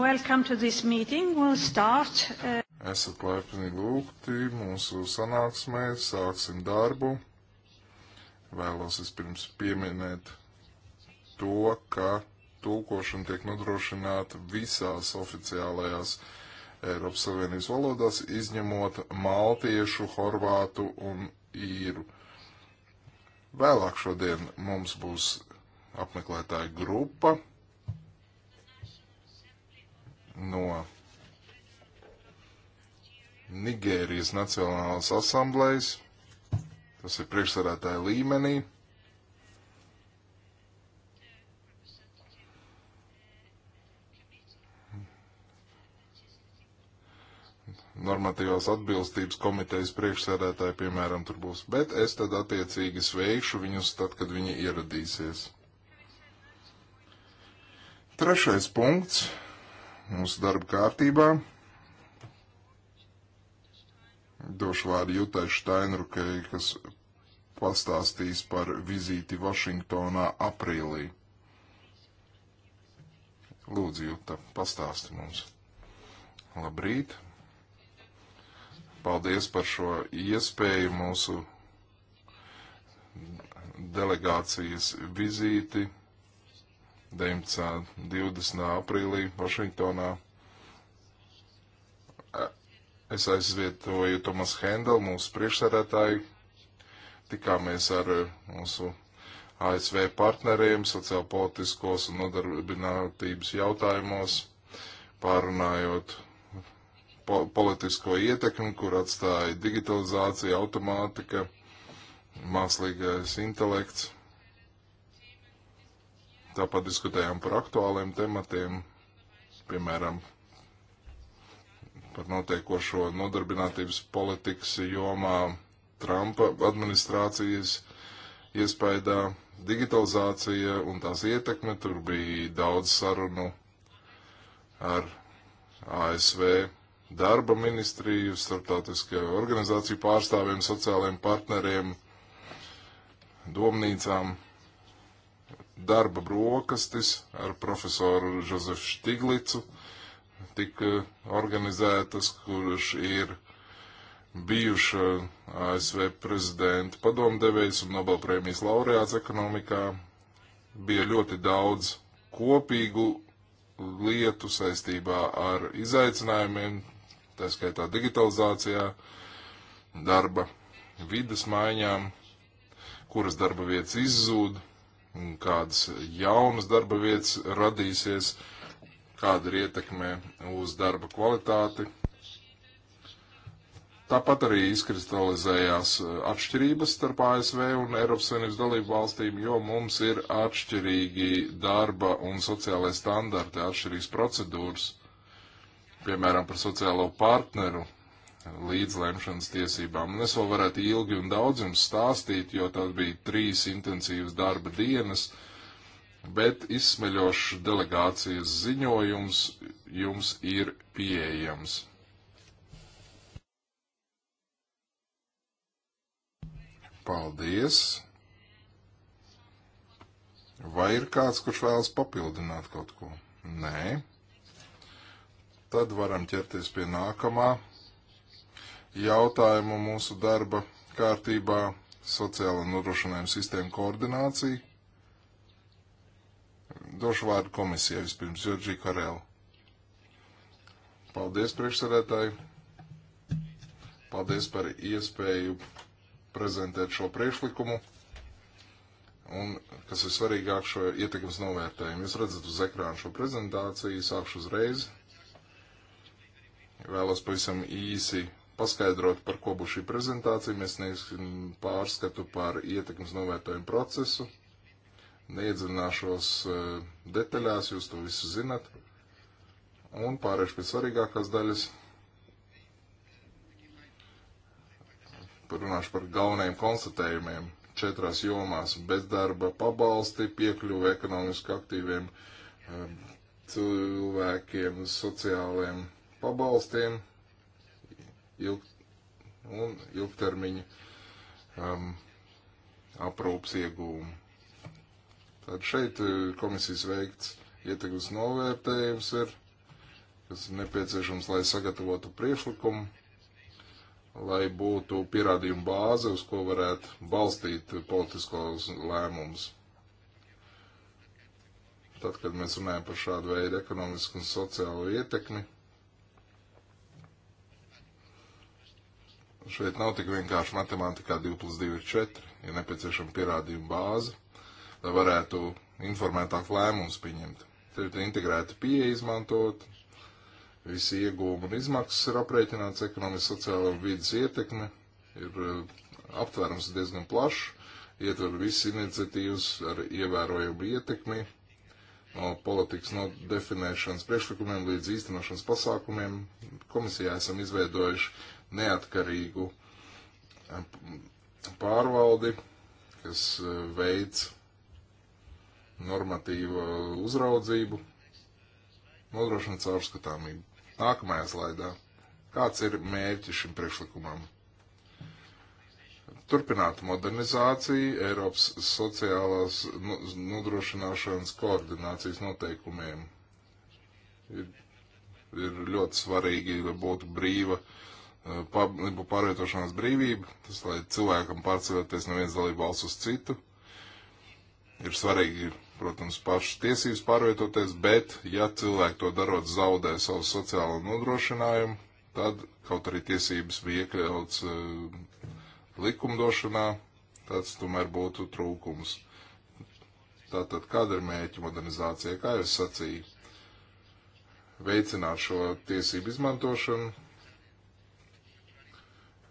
Welcome to this meeting. We'll start. Uh... Esat laipni lūgti mūsu sanāksmē, sāksim darbu. Vēlos vispirms pieminēt to, ka tulkošana tiek nodrošināta visās oficiālajās Eiropas Savienības valodās, izņemot maltiešu, horvātu un īru. Vēlāk šodien mums būs apmeklētāja grupa no Nigērijas Nacionālās asamblējas, tas ir priekšsarētāja līmenī. normatīvās atbilstības komitejas priekšsēdētāji, piemēram, tur būs, bet es tad attiecīgi sveikšu viņus tad, kad viņi ieradīsies. Trešais punkts mūsu darba kārtībā. Došu vārdu Jutai Steinrukai, kas pastāstīs par vizīti Vašingtonā aprīlī. Lūdzu, Juta, pastāsti mums. Labrīt! Paldies par šo iespēju mūsu delegācijas vizīti 19. 20. aprīlī Vašingtonā. Es aizvietoju Tomas Hendel, mūsu priekšsēdētāju. Tikāmies ar eh, mūsu ASV partneriem sociālpolitiskos un nodarbinātības jautājumos, pārunājot po politisko ietekmi, kur atstāja digitalizācija, automātika, mākslīgais intelekts Tāpat diskutējām par aktuāliem tematiem, piemēram, par notiekošo nodarbinātības politikas jomā Trumpa administrācijas iespējā digitalizācija un tās ietekme. Tur bija daudz sarunu ar ASV darba ministriju, starptautiskajā organizāciju pārstāvjiem, sociālajiem partneriem, domnīcām darba brokastis ar profesoru Žozefu Štiglicu tika eh, organizētas, kurš ir bijuša ASV prezidenta padomdevējs un Nobelprēmijas laureāts ekonomikā. Bija ļoti daudz kopīgu lietu saistībā ar izaicinājumiem, tā skaitā digitalizācijā, darba vidas maiņām, kuras darba vietas izzūda un kādas jaunas darba vietas radīsies, kāda ir ietekme uz darba kvalitāti. Tāpat arī izkristalizējās uh, atšķirības starp ASV un Eiropas Savienības dalību valstīm, jo mums ir atšķirīgi darba un sociālai standarti, atšķirīgas procedūras, piemēram, par sociālo partneru līdzlemšanas tiesībām. Un es vēl varētu ilgi un daudz jums stāstīt, jo tās bija trīs intensīvas darba dienas, bet izsmeļošs delegācijas ziņojums jums ir pieejams. Paldies! Vai ir kāds, kurš vēlas papildināt kaut ko? Nē. Tad varam ķerties pie nākamā jautājumu mūsu darba kārtībā - sociāla nodrošinājuma sistēma koordinācija. Došu vārdu komisijai vispirms, Jorģī Karēlu. Paldies, priekšsarētāji. Paldies par iespēju prezentēt šo priekšlikumu. Un, kas ir svarīgāk, šo ietekmes novērtējumu. Jūs redzat uz ekrāna šo prezentāciju, sākšu uzreiz. Vēlos pavisam īsi paskaidrot, par ko būs šī prezentācija. Mēs sniegsim pārskatu par ietekmes novērtējumu procesu. Neiedzināšos eh, detaļās, jūs to visu zinat. Un pārēšu pie svarīgākās daļas. Runāšu par galvenajiem konstatējumiem četrās jomās - bezdarba pabalsti, piekļuve ekonomiski aktīviem eh, cilvēkiem, sociāliem pabalstiem ilg, un ilgtermiņa um, aprūpas iegūmu. Tad šeit uh, komisijas veikts ietekmes novērtējums ir, kas ir nepieciešams, lai sagatavotu priekšlikumu, lai būtu pierādījuma bāze, uz ko varētu balstīt politiskos lēmumus. Tad, kad mēs runājam par šādu veidu ekonomisku un sociālo ietekmi, Šeit nav tik vienkārši matemātikā 2 plus 2 ir 4, ir nepieciešama pierādījuma bāze, lai varētu informētāk lēmumus pieņemt. Te ir integrēta pieeja izmantot, visi iegūmi un izmaksas ir aprēķināts, ekonomiski sociāla un vidas ietekme ir eh, aptvērums diezgan plašs, ietver visas iniciatīvas ar ievērojumu ietekmi, no politikas no definēšanas priekšlikumiem līdz īstenošanas pasākumiem. Komisijā esam izveidojuši neatkarīgu eh, pārvaldi, kas eh, veids normatīvu uzraudzību, nodrošina caurskatāmību. Nākamajā slaidā. Kāds ir mērķis šim priekšlikumam? Turpināt modernizāciju Eiropas sociālās nu, nodrošināšanas koordinācijas noteikumiem. Ir, ir ļoti svarīgi, lai būtu brīva uh, Eh, pabalību pārvietošanās brīvību, tas, lai cilvēkam pārceļoties no vienas dalību valsts uz citu, ir svarīgi, protams, pašas tiesības pārvietoties, bet, ja cilvēki to darot zaudē savu sociālo nodrošinājumu, tad, kaut arī tiesības bija iekļauts uh, likumdošanā, tāds tomēr būtu trūkums. Tātad, kāda ir mērķa modernizācija, kā jau es sacīju, veicināt šo tiesību izmantošanu,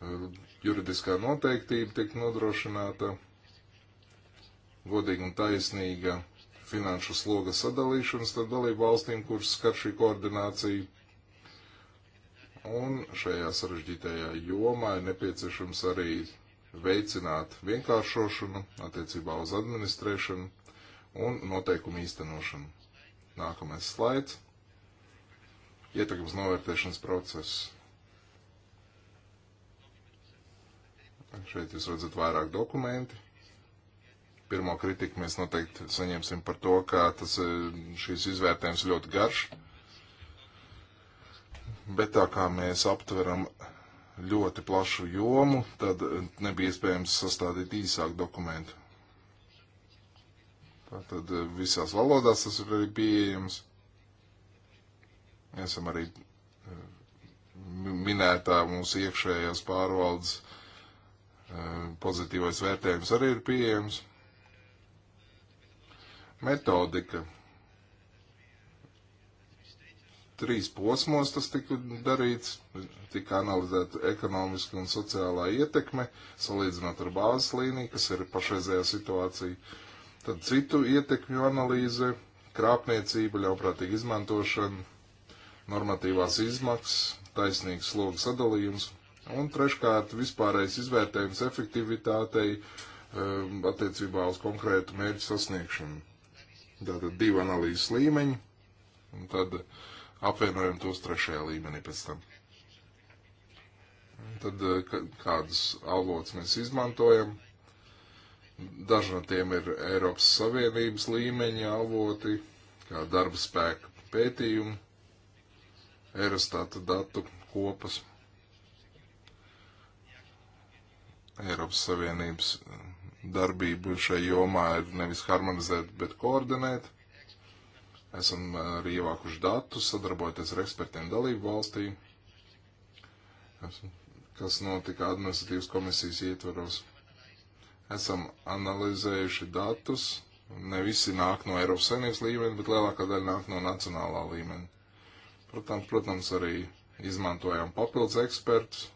Ehm, juridiskā noteiktība tiek nodrošināta, godīga un taisnīga finanšu sloga sadalīšana starp dalību valstīm, kuras skar šī koordinācija. Un šajā sarežģītajā jomā ir nepieciešams arī veicināt vienkāršošanu attiecībā uz administrēšanu un noteikumu īstenošanu. Nākamais slaids. Ietekmes novērtēšanas process. Šeit jūs redzat vairāk dokumenti. Pirmo kritiku mēs noteikti saņemsim par to, ka tas, e, šīs izvērtējums ļoti garš. Bet tā kā mēs aptveram ļoti plašu jomu, tad nebija iespējams sastādīt īsāku dokumentu. Tātad e, visās valodās tas ir arī pieejams. Esam arī e, minētā mūsu iekšējās pārvaldes uh, Eh, pozitīvais vērtējums arī ir pieejams. Metodika. Trīs posmos tas tika darīts, tika analizēta ekonomiska un sociālā ietekme, salīdzinot ar bāzes līniju, kas ir pašreizējā situācija. Tad citu ietekmju analīze, krāpniecība, ļauprātīga izmantošana, normatīvās izmaksas, taisnīgs slogu sadalījums, Un treškārt, vispārējais izvērtējums efektivitātei um, attiecībā uz konkrētu mērķu sasniegšanu. Tātad divi analīzes līmeņi, un tad apvienojam tos trešajā līmenī pēc tam. Un tad uh, kādas avots mēs izmantojam. Daži no tiem ir Eiropas Savienības līmeņa avoti, kā darba spēka pētījumi, Eurostata datu kopas Eiropas Savienības eh, darbību šai jomā ir nevis harmonizēt, bet koordinēt. Esam eh, arī ievākuši datus, sadarbojoties ar ekspertiem dalību valstī, kas notika administratīvas komisijas ietvaros. Esam analizējuši datus, ne visi nāk no Eiropas Savienības līmeņa, bet lielākā daļa nāk no nacionālā līmeņa. Protams, protams arī izmantojām papildus ekspertus,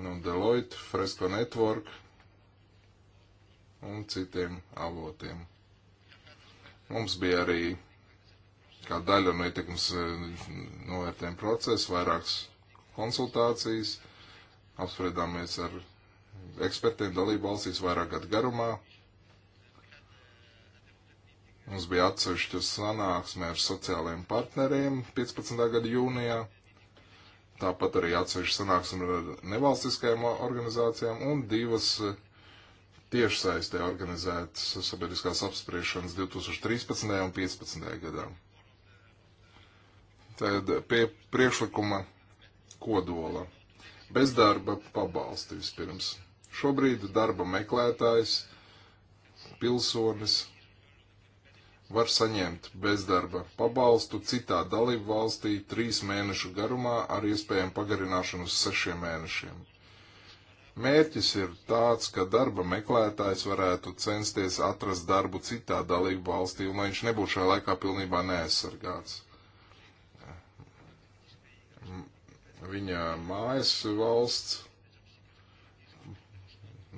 no nu, Deloitte, Fresco Network un citiem avotiem. Mums bija arī kā daļa no ietekmes eh, novērtējuma procesa vairākas konsultācijas, apspriedāmies ar ekspertiem dalību valstīs vairāk gadu garumā. Mums bija atsevišķa sanāksme ar sociālajiem partneriem 15. gada jūnijā tāpat arī atsevišķi sanāksim ar nevalstiskajām organizācijām un divas eh, tiešsaistē organizētas sabiedriskās apspriešanas 2013. un 2015. gadā. Tad pie priekšlikuma kodola. Bezdarba pabalsti vispirms. Šobrīd darba meklētājs, pilsonis var saņemt bezdarba pabalstu citā dalību valstī trīs mēnešu garumā ar iespējamu pagarināšanu uz sešiem mēnešiem. Mērķis ir tāds, ka darba meklētājs varētu censties atrast darbu citā dalību valstī, un lai viņš nebūtu šajā laikā pilnībā neaizsargāts. Viņa mājas valsts,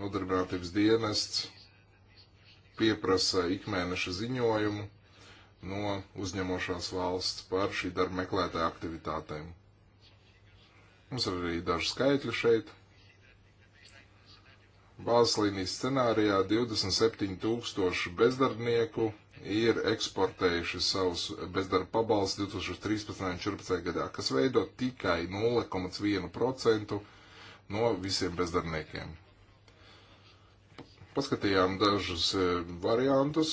nodarbinātības dienests, pieprasa ikmēneša ziņojumu no uzņemošās valsts par šī darba meklētāja aktivitātēm. Mums ir arī daži skaitļi šeit. Bāzes līnijas scenārijā 27 tūkstoši bezdarbnieku ir eksportējuši savus bezdarba pabalstus 2013. un 2014. gadā, kas veido tikai 0,1% no visiem bezdarbniekiem. Paskatījām dažus e, variantus,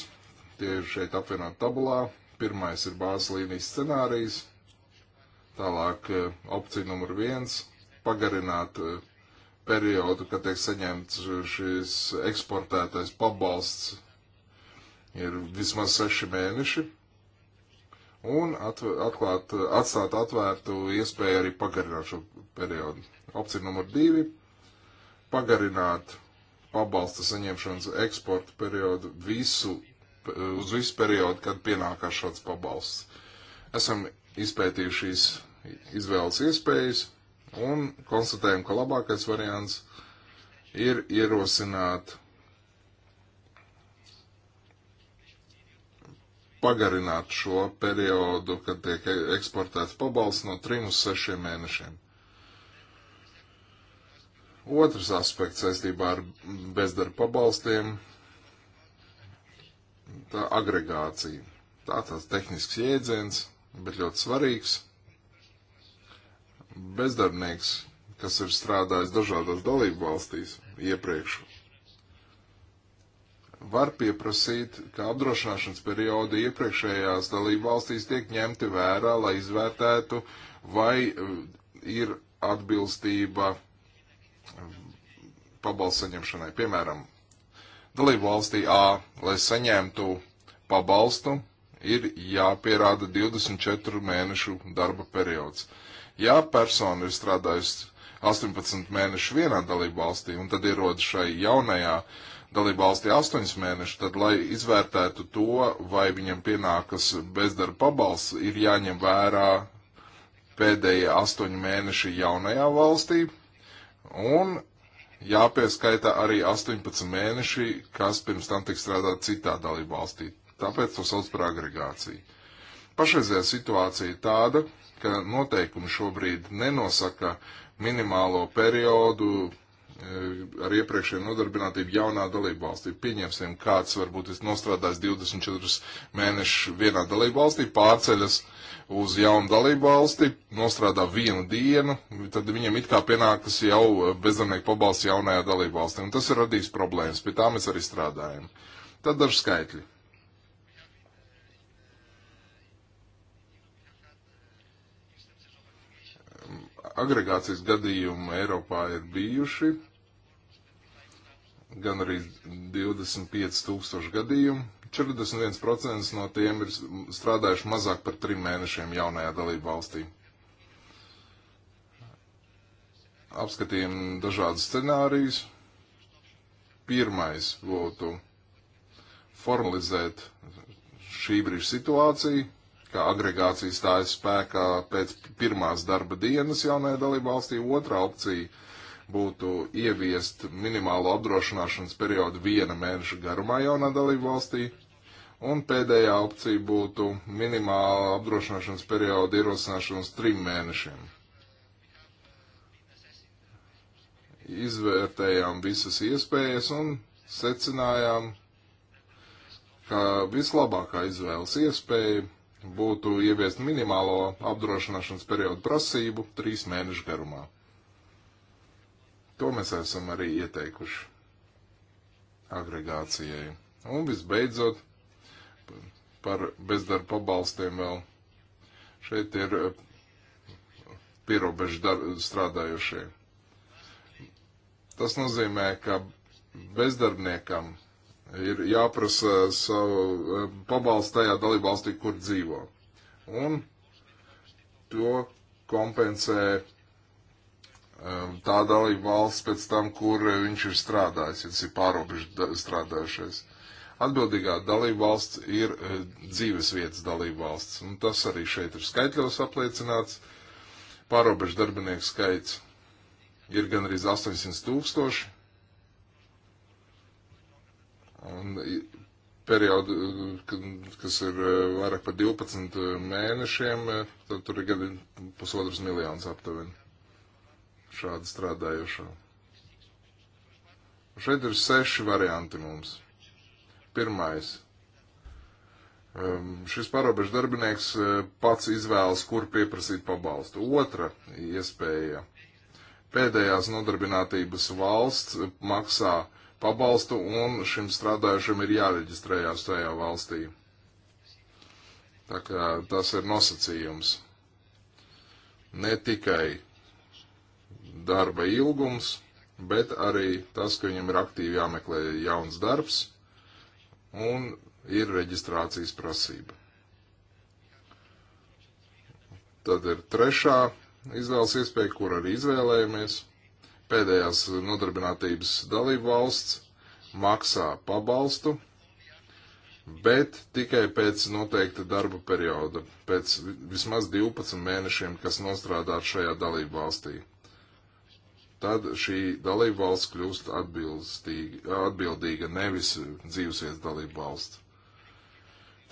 tie ir šeit apvienot tabulā. Pirmais ir bāzes līnijas scenārijs, tālāk e, opcija numur viens - pagarināt e, periodu, kad tiek saņemts šis eksportētais pabalsts, ir vismaz seši mēneši, un atklāt, atstāt atvērtu iespēju arī pagarināt šo periodu. Opcija numur divi - pagarināt pabalsta saņemšanas eksporta periodu visu, uz visu periodu, kad pienākās šāds pabalsts. Esam izpētījušies izvēles iespējas un konstatējam, ka labākais variants ir ierosināt pagarināt šo periodu, kad tiek e-, eksportēts pabalsts no 3 uz 6 mēnešiem. Otrs aspekts saistībā ar bezdarba pabalstiem - tā agregācija. Tā tāds tehnisks jēdziens, bet ļoti svarīgs. Bezdarbnieks, kas ir strādājis dažādās dalību valstīs iepriekš, var pieprasīt, ka apdrošināšanas periodi iepriekšējās dalību valstīs tiek ņemti vērā, lai izvērtētu, vai uh, ir atbilstība pabalstu saņemšanai. Piemēram, dalību valstī A, lai saņemtu pabalstu, ir jāpierāda 24 mēnešu darba periods. Ja persona ir strādājusi 18 mēnešu vienā dalību valstī un tad ierodas šai jaunajā dalību valstī 8 mēneši, tad, lai izvērtētu to, vai viņam pienākas bezdarba pabalsts, ir jāņem vērā pēdējie 8 mēneši jaunajā valstī, Un jāpieskaita arī 18 mēneši, kas pirms tam tik strādā citā dalību valstī. Tāpēc to sauc par agregāciju. Pašreizējā situācija ir tāda, ka noteikumi šobrīd nenosaka minimālo periodu Eh, ar iepriekšēju nodarbinātību jaunā dalība valstī. Pieņemsim, kāds varbūt ir nostrādājis 24 mēnešus vienā dalība valstī, pārceļas uz jaunu dalību valsti, nostrādā vienu dienu, tad viņam it kā pienākas jau eh, bezdarbnieku pabalsts jaunajā dalību valstī. Un tas ir radījis problēmas, pie tā mēs arī strādājam. Tad daži skaitļi. Agregācijas gadījumi Eiropā ir bijuši gan arī 25 tūkstoši gadījumu. 41% no tiem ir strādājuši mazāk par trim mēnešiem jaunajā dalību valstī. Apskatījām dažādus scenārijus. Pirmais būtu formalizēt šī brīža situāciju, kā agregācija stājas spēkā pēc pirmās darba dienas jaunajā dalību valstī. Otra opcija būtu ieviest minimālo apdrošināšanas periodu viena mēneša garumā jaunā dalību valstī, un pēdējā opcija būtu minimāla apdrošināšanas perioda ierosināšana uz trim mēnešiem. Izvērtējām visas iespējas un secinājām, ka vislabākā izvēles iespēja būtu ieviest minimālo apdrošināšanas periodu prasību trīs mēnešu garumā. To mēs esam arī ieteikuši agregācijai. Un visbeidzot, par bezdarba pabalstiem vēl šeit ir eh, pierobežu strādājušie. Tas nozīmē, ka bezdarbniekam ir jāprasa savu eh, pabalstu tajā dalībvalstī, kur dzīvo. Un to kompensē Ehm, tā dalība valsts pēc tam, kur eh, viņš ir strādājis, ja tas ir pārobežu strādājušais. Atbildīgā dalība valsts ir eh, dzīves vietas dalība valsts, un tas arī šeit ir skaitļos apliecināts. Pārobežu darbinieku skaits ir gandrīz 800 tūkstoši, un periodu, eh, kas ir vairāk par 12 mēnešiem, tad tur ir gandrīz pusotras miljonas aptuveni šādu strādājošo. Šeit ir seši varianti mums. Pirmais. Šis parobežu darbinieks e, pats izvēlas, kur pieprasīt pabalstu. Otra iespēja. Pēdējās nodarbinātības valsts maksā pabalstu un šim strādājušam ir jāreģistrējās tajā valstī. Tā kā tas ir nosacījums. Ne tikai darba ilgums, bet arī tas, ka viņam ir aktīvi jāmeklē jauns darbs un ir reģistrācijas prasība. Tad ir trešā izvēles iespēja, kur arī izvēlējamies. Pēdējās nodarbinātības dalību valsts maksā pabalstu, bet tikai pēc noteikta darba perioda, pēc vismaz 12 mēnešiem, kas nostrādāt šajā dalību valstī tad šī dalība valsts kļūst atbildīga, nevis dzīvesvietas dalība valsts.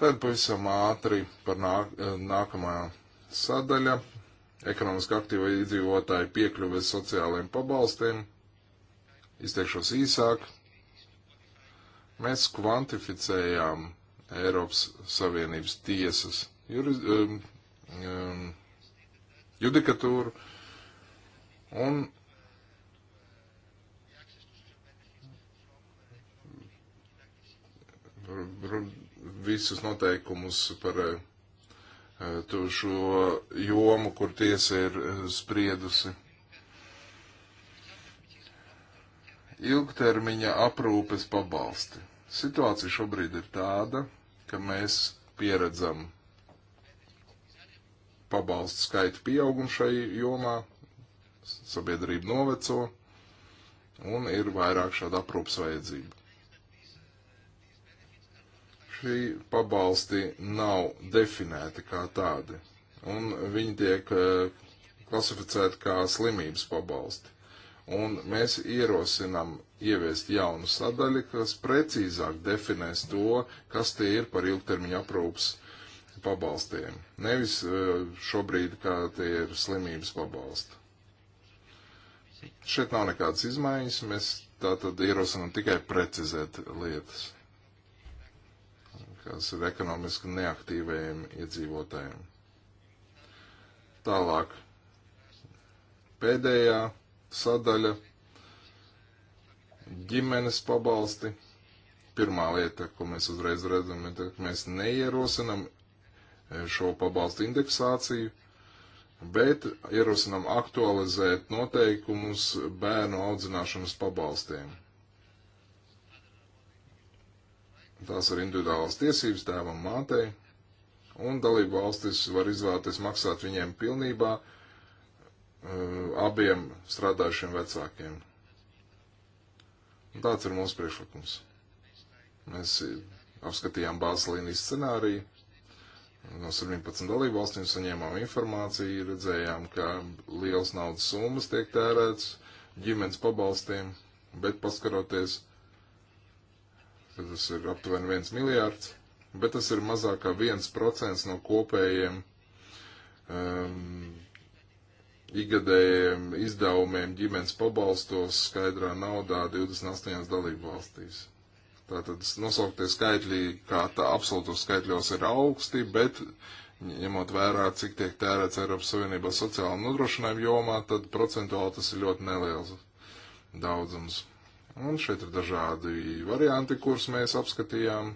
Tad pavisam ātri par nāk, nākamā sadaļa - ekonomiski aktīva iedzīvotāja piekļuves sociālajiem pabalstiem. Izteikšos īsāk. Mēs kvantificējām Eiropas Savienības tiesas juriz, um, um, judikatūru un visus noteikumus par eh, šo jomu, kur tiesa ir eh, spriedusi. Ilgtermiņa aprūpes pabalsti. Situācija šobrīd ir tāda, ka mēs pieredzam pabalstu skaitu pieaugumu šai jomā, sabiedrība noveco un ir vairāk šāda aprūpas vajadzība šī pabalsti nav definēti kā tādi, un viņi tiek e, klasificēti kā slimības pabalsti. Un mēs ierosinam ieviest jaunu sadaļu, kas precīzāk definēs to, kas tie ir par ilgtermiņa aprūpas pabalstiem. Nevis e, šobrīd, kā tie ir slimības pabalsti. Šeit nav nekādas izmaiņas, mēs tātad ierosinam tikai precizēt lietas kas ir ekonomiski neaktīvajiem iedzīvotājiem. Tālāk. Pēdējā sadaļa - ģimenes pabalsti. Pirmā lieta, ko mēs uzreiz redzam, ir, ka mēs neierosinam eh, šo pabalstu indeksāciju, bet ierosinam aktualizēt noteikumus bērnu audzināšanas pabalstiem Tās ir individuālas tiesības tēvam un mātei, un dalību valstis var izvēlēties maksāt viņiem pilnībā eh, abiem strādājušiem vecākiem. Tāds ir mūsu priekšlikums. Mēs apskatījām Bāzelīnijas scenāriju, no 17 dalību valstīm saņēmām informāciju, redzējām, ka liels naudas summas tiek tērēts ģimenes pabalstiem, bet paskaroties tas ir aptuveni 1 miljārds, bet tas ir mazāk kā 1% no kopējiem um, igadējiem izdevumiem ģimenes pabalstos skaidrā naudā 28 dalību valstīs. Tātad nosauktie skaitļi, kā tā absolūtos skaitļos, ir augsti, bet ņemot vērā, cik tiek tērēts Eiropas Savienībā sociāla nodrošinājuma jomā, tad procentuāli tas ir ļoti neliels daudzums. Un šeit ir dažādi varianti, kurus mēs apskatījām.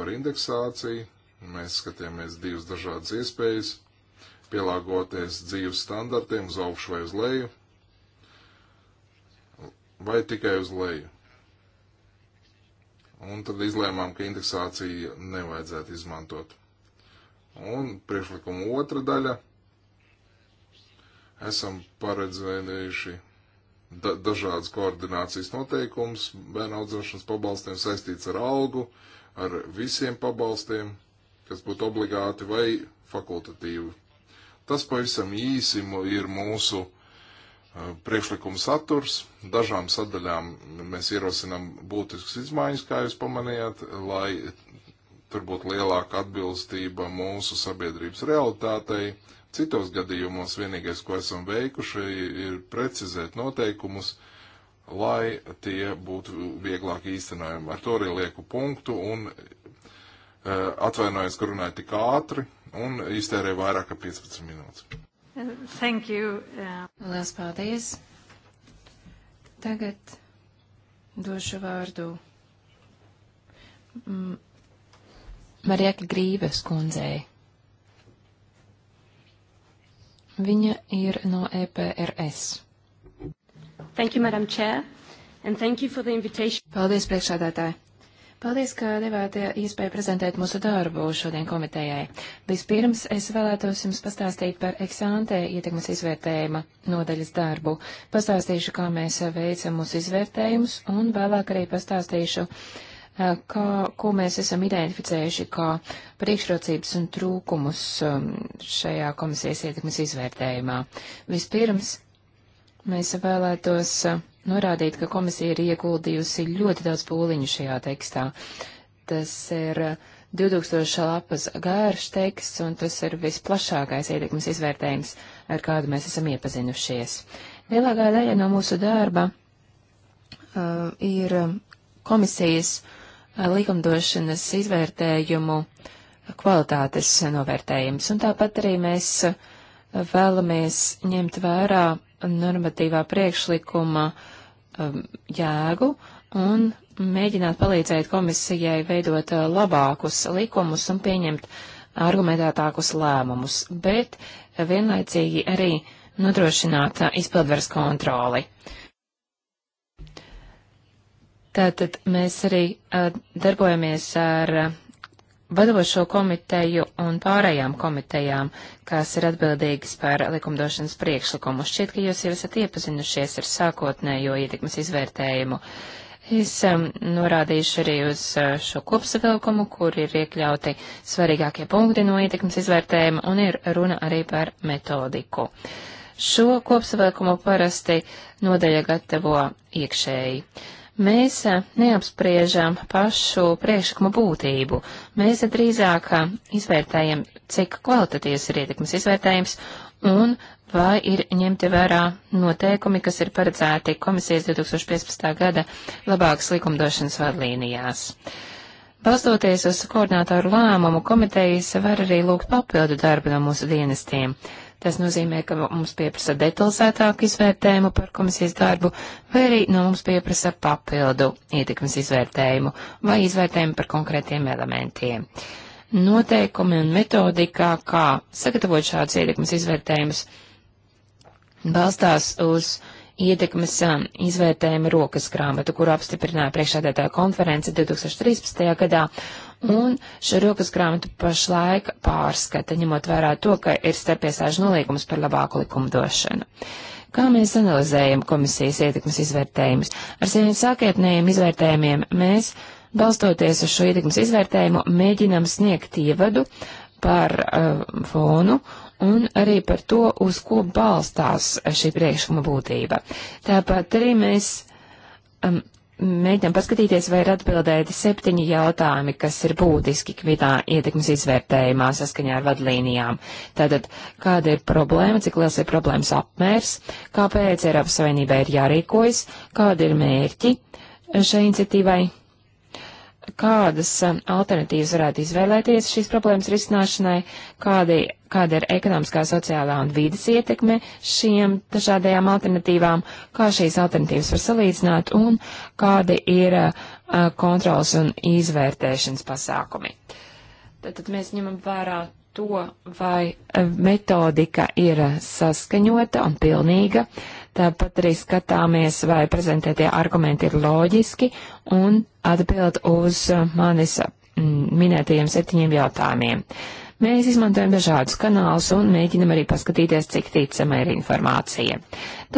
Par indeksāciju mēs skatījāmies divas dažādas iespējas - pielāgoties dzīves standartiem uz augšu vai uz leju, vai tikai uz leju. Un tad izlēmām, ka indeksāciju nevajadzētu izmantot. Un priekšlikuma otra daļa esam paredzējuši da dažādas koordinācijas noteikums bērnu audzināšanas pabalstiem saistīts ar algu, ar visiem pabalstiem, kas būtu obligāti vai fakultatīvi. Tas pavisam īsi ir mūsu uh, priekšlikuma saturs. Dažām sadaļām mēs ierosinām būtiskas izmaiņas, kā jūs pamanījāt, lai tur būtu lielāka atbilstība mūsu sabiedrības realitātei Citos gadījumos vienīgais, ko esam veikuši, ir precizēt noteikumus, lai tie būtu vieglāk īstenojami. Ar to arī lieku punktu un e, atvainojos, ka runāju tik ātri un iztērēju vairāk kā 15 minūtes. Thank you. Yeah. Uh, Lielas paldies. Tagad došu vārdu mm, Marijaki Grīves kundzei. Viņa ir no EPRS. Thank you, Madam Chair, and thank you for the invitation. Paldies, priekšādātāji. Paldies, ka devāt iespēju prezentēt mūsu darbu šodien komitejai. Vispirms es vēlētos jums pastāstīt par eksāntē ietekmes izvērtējuma nodaļas darbu. Pastāstīšu, kā mēs veicam mūsu izvērtējumus, un vēlāk arī pastāstīšu, uh, Eh, kā, ko mēs esam identificējuši kā priekšrocības un trūkumus um, šajā komisijas ietekmes izvērtējumā. Vispirms mēs vēlētos eh, norādīt, ka komisija ir ieguldījusi ļoti daudz pūliņu šajā tekstā. Tas ir 2000 eh, lapas gārš teksts, un tas ir visplašākais ietekmes izvērtējums, ar kādu mēs esam iepazinušies. Lielākā daļa no mūsu darba uh, ir um, komisijas Eh, likumdošanas izvērtējumu kvalitātes novērtējums. Un tāpat arī mēs vēlamies ņemt vērā normatīvā priekšlikuma eh, jēgu un mēģināt palīdzēt komisijai veidot eh, labākus likumus un pieņemt argumentētākus lēmumus, bet vienlaicīgi arī nodrošināt izpildvaras kontroli. Uh, Tātad mēs arī uh, darbojamies ar uh, vadošo komiteju un pārējām komitejām, kas ir atbildīgas par likumdošanas priekšlikumu. Šķiet, ka jūs jau esat iepazinušies ar sākotnējo ietekmes izvērtējumu. Es um, norādīšu arī uz uh, šo kopsavilkumu, kur ir iekļauti svarīgākie punkti no ietekmes izvērtējuma un ir runa arī par metodiku. Šo kopsavilkumu parasti nodaļa gatavo iekšēji. Uh, Mēs eh, neapspriežam pašu priekšlikumu būtību. Mēs eh, drīzāk eh, izvērtējam, cik kvalitatīvs ir ietekmes izvērtējums un vai ir ņemti vērā noteikumi, kas ir paredzēti komisijas 2015. gada labākas likumdošanas vadlīnijās. Balstoties uz koordinātoru lēmumu, komitejas var arī lūgt papildu darbu no mūsu dienestiem. Tas nozīmē, ka mums pieprasa detalizētāku izvērtējumu par komisijas darbu, vai arī no mums pieprasa papildu ietekmes izvērtējumu vai izvērtējumu par konkrētiem elementiem. Noteikumi un metodikā, kā sagatavot šādus ietekmes izvērtējumus, balstās uz ietekmes um, izvērtējuma rokas grāmatu, kuru apstiprināja priekšādētāja konference 2013. gadā, un šo rokas grāmatu pašlaik pārskata, ņemot vērā to, ka ir starpiesāžu nolīgums par labāku likumdošanu. Kā mēs analizējam komisijas ietekmes izvērtējumus? Ar saviem sākotnējiem izvērtējumiem mēs, balstoties uz šo ietekmes izvērtējumu, mēģinam sniegt ievadu par uh, fonu un arī par to, uz ko balstās šī priekšlikuma būtība. Tāpat arī mēs um, mēģinām paskatīties, vai ir atbildēti septiņi jautājumi, kas ir būtiski kvidā ietekmes izvērtējumā saskaņā ar vadlīnijām. Tātad, kāda ir problēma, cik liels ir problēmas apmērs, kāpēc Eiropas Savienībai ir jārīkojas, kādi ir mērķi šai iniciatīvai kādas alternatīvas varētu izvēlēties šīs problēmas risināšanai, kādi, kāda ir ekonomiskā, sociālā un vīdas ietekme šiem dažādajām alternatīvām, kā šīs alternatīvas var salīdzināt un kādi ir uh, kontrols un izvērtēšanas pasākumi. Tad, tad mēs ņemam vērā to, vai metodika ir saskaņota un pilnīga, uh, Tāpat arī skatāmies, vai prezentētie argumenti ir loģiski un atbild uz uh, manis mm, minētajiem septiņiem jautājumiem. Mēs izmantojam dažādus kanālus un mēģinam arī paskatīties, cik ticama ir informācija.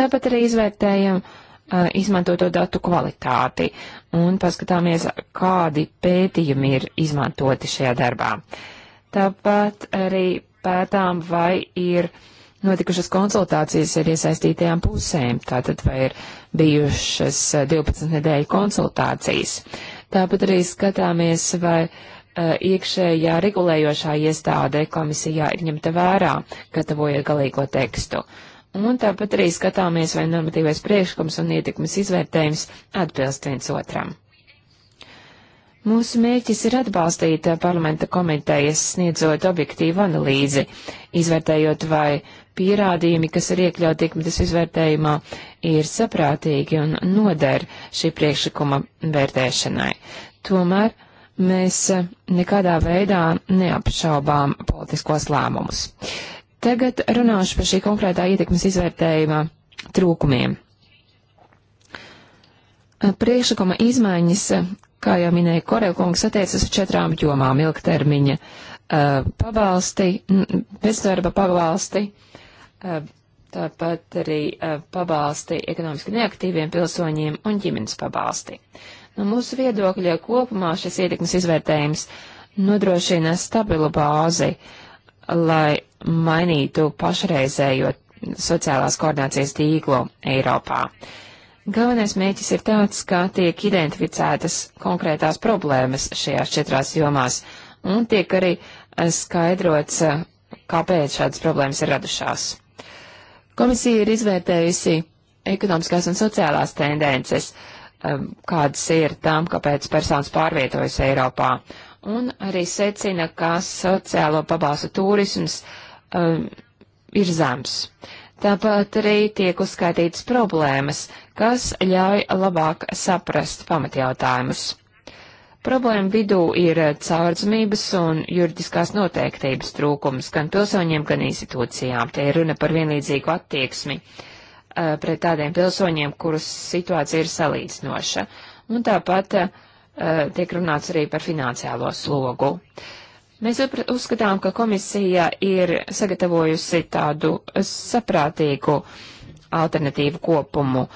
Tāpat arī izvērtējam uh, izmantoto datu kvalitāti un paskatāmies, kādi pētījumi ir izmantoti šajā darbā. Tāpat arī pētām, vai ir uh, notikušas konsultācijas ar iesaistītajām pusēm, tātad vai ir bijušas 12 eh, nedēļu konsultācijas. Tāpat arī skatāmies, vai eh, iekšējā regulējošā iestāde komisijā ir ņemta vērā, gatavojot galīgo tekstu. Un tāpat arī skatāmies, vai normatīvais priekšlikums un ietekmes izvērtējums atbilst viens otram. Mūsu mērķis ir atbalstīt eh, parlamenta komitejas sniedzot objektīvu analīzi, izvērtējot, vai pierādījumi, kas ir iekļauti ikmetas izvērtējumā, ir saprātīgi un noder šī priekšlikuma vērtēšanai. Tomēr mēs eh, nekādā veidā neapšaubām politiskos lēmumus. Tagad runāšu par šī konkrētā ietekmes izvērtējuma trūkumiem. Eh, priekšlikuma izmaiņas, eh, kā jau minēja Korelkungs, attiecas uz četrām jomām - ilgtermiņa uh, pabalsti, bezdarba pabalsti, tāpat arī pabalsti ekonomiski neaktīviem pilsoņiem un ģimenes pabalsti. No nu, mūsu viedokļa kopumā šis ietekmes izvērtējums nodrošina stabilu bāzi, lai mainītu pašreizējo sociālās koordinācijas tīklu Eiropā. Galvenais mēķis ir tāds, kā tiek identificētas konkrētās problēmas šajās četrās jomās, un tiek arī skaidrots, kāpēc šādas problēmas ir radušās. Komisija ir izvērtējusi ekonomiskās un sociālās tendences, um, kādas ir tam, kāpēc personas pārvietojas Eiropā, un arī secina, ka sociālo pabalstu turisms um, ir zems. Tāpat arī tiek uzskaitītas problēmas, kas ļauj labāk saprast pamatjautājumus. Problēma vidū ir eh, caurdzamības un juridiskās noteiktības trūkums gan pilsoņiem, gan institūcijām. Te ir runa par vienlīdzīgu attieksmi uh, pret tādiem pilsoņiem, kurus situācija ir salīdzinoša. Un tāpat uh, tiek runāts arī par finansiālo slogu. Mēs uzskatām, ka komisija ir sagatavojusi tādu saprātīgu alternatīvu kopumu,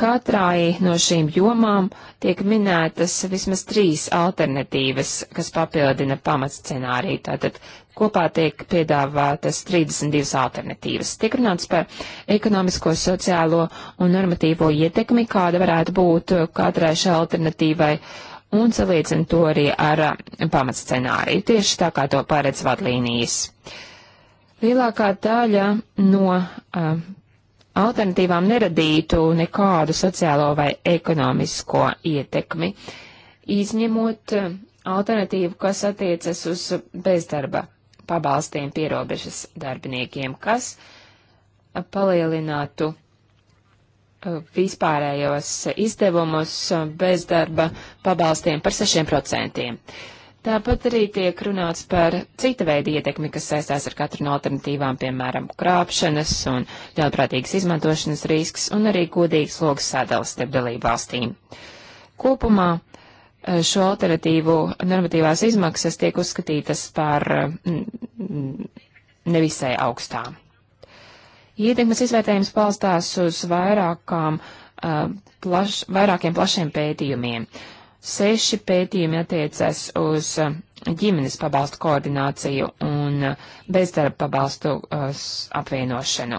Katrai no šīm jomām tiek minētas vismaz trīs alternatīvas, kas papildina pamatscenāriju. Tātad kopā tiek piedāvātas 32 alternatīvas. Tiek runāts par ekonomisko, sociālo un normatīvo ietekmi, kāda varētu būt katrai šai alternatīvai, un salīdzina to arī ar um, pamatscenāriju, tieši tā kā to paredz vadlīnijas. Lielākā daļa no uh, alternatīvām neradītu nekādu sociālo vai ekonomisko ietekmi, izņemot eh, alternatīvu, kas attiecas uz bezdarba pabalstiem pierobežas darbiniekiem, kas palielinātu eh, vispārējos izdevumus eh, bezdarba pabalstiem par 6%. Tāpat arī tiek runāts par cita veida ietekmi, kas saistās ar katru no alternatīvām, piemēram, krāpšanas un ļaunprātīgas izmantošanas risks un arī godīgs logas sadals starp dalību valstīm. Kopumā eh, šo alternatīvu normatīvās izmaksas tiek uzskatītas par eh, nevisai augstām. Ietekmes izvērtējums palstās uz vairākām, eh, plaš, vairākiem plašiem pētījumiem. Uh, Seši pētījumi attiecas uz uh, ģimenes pabalstu koordināciju un uh, bezdarba pabalstu uh, apvienošanu.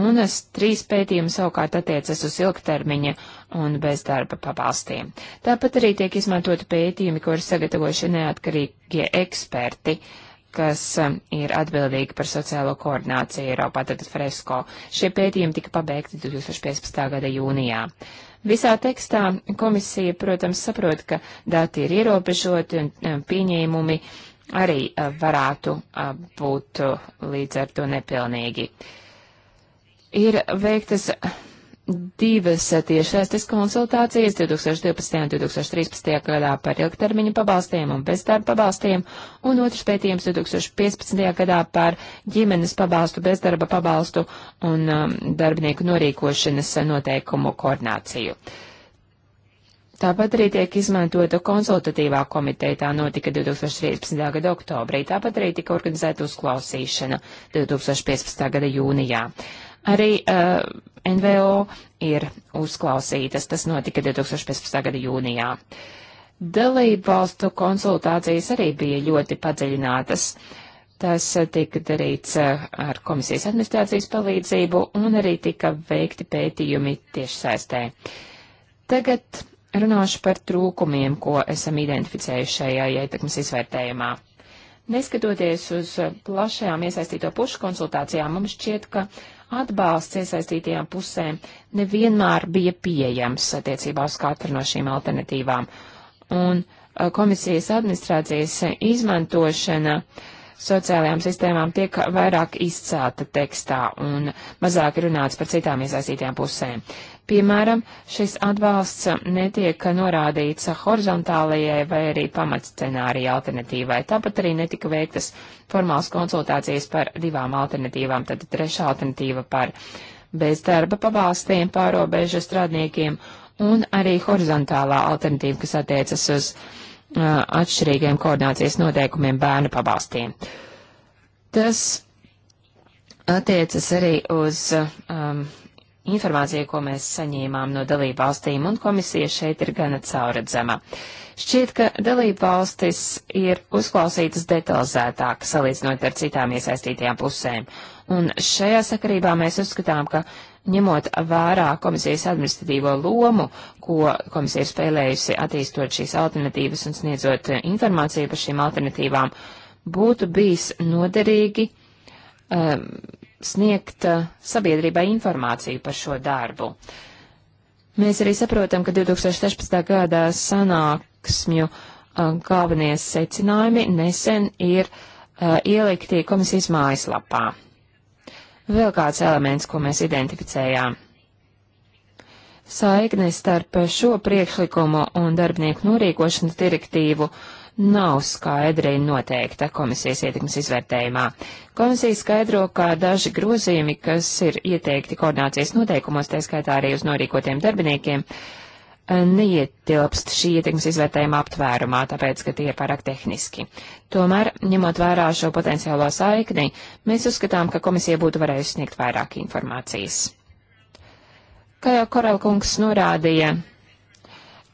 Un trīs pētījumi savukārt attiecas uz ilgtermiņa un bezdarba pabalstiem. Tāpat arī tiek izmantoti pētījumi, ko ir sagatavojuši neatkarīgie eksperti, kas um, ir atbildīgi par sociālo koordināciju Eiropā, tātad fresko. Šie pētījumi tika pabeigti 2015. gada jūnijā. Visā tekstā komisija, protams, saprot, ka dati ir ierobežoti un um, pieņēmumi arī uh, varētu uh, būt uh, līdz ar to nepilnīgi. Ir veiktas divas tiešsaistes konsultācijas 2012. un 2013. gadā par ilgtermiņu pabalstiem un bezdarba pabalstiem, un otrs pētījums 2015. gadā par ģimenes pabalstu, bezdarba pabalstu un um, darbinieku norīkošanas noteikumu koordināciju. Tāpat arī tiek izmantota konsultatīvā komiteja, tā notika 2013. gada oktobrī, tāpat arī tika organizēta uzklausīšana 2015. gada jūnijā. Arī uh, eh, NVO ir uzklausītas. Tas notika 2015. gada jūnijā. Dalību valstu konsultācijas arī bija ļoti padziļinātas. Tas eh, tika darīts eh, ar komisijas administrācijas palīdzību un arī tika veikti pētījumi tiešsaistē. Tagad runāšu par trūkumiem, ko esam identificējuši šajā ietekmes izvērtējumā. Neskatoties uz plašajām iesaistīto pušu konsultācijām, mums šķiet, ka uh, atbalsts iesaistītajām pusēm nevienmēr bija pieejams attiecībā uz katru no šīm alternatīvām. Un eh, komisijas administrācijas izmantošana sociālajām sistēmām tiek vairāk izcelta tekstā un mazāk runāts par citām iesaistītajām pusēm. Uh, Piemēram, šis atbalsts netiek norādīts horizontālajai vai arī pamatscenārija alternatīvai. Tāpat arī netika veiktas formāls konsultācijas par divām alternatīvām, tad trešā alternatīva par bezdarba pabalstiem pārobežu strādniekiem un arī horizontālā alternatīva, kas attiecas uz uh, atšķirīgiem koordinācijas noteikumiem bērnu pabalstiem. Tas attiecas arī uz um, informācija, ko mēs saņēmām no dalību valstīm, un komisija šeit ir gana cauradzama. Šķiet, ka dalību valstis ir uzklausītas detalizētāk, salīdzinot ar citām iesaistītajām pusēm, un šajā sakarībā mēs uzskatām, ka ņemot vērā komisijas administratīvo lomu, ko komisija ir spēlējusi attīstot šīs alternatīvas un sniedzot informāciju par šīm alternatīvām, būtu bijis noderīgi um, sniegt eh, sabiedrībai informāciju par šo darbu. Mēs arī saprotam, ka 2016. gadā sanāksmju eh, galvenie secinājumi nesen ir uh, ielikti komisijas mājaslapā. Vēl kāds elements, ko mēs identificējām. Saikne starp šo priekšlikumu un darbinieku norīkošanas direktīvu uh, nav skaidri noteikta komisijas ietekmes izvērtējumā. Komisija skaidro, ka daži grozījumi, kas ir ieteikti koordinācijas noteikumos, tā skaitā arī uz norīkotiem darbiniekiem, neietilpst šī ietekmes izvērtējuma aptvērumā, tāpēc, ka tie ir pārāk tehniski. Tomēr, ņemot vērā šo potenciālo saikni, mēs uzskatām, ka komisija būtu varējusi sniegt vairāk informācijas. Kā jau Korelkungs norādīja,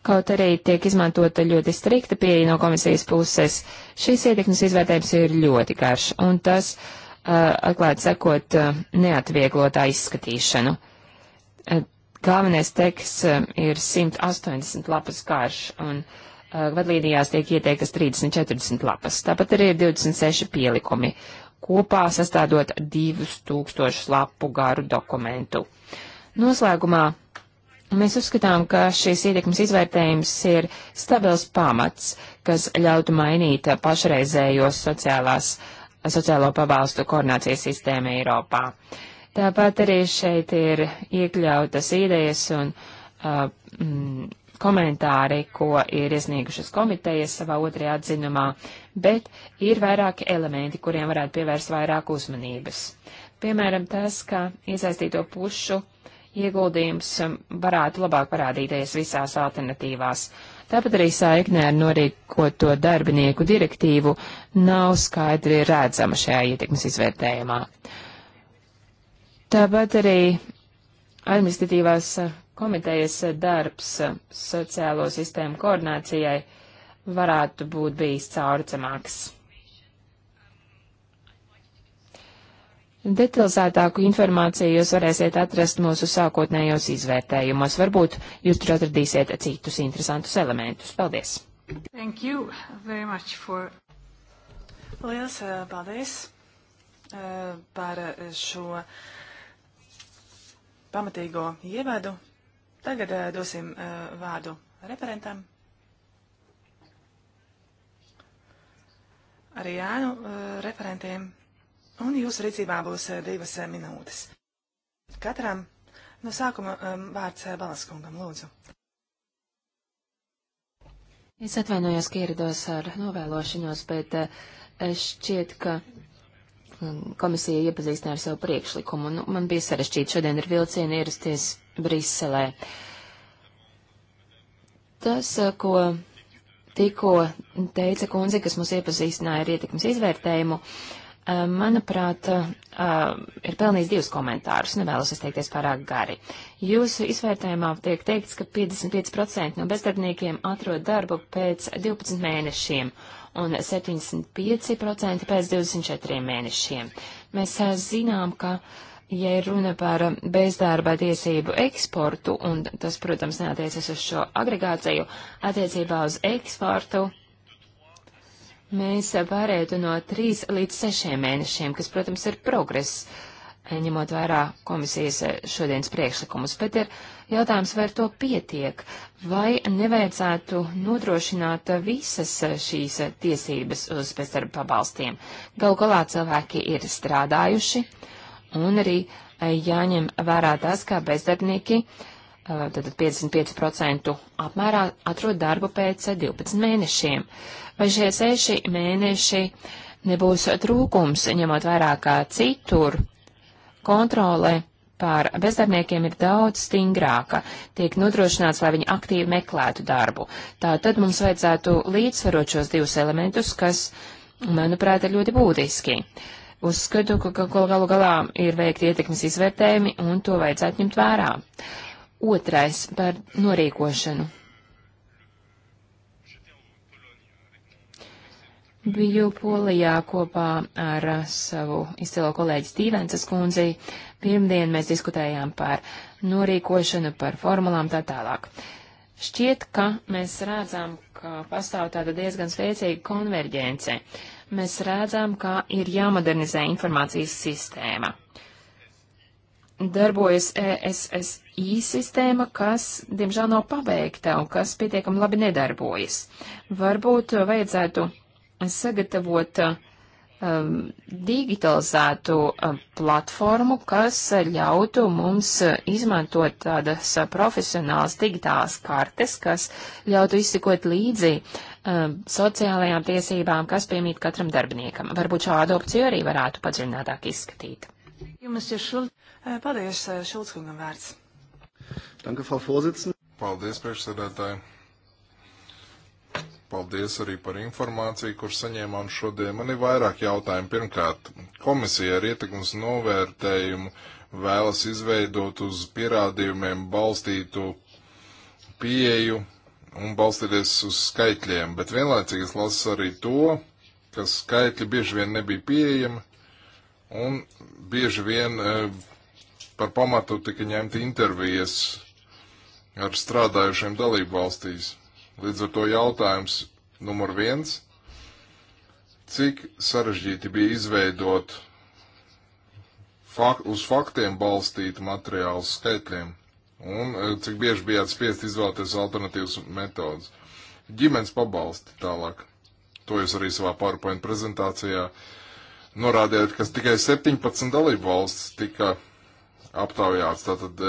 Kaut arī tiek izmantota ļoti strikta pieeja no komisijas puses, šīs ietekmes izvērtējums ir ļoti garš, un tas, uh, atklāti sakot, uh, neatvieglotā izskatīšanu. Uh, galvenais teksts um, ir 180 lapas garš, un uh, vadlīnijās tiek ieteiktas 30-40 lapas. Tāpat arī ir 26 pielikumi, kopā sastādot 2000 lapu garu dokumentu. Noslēgumā Mēs uzskatām, ka šīs ietekmes izvērtējums ir stabils pamats, kas ļautu mainīt pašreizējos sociālās, sociālo pabalstu koordinācijas sistēmu Eiropā. Tāpat arī šeit ir iekļautas idejas un uh, mm, komentāri, ko ir iesniegušas komitejas savā otrajā atzinumā, bet ir vairāki elementi, kuriem varētu pievērst vairāk uzmanības. Piemēram, tas, ka iesaistīto pušu uh, ieguldījums um, varētu labāk parādīties visās alternatīvās. Tāpat arī saiknē ar norīkoto darbinieku direktīvu nav skaidri redzama šajā ietekmes izvērtējumā. Tāpat arī administratīvās uh, komitejas uh, darbs uh, sociālo sistēmu koordinācijai varētu būt bijis caurcamāks. Detalizētāku informāciju jūs varēsiet atrast mūsu sākotnējos izvērtējumos. Varbūt jūs tur atradīsiet citus interesantus elementus. Paldies! Thank you very much for. Lielas eh, paldies eh, par eh, šo pamatīgo ievadu. Tagad dosim vārdu referentam. Arī Jānu referentiem un jūsu rīcībā būs eh, divas eh, minūtes. Katram no sākuma um, vārds eh, Balaskungam, lūdzu. Es atvainojos, ka ierados ar novēlošanos, bet šķiet, ka um, komisija iepazīstināja ar savu priekšlikumu. Nu, man bija sarežģīti šodien ar vilcienu ierasties Briselē. Tas, ko tikko teica kundze, kas mums iepazīstināja ar ietekmes izvērtējumu, uh, manuprāt, ir pelnījis divus komentārus, nevēlas izteikties pārāk gari. Jūsu izvērtējumā tiek teikts, ka 55% no bezdarbniekiem atrod darbu pēc 12 mēnešiem un 75% pēc 24 mēnešiem. Mēs zinām, ka. Ja ir runa par bezdarba tiesību eksportu, un tas, protams, neatiecas uz šo agregāciju, attiecībā uz eksportu mēs varētu no 3 līdz 6 mēnešiem, kas, protams, ir progress, ņemot vērā komisijas eh, šodienas priekšlikumus, bet ir jautājums, vai ar to pietiek, vai nevajadzētu nodrošināt visas eh, šīs eh, tiesības uz bezdarba pabalstiem. Gal galā cilvēki ir strādājuši, un arī jāņem vērā tas, kā bezdarbnieki uh, tātad uh, 55% apmērā atrod darbu pēc 12 mēnešiem. Vai šie 6 mēneši nebūs trūkums, ņemot vērā, ka citur kontrole pār bezdarbniekiem ir daudz stingrāka, tiek nodrošināts, lai viņi aktīvi meklētu darbu. Tā tad mums vajadzētu līdzsvarot šos divus elementus, kas, manuprāt, ir ļoti būtiski. Uzskatu, ka galu galā ir veikti ietekmes izvērtējumi, un to vajadzētu ņemt vērā. Uh, Otrais par norīkošanu. Biju Polijā kopā ar savu izcilo kolēģi Stīvensas kundzi. Pirmdien mēs diskutējām par norīkošanu, par formulām tā tālāk. Šķiet, ka mēs redzam, ka pastāv tāda diezgan spēcīga konverģence. Mēs redzam, ka ir jāmodernizē informācijas sistēma. Uh, darbojas ESSI sistēma, kas, diemžēl, nav pabeigta un kas pietiekami labi nedarbojas. Varbūt vajadzētu sagatavot um, digitalizētu um, platformu, kas ļautu mums izmantot tādas profesionālas digitālas kartes, kas ļautu izsikot līdzi um, sociālajām tiesībām, kas piemīt katram darbiniekam. Varbūt šādu opciju arī varētu padziļinātāk izskatīt. Jums ir šulds. Eh, paldies, eh, Šulckungam vārds. Danke, Frau Vorsitzende. Paldies, priekšsēdētāji. Paldies arī par informāciju, kur saņēmām šodien. Man ir vairāk jautājumu. Pirmkārt, komisija ar ietekmes novērtējumu vēlas izveidot uz pierādījumiem balstītu pieeju un balstīties uz skaitļiem, bet vienlaicīgi es lasu arī to, ka skaitļi bieži vien nebija pieejami un bieži vien eh, par pamatu tika ņemti intervijas ar strādājušiem dalību valstīs. Līdz ar to jautājums numur viens - cik sarežģīti bija izveidot fak uz faktiem balstītu materiālu skaitļiem un e, cik bieži bijāt spiest izvēlēties alternatīvas metodas. Ģimenes pabalsti tālāk. To jūs arī savā PowerPoint prezentācijā norādījāt, ka tikai 17 dalību valsts tika aptaujāts. Tātad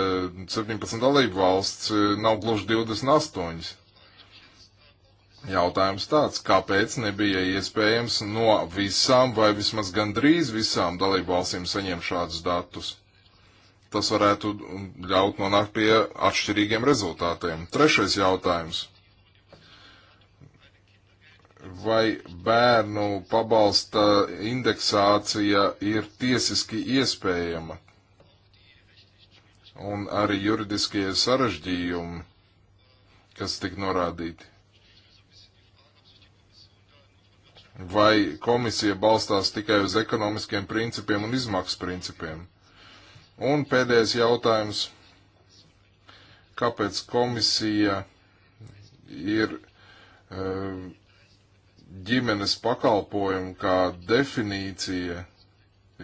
17 e, dalību valsts e, nav gluži 28. Jautājums tāds, kāpēc nebija iespējams no visām vai vismaz gandrīz visām dalību valstīm saņemt šādus datus? Tas varētu ļaut nonākt pie atšķirīgiem rezultātiem. Trešais jautājums vai bērnu pabalsta indeksācija ir tiesiski iespējama un arī juridiskie sarežģījumi, kas tik norādīti. Vai komisija balstās tikai uz ekonomiskiem principiem un izmaksu principiem? Un pēdējais jautājums. Kāpēc komisija ir eh, ģimenes pakalpojumu kā definīcija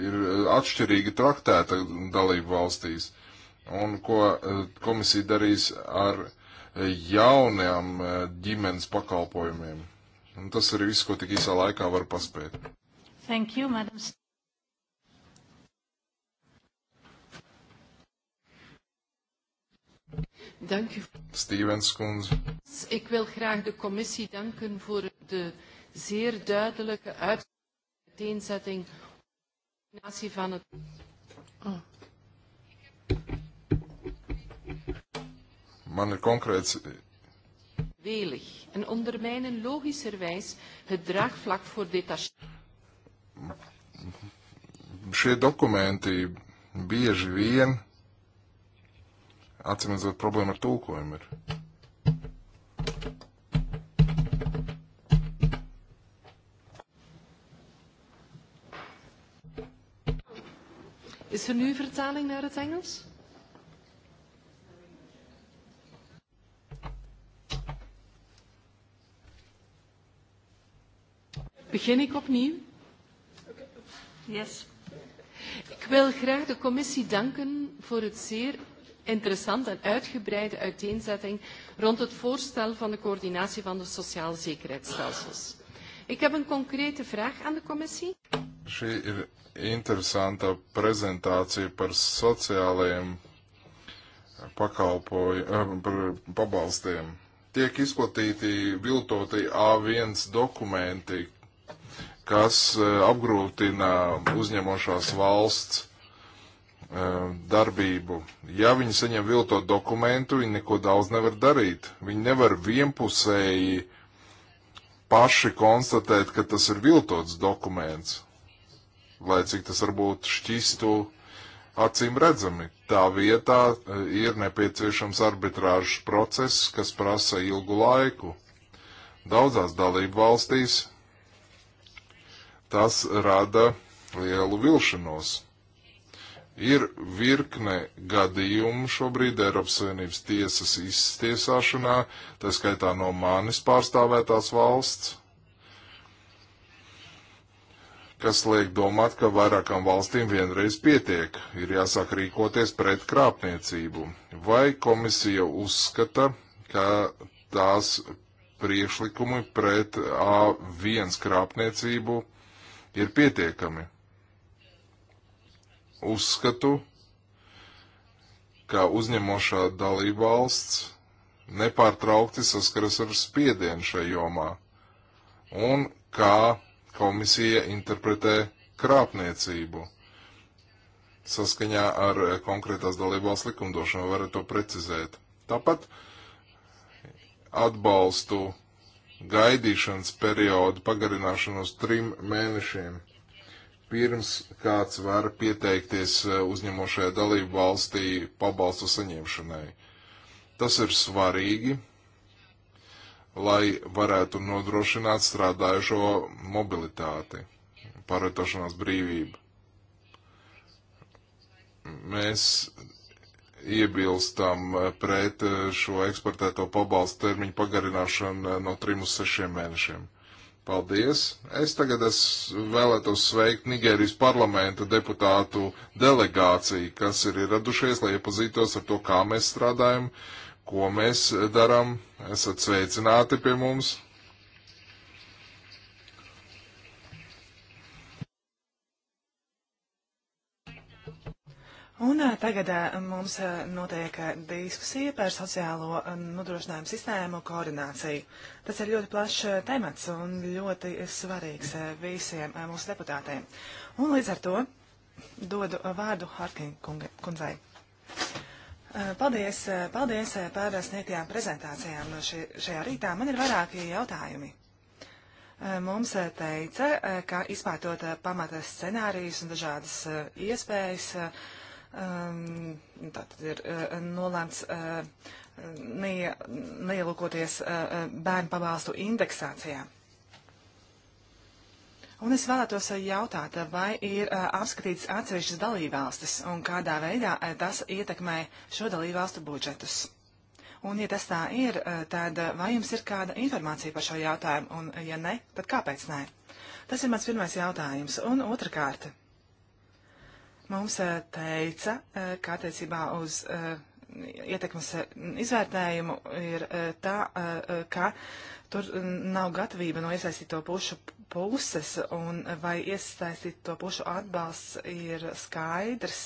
ir eh, atšķirīgi traktēta dalību valstīs? Uh, un ko e, komisija darīs ar jaunajām e, ģimenes pakalpojumiem. Un tas arī viss, ko tik īsā laikā var paspēt. Thank you, madam. Dank u. Stevens Kunz. Ik wil graag de commissie danken voor de zeer duidelijke uiteenzetting van het. Oh. Man ir konkrēts. Welig en ondermijnen logischerwijs het draagvlak voor detachement. Šie dokumenti bieži vien, atcīmredzot, problēma ar tulkojumu ir. Is er nu vertaling naar het Engels? Begin ik opnieuw? Yes. Ik wil graag de commissie danken voor het zeer interessante en uitgebreide uiteenzetting rond het voorstel van de coördinatie van de sociale zekerheidsstelsels. Ik heb een concrete vraag aan de commissie. Šī ir interesanta prezentācija par sociālajiem pakalpojumiem, eh, par pabalstiem. Tiek izplatīti viltoti A1 dokumenti, kas eh, apgrūtina uzņemošās valsts eh, darbību. Ja viņi saņem viltot dokumentu, viņi neko daudz nevar darīt. Viņi nevar vienpusēji paši konstatēt, ka tas ir viltots dokuments, lai cik tas varbūt šķistu acīm redzami. Tā vietā eh, ir nepieciešams arbitrāžas process, kas prasa ilgu laiku. Daudzās dalību valstīs Tas rada lielu vilšanos. Ir virkne gadījumu šobrīd Eiropas Savienības tiesas iztiesāšanā, tā skaitā no manis pārstāvētās valsts, kas liek domāt, ka vairākām valstīm vienreiz pietiek, ir jāsāk rīkoties pret krāpniecību. Vai komisija uzskata, ka tās priekšlikumi pret A1 krāpniecību ir pietiekami. Uzskatu, ka uzņemošā dalībvalsts nepārtraukti saskaras ar spiedienu šai jomā un kā komisija interpretē krāpniecību. Saskaņā ar konkrētās dalībvalsts likumdošanu varat to precizēt. Tāpat atbalstu gaidīšanas periodu pagarināšanu uz trim mēnešiem, pirms kāds var pieteikties eh, uzņemošajā dalību valstī pabalstu saņemšanai. Tas ir svarīgi, lai varētu nodrošināt strādājušo mobilitāti, pārvietošanās brīvību. Mēs iebilstam eh, pret eh, šo eksportēto pabalstu termiņu pagarināšanu eh, no trim uz sešiem mēnešiem. Paldies! Es tagad es vēlētos sveikt Nigērijas parlamenta deputātu delegāciju, kas ir ieradušies, lai iepazītos ar to, kā mēs strādājam, ko mēs darām. Esat sveicināti pie mums, Un tagad mums notiek diskusija par sociālo nodrošinājumu sistēmu koordināciju. Tas ir ļoti plašs temats un ļoti svarīgs visiem mūsu deputātiem. Un līdz ar to dodu vārdu Harkin kundzei. Paldies, paldies par sniegtajām prezentācijām no ši, šajā rītā. Man ir vairāki jautājumi mums teica, ka izpētot pamata scenārijus un dažādas iespējas, Ehm, nu, Tātad ir eh, nolēmts eh, nie, neielūkoties eh, bērnu pabalstu indeksācijā. Un es vēlētos jautāt, vai ir apskatīts atsevišķas dalībvalstis un kādā veidā tas ietekmē šo dalībvalstu budžetus. Un, ja tas tā ir, tad vai jums ir kāda informācija par šo jautājumu, un, ja ne, tad kāpēc nē? Tas ir mans pirmais jautājums. Un otrkārt, uh, mums eh, teica, eh, ka attiecībā uz eh, ietekmes mm, izvērtējumu ir tā, ka tur mm, nav gatavība no iesaistīto pušu puses, un vai iesaistīto pušu atbalsts ir skaidrs,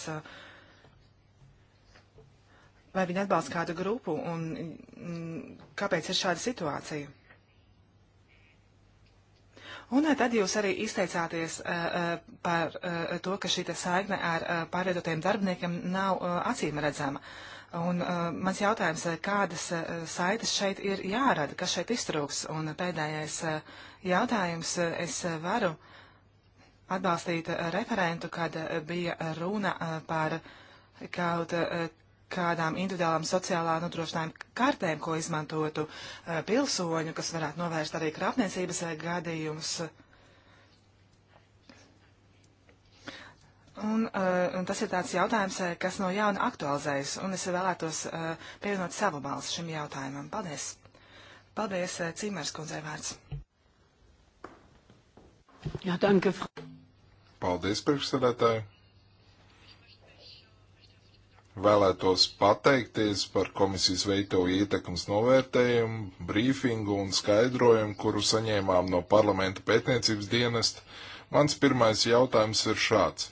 vai viņi atbalsta kādu grupu, un mm, kāpēc ir šāda situācija. Un eh, tad jūs arī izteicāties eh, eh, par to, ka šī saikne ar pārvietotiem darbiniekiem nav acīm redzama. Un mans jautājums, kādas saites šeit ir jārada, kas šeit iztrūks? Un pēdējais jautājums, es varu atbalstīt referentu, kad bija runa par kaut kādām individuālām sociālā nodrošinājuma kartēm, ko izmantotu eh, pilsoņu, kas varētu novērst arī krāpniecības eh, gadījumus. Un, eh, un tas ir tāds jautājums, kas no jauna aktualizējas, un es vēlētos pievienot savu balsi šim jautājumam. Paldies! Paldies, Cimers kundzei vārds. Jā, danke. Paldies, priekšsēdētāji. Vēlētos pateikties par komisijas veikto ietekmes novērtējumu, brīfingu un skaidrojumu, kuru saņēmām no parlamenta pētniecības dienesta. Mans pirmais jautājums ir šāds.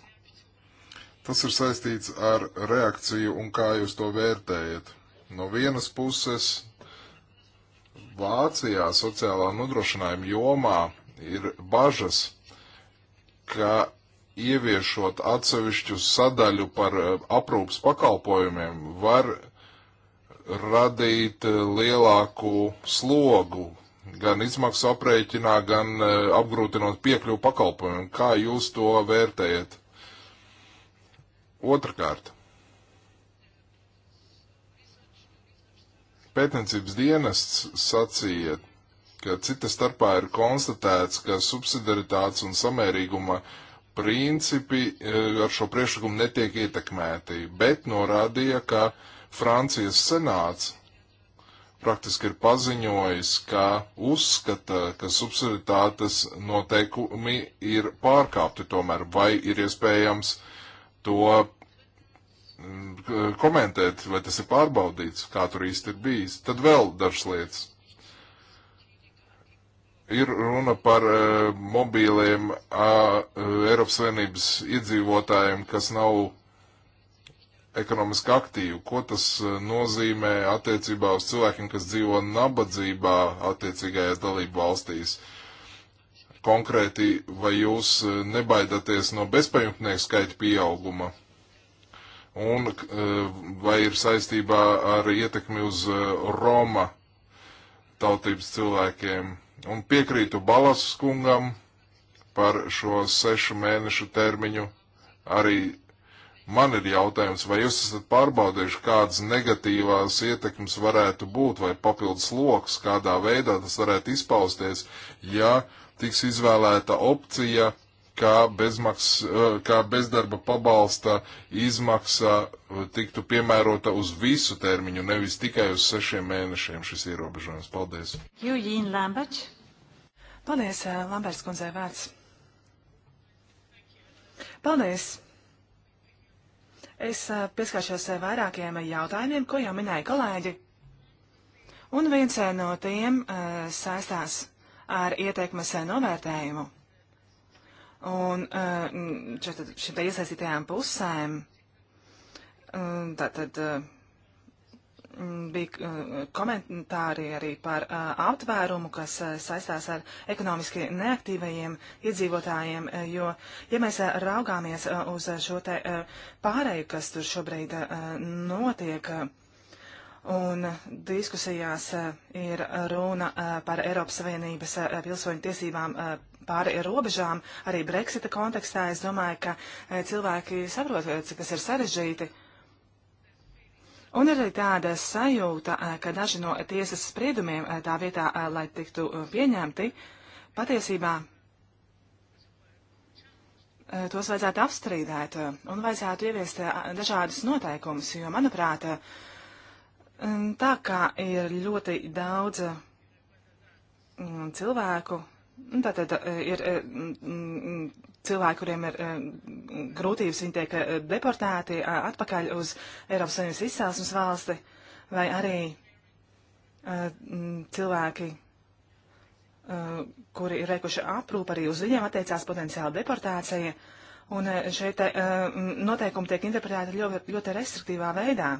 Tas ir saistīts ar reakciju un kā jūs to vērtējat. No vienas puses, Vācijā sociālā nodrošinājuma jomā ir bažas, ka ieviešot atsevišķu sadaļu par eh, aprūpas pakalpojumiem, var radīt eh, lielāku slogu gan izmaksu aprēķinā, gan eh, apgrūtinot piekļuvu pakalpojumiem. Kā jūs to vērtējat? Otrakārt. Pētniecības dienests sacīja, ka cita starpā ir konstatēts, ka subsidaritātes un samērīguma uh, principi eh, ar šo priekšlikumu netiek ietekmēti, bet norādīja, ka Francijas senāts praktiski ir paziņojis, ka uzskata, ka subsiditātes noteikumi ir pārkāpti tomēr, vai ir iespējams to mm, komentēt, vai tas ir pārbaudīts, kā tur īsti ir bijis. Tad vēl dažas lietas ir runa par uh, mobīliem uh, Eiropas Savienības iedzīvotājiem, kas nav ekonomiski aktīvi. Ko tas e, nozīmē attiecībā uz cilvēkiem, kas dzīvo nabadzībā attiecīgajās dalību valstīs? Konkrēti, vai jūs nebaidaties no bezpajumtnieku skaita pieauguma? Un uh, vai ir saistībā ar ietekmi uz Roma tautības cilvēkiem? un piekrītu Balas kungam par šo sešu mēnešu termiņu. Arī man ir jautājums, vai jūs esat pārbaudījuši, kādas negatīvās ietekmes varētu būt vai papildus loks, kādā veidā tas varētu izpausties, ja tiks izvēlēta opcija kā, bezmaks, eh, kā bezdarba pabalsta izmaksa eh, tiktu piemērota uz visu termiņu, nevis tikai uz sešiem mēnešiem šis ierobežojums. Paldies. Jūjīna eh, Lamberts. Paldies, Lamberts kundzē vārds. Paldies. Es pieskāršos vairākiem jautājumiem, ko jau minēja kolēģi. Un viens no tiem saistās ar ieteikumas novērtējumu. Un šīm te iesaistītajām pusēm tātad bija komentāri arī par aptvērumu, kas saistās ar ekonomiski neaktīvajiem iedzīvotājiem, jo, ja mēs raugāmies uz šo te pārēju, kas tur šobrīd notiek, Un diskusijās ir runa par Eiropas Savienības pilsoņu tiesībām pāri robežām, arī Brexita kontekstā. Es domāju, ka e, cilvēki saprot, e, cik tas ir sarežģīti. Un ir arī tāda sajūta, e, ka daži no tiesas spriedumiem tā vietā, lai tiktu pieņemti, patiesībā tos vajadzētu apstrīdēt un vajadzētu ieviest dažādus noteikumus, jo, manuprāt, tā kā ir ļoti daudz cilvēku, Nu, tātad eh, ir eh, cilvēki, kuriem ir eh, grūtības, viņi tiek deportēti atpakaļ uz Eiropas Savienības izcelsmes valsti, vai arī cilvēki, kuri ir veikuši aprūpu, arī uz viņiem attiecās potenciāla deportācija. Un šeit noteikumi tiek interpretēti ļoti, ļoti restriktīvā veidā.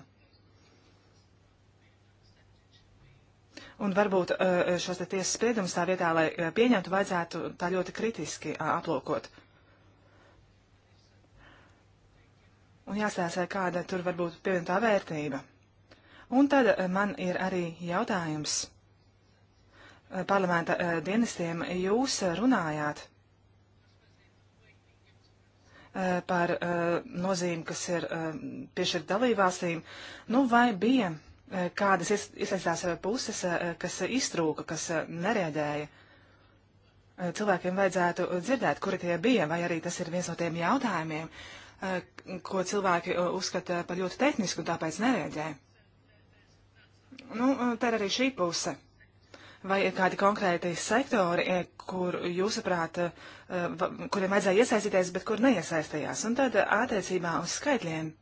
Un varbūt eh, šos tiesas spriedumus tā vietā, lai eh, pieņemtu, vajadzētu tā ļoti kritiski aplūkot. Un jāstāsta, kāda tur var būt pievienotā vērtība. Un tad eh, man ir arī jautājums parlamenta dienestiem. Jūs runājāt par nozīmi, kas ir piešķirta dalībvalstīm. Nu, vai bija Eh, kādas iesaistās eh, puses, eh, kas iztrūka, kas nereaģēja. Cilvēkiem vajadzētu dzirdēt, kuri tie bija, vai arī tas ir viens no tiem jautājumiem, ko cilvēki uzskata par ļoti tehnisku un tāpēc nereaģē. Nu, tā ir arī šī puse. Vai ir kādi konkrēti sektori, kur jūsuprāt, kuriem vajadzēja iesaistīties, bet kur neiesaistījās? Un tad attiecībā uz skaitļiem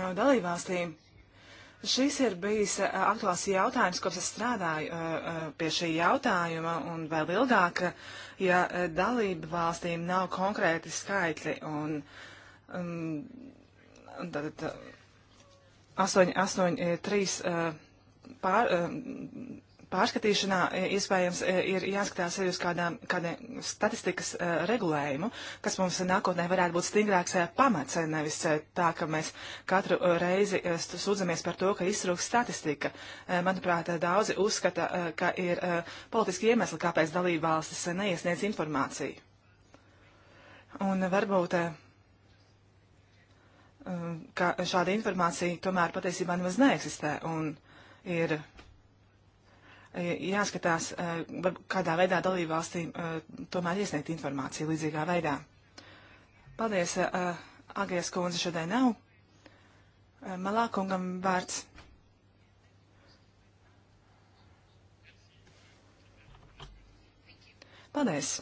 no dalībvalstīm Šis ir bijis eh, aktuāls jautājums, kopš es strādāju eh, eh, pie šī jautājuma, un vēl ilgāk, ja dalību valstīm nav konkrēti skaitļi. Un, um, un tad, tad 8, 8, 3 pār, pārskatīšanā e, iespējams e, ir jāskatās arī uz kādām, kādiem statistikas e, regulējumu, kas mums nākotnē varētu būt stingrāks pamats, nevis tā, ka mēs katru reizi sūdzamies par to, ka iztrūks statistika. Manuprāt, daudzi uzskata, ka ir politiski iemesli, kāpēc dalībvalstis neiesniedz informāciju. Un varbūt ka šāda informācija tomēr patiesībā nemaz neeksistē un ir E, jāskatās, e, kādā veidā dalībvalstī e, tomēr iesniegt informāciju līdzīgā veidā. Paldies, Agries kundze šodien nav. Malākungam vārds. Paldies!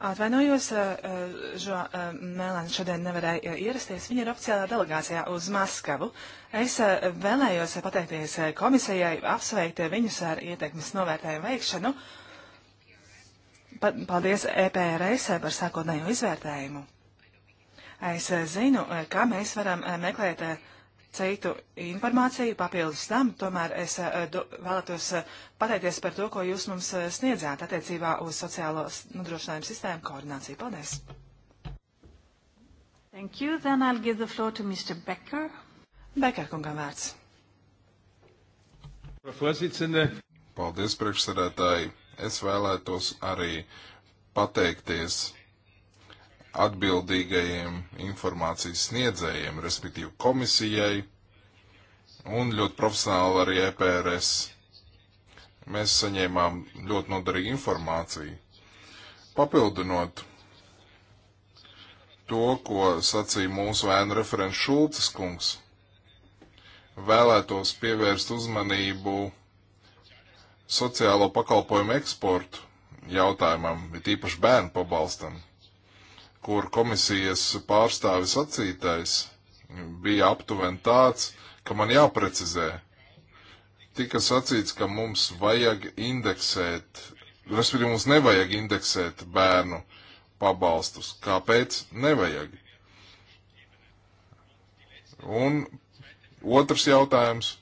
Atvainojos, eh, eh, Žo eh, Melēns šodien nevarēja ierasties. Viņa ir oficiālā delegācijā uz Maskavu. Es vēlējos pateikties komisijai, apsveikt viņus ar ieteikmes novērtējumu veikšanu. Paldies EPRS par sākotnējo izvērtējumu. Es zinu, kā mēs varam meklēt citu informāciju papildus tam, tomēr es eh, do, vēlētos eh, pateikties par to, ko jūs mums eh, sniedzāt attiecībā uz sociālo nodrošinājumu sistēmu koordināciju. Paldies! Thank you. Then I'll give the floor to Mr. Becker. Becker kungam vārds. Paldies, priekšsarētāji. Es vēlētos arī pateikties atbildīgajiem informācijas sniedzējiem, respektīvi komisijai un ļoti profesionāli arī EPRS. Mēs saņēmām ļoti noderīgu informāciju. Papildinot to, ko sacīja mūsu ēnu referents Šulcis kungs, vēlētos pievērst uzmanību sociālo pakalpojumu eksportu jautājumam, ir tīpaši bērnu pabalstam kur komisijas pārstāvis sacītais bija aptuveni tāds, ka man jāprecizē. Tika sacīts, ka mums vajag indeksēt, respektīvi mums nevajag indeksēt bērnu pabalstus. Kāpēc? Nevajag. Un otrs jautājums.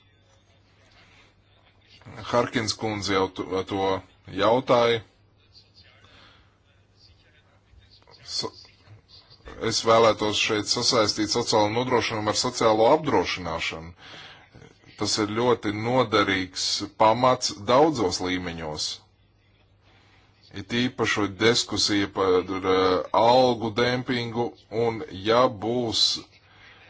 Harkins kundze jau to, to jautāja. So, es vēlētos šeit sasaistīt sociālo nodrošinājumu ar sociālo apdrošināšanu. Tas ir ļoti noderīgs pamats daudzos līmeņos. Ir tīpaši diskusija par uh, algu dempingu, un ja būs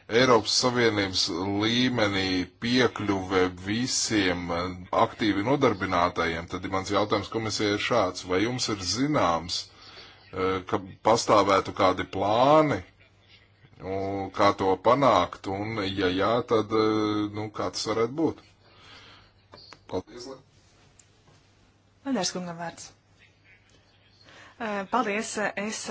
Eiropas Savienības līmenī piekļuve visiem uh, aktīvi nodarbinātajiem, tad mans jautājums komisijai ir šāds. Vai jums ir zināms, Eh, ka pastāvētu kādi plāni, un kā to panākt, un ja jā, tad eh, nu, kā tas varētu būt. Paldies. Vandārs kungam vārds. Eh, paldies, es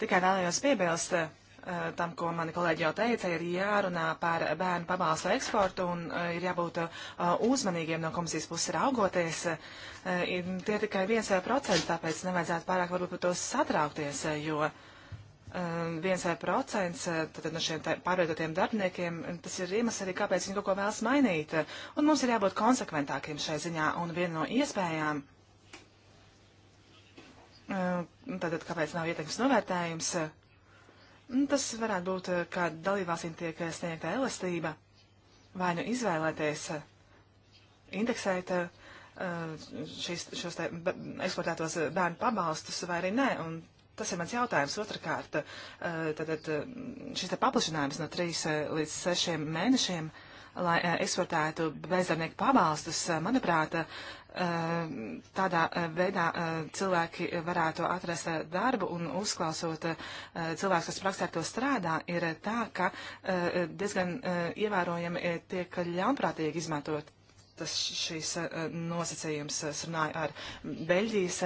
tikai vēlējos piebilst Eh, tam, ko mani kolēģi jau teica, ir jārunā par bērnu pabalstu eksportu un eh, ir jābūt eh, uzmanīgiem no komisijas puses raugoties. Nu, tie tikai viens procents, tāpēc nevajadzētu pārāk varbūt par to satraukties, jo viens procents no šiem pārveidotiem darbiniekiem, tas ir iemesls arī, kāpēc viņi kaut ko vēlas mainīt. Un mums ir jābūt konsekventākiem šai ziņā un viena no iespējām. Tātad, kāpēc nav ietekmes novērtējums, Nu, tas varētu būt, eh, kā dalībvalstīm tiek eh, sniegta elastība, vai nu izvēlēties eh, indeksēt šis, šos te eksportētos bērnu pabalstus vai arī nē. Un tas ir mans jautājums. Otrakārt, tātad šis te paplašinājums no 3 līdz 6 mēnešiem, lai eksportētu bezdarbnieku pabalstus, manuprāt, Eh, tādā eh, veidā eh, cilvēki varētu atrast darbu un uzklausot cilvēks, kas praksē to strādā, ir tā, ka diezgan ievērojami tiek ļaunprātīgi izmantot. Tas šīs nosacījums runāja ar Beļģijas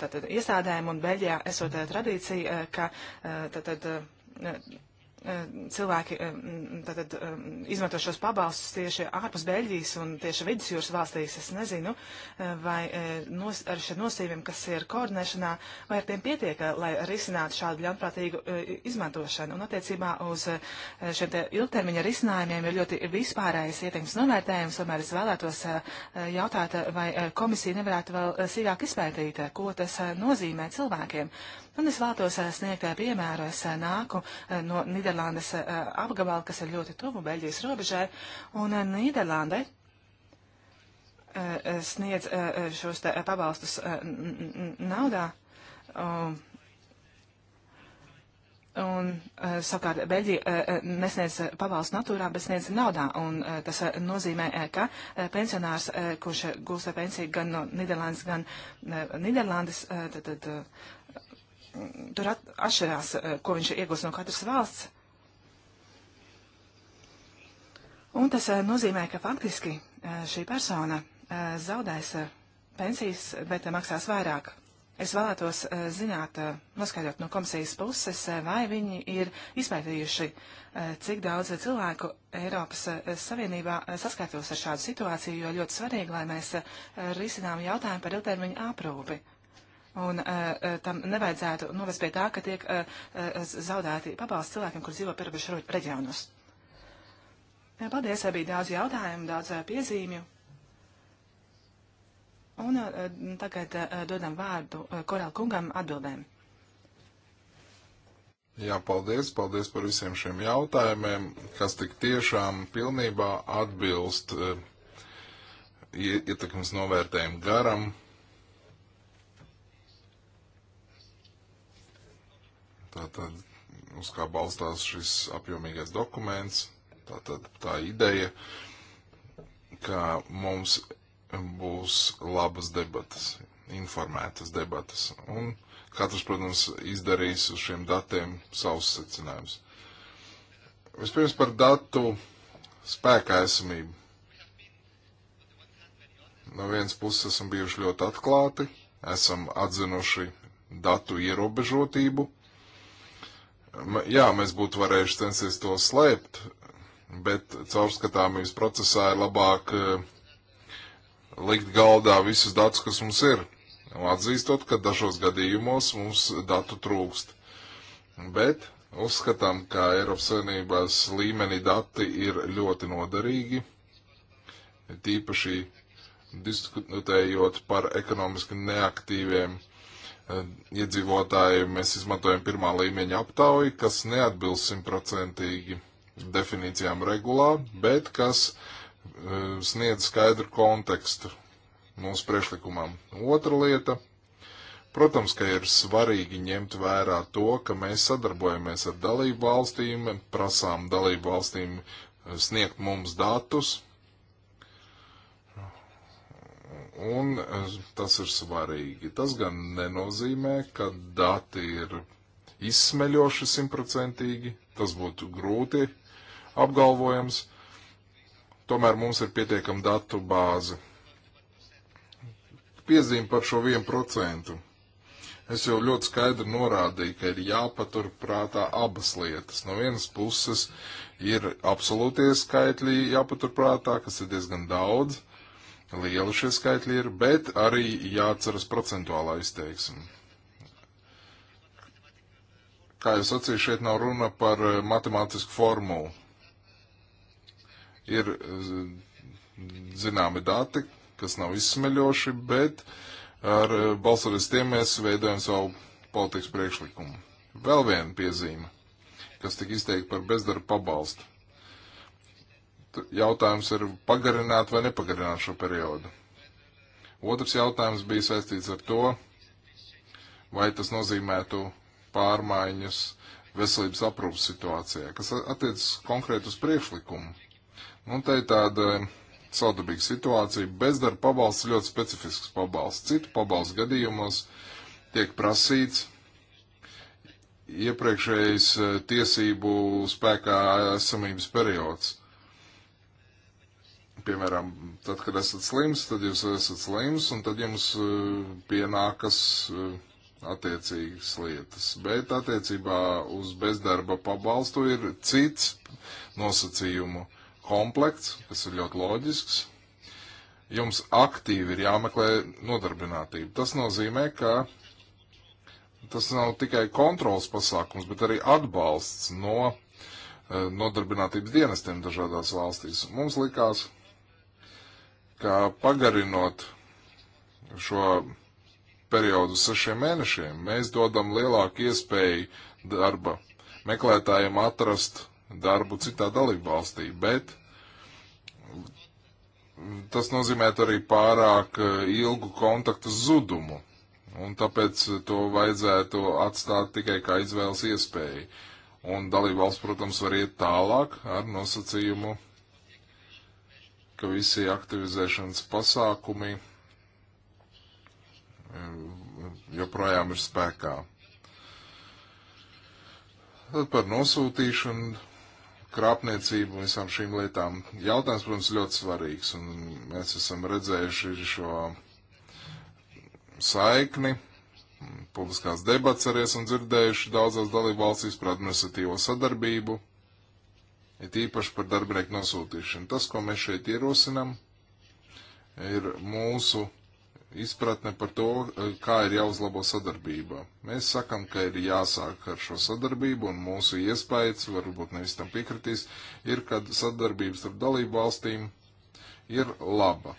tātad, iestādēm un Beļģijā esot tradīcija, ka tātad, Ehm, cilvēki ehm, tātad, ehm, izmanto šos pabalstus tieši ārpus Beļģijas un tieši vidusjūras valstīs. Es nezinu, eh, vai eh, nos, ar šiem nosīmiem, kas ir koordinēšanā, vai ar tiem pietiek, eh, lai risinātu šādu ļaunprātīgu izmantošanu. Un attiecībā uz šiem te ilgtermiņa risinājumiem ir ļoti vispārējais ietekmes novērtējums. Tomēr es vēlētos jautāt, vai komisija nevarētu vēl sīkāk izpētīt, ko tas nozīmē cilvēkiem. Uh, Un es vēlos eh, sniegt eh, piemēru. Es eh, nāku no Nīderlandes apgabala, kas ir ļoti tuvu Beļģijas robežai, un Nīderlande sniedz šos pabalstus naudā. Un, un savukārt Beļģija nesniedz pabalstu natūrā, bet sniedz naudā. Un tas nozīmē, ka pensionārs, kurš gūst pensiju gan no Nīderlandes, gan Nīderlandes, tad, tad tur at, atšķirās, eh, ko viņš ir iegūst no katras valsts. Un tas eh, nozīmē, ka faktiski eh, šī persona zaudēs pensijas, bet maksās vairāk. Es vēlētos zināt, noskaidrot no komisijas puses, vai viņi ir izpētījuši, cik daudz cilvēku Eiropas Savienībā saskaitos ar šādu situāciju, jo ļoti svarīgi, lai mēs risinām jautājumu par ilgtermiņu aprūpi. Un uh, tam nevajadzētu novest pie tā, ka tiek uh, uh, zaudēti pabalsti cilvēkiem, kur dzīvo pierobežu reģionos. Jā, paldies, bija daudz jautājumu, daudz uh, piezīmju. Un uh, tagad uh, dodam vārdu uh, Korel kungam atbildēm. Jā, paldies, paldies par visiem šiem jautājumiem, kas tik tiešām pilnībā atbilst uh, ietekmes novērtējumu garam Tātad, uz kā balstās šis apjomīgais dokuments, tātad tā ideja, ka mums būs labas debatas, informētas debatas. Un katrs, protams, izdarīs uz šiem datiem savus secinājumus. Vispirms par datu spēkā esamību. No vienas puses esam bijuši ļoti atklāti, esam atzinuši datu ierobežotību Jā, mēs būtu varējuši censties to slēpt, bet caurskatāmības procesā ir labāk eh, likt galdā visus datus, kas mums ir, atzīstot, ka dažos gadījumos mums datu trūkst. Bet uzskatām, ka Eiropas Savienībās līmenī dati ir ļoti noderīgi, tīpaši diskutējot par ekonomiski neaktīviem Eh, iedzīvotāji mēs izmantojam pirmā līmeņa aptauju, kas neatbilst simtprocentīgi definīcijām regulā, bet kas eh, sniedz skaidru kontekstu mūsu priešlikumam. Otra lieta. Protams, ka ir svarīgi ņemt vērā to, ka mēs sadarbojamies ar dalību valstīm, prasām dalību valstīm eh, sniegt mums datus, Un e, tas ir svarīgi. Tas gan nenozīmē, ka dati ir izsmeļoši simtprocentīgi, tas būtu grūti apgalvojams. Tomēr mums ir pietiekama datu bāze. Piezīme par šo 1%. Es jau ļoti skaidri norādīju, ka ir jāpatur prātā abas lietas. No vienas puses ir absolūtie skaitļi jāpatur prātā, kas ir diezgan daudz, lieli šie skaitļi ir, bet arī jāatceras procentuālā izteiksme. Kā jau sacīju, šeit nav runa par eh, matemātisku formulu. Ir eh, zināmi dati, kas nav izsmeļoši, bet ar eh, balsoties tiem mēs veidojam savu politikas priekšlikumu. Vēl viena piezīme, kas tika izteikta par bezdarba pabalstu jautājums ir pagarināt vai nepagarināt šo periodu. Otrs jautājums bija saistīts ar to, vai tas nozīmētu pārmaiņas veselības aprūpas situācijā, kas attiecas konkrēt uz priekšlikumu. Nu, te tā ir tāda saudabīga situācija. Bezdarba pabalsts ļoti specifisks pabalsts. Citu pabalstu gadījumos tiek prasīts iepriekšējais eh, tiesību spēkā esamības periods. Piemēram, tad, kad esat slims, tad jūs esat slims, un tad jums e, pienākas e, attiecīgas lietas. Bet attiecībā uz bezdarba pabalstu ir cits nosacījumu komplekts, kas ir ļoti loģisks. Jums aktīvi ir jāmeklē nodarbinātība. Tas nozīmē, ka tas nav tikai kontrols pasākums, bet arī atbalsts no e, nodarbinātības dienestiem dažādās valstīs. Mums likās, ka pagarinot šo periodu sešiem mēnešiem, mēs dodam lielāku iespēju darba meklētājiem atrast darbu citā dalībvalstī, bet tas nozīmē arī pārāk ilgu kontaktu zudumu, un tāpēc to vajadzētu atstāt tikai kā izvēles iespēju. Un dalībvalsts, protams, var iet tālāk ar nosacījumu ka visi aktivizēšanas pasākumi eh, joprojām ir spēkā. Tad par nosūtīšanu, krāpniecību un visām šīm lietām. Jautājums, protams, ļoti svarīgs, un mēs esam redzējuši šo saikni, publiskās debats arī esam dzirdējuši daudzās dalībvalstīs par administratīvo sadarbību it īpaši par darbinieku nosūtīšanu. Tas, ko mēs šeit ierosinam, ir mūsu izpratne par to, eh, kā ir jāuzlabo sadarbība. Mēs sakam, ka ir jāsāk ar šo sadarbību, un mūsu iespējas, varbūt nevis tam piekritīs, ir, ka sadarbības starp dalību valstīm ir laba.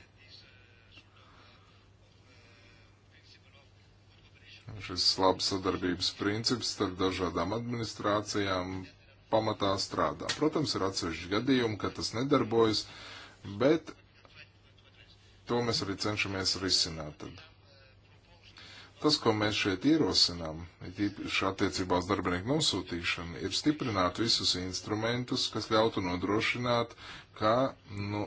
Šis labs sadarbības princips starp dažādām administrācijām pamatā strādā. Protams, ir atsevišķi gadījumi, ka tas nedarbojas, bet to mēs arī cenšamies risināt. Tad. Tas, ko mēs šeit ierosinām, īpaši attiecībā uz darbinieku nosūtīšanu, ir stiprināt visus instrumentus, kas ļautu nodrošināt, ka nu,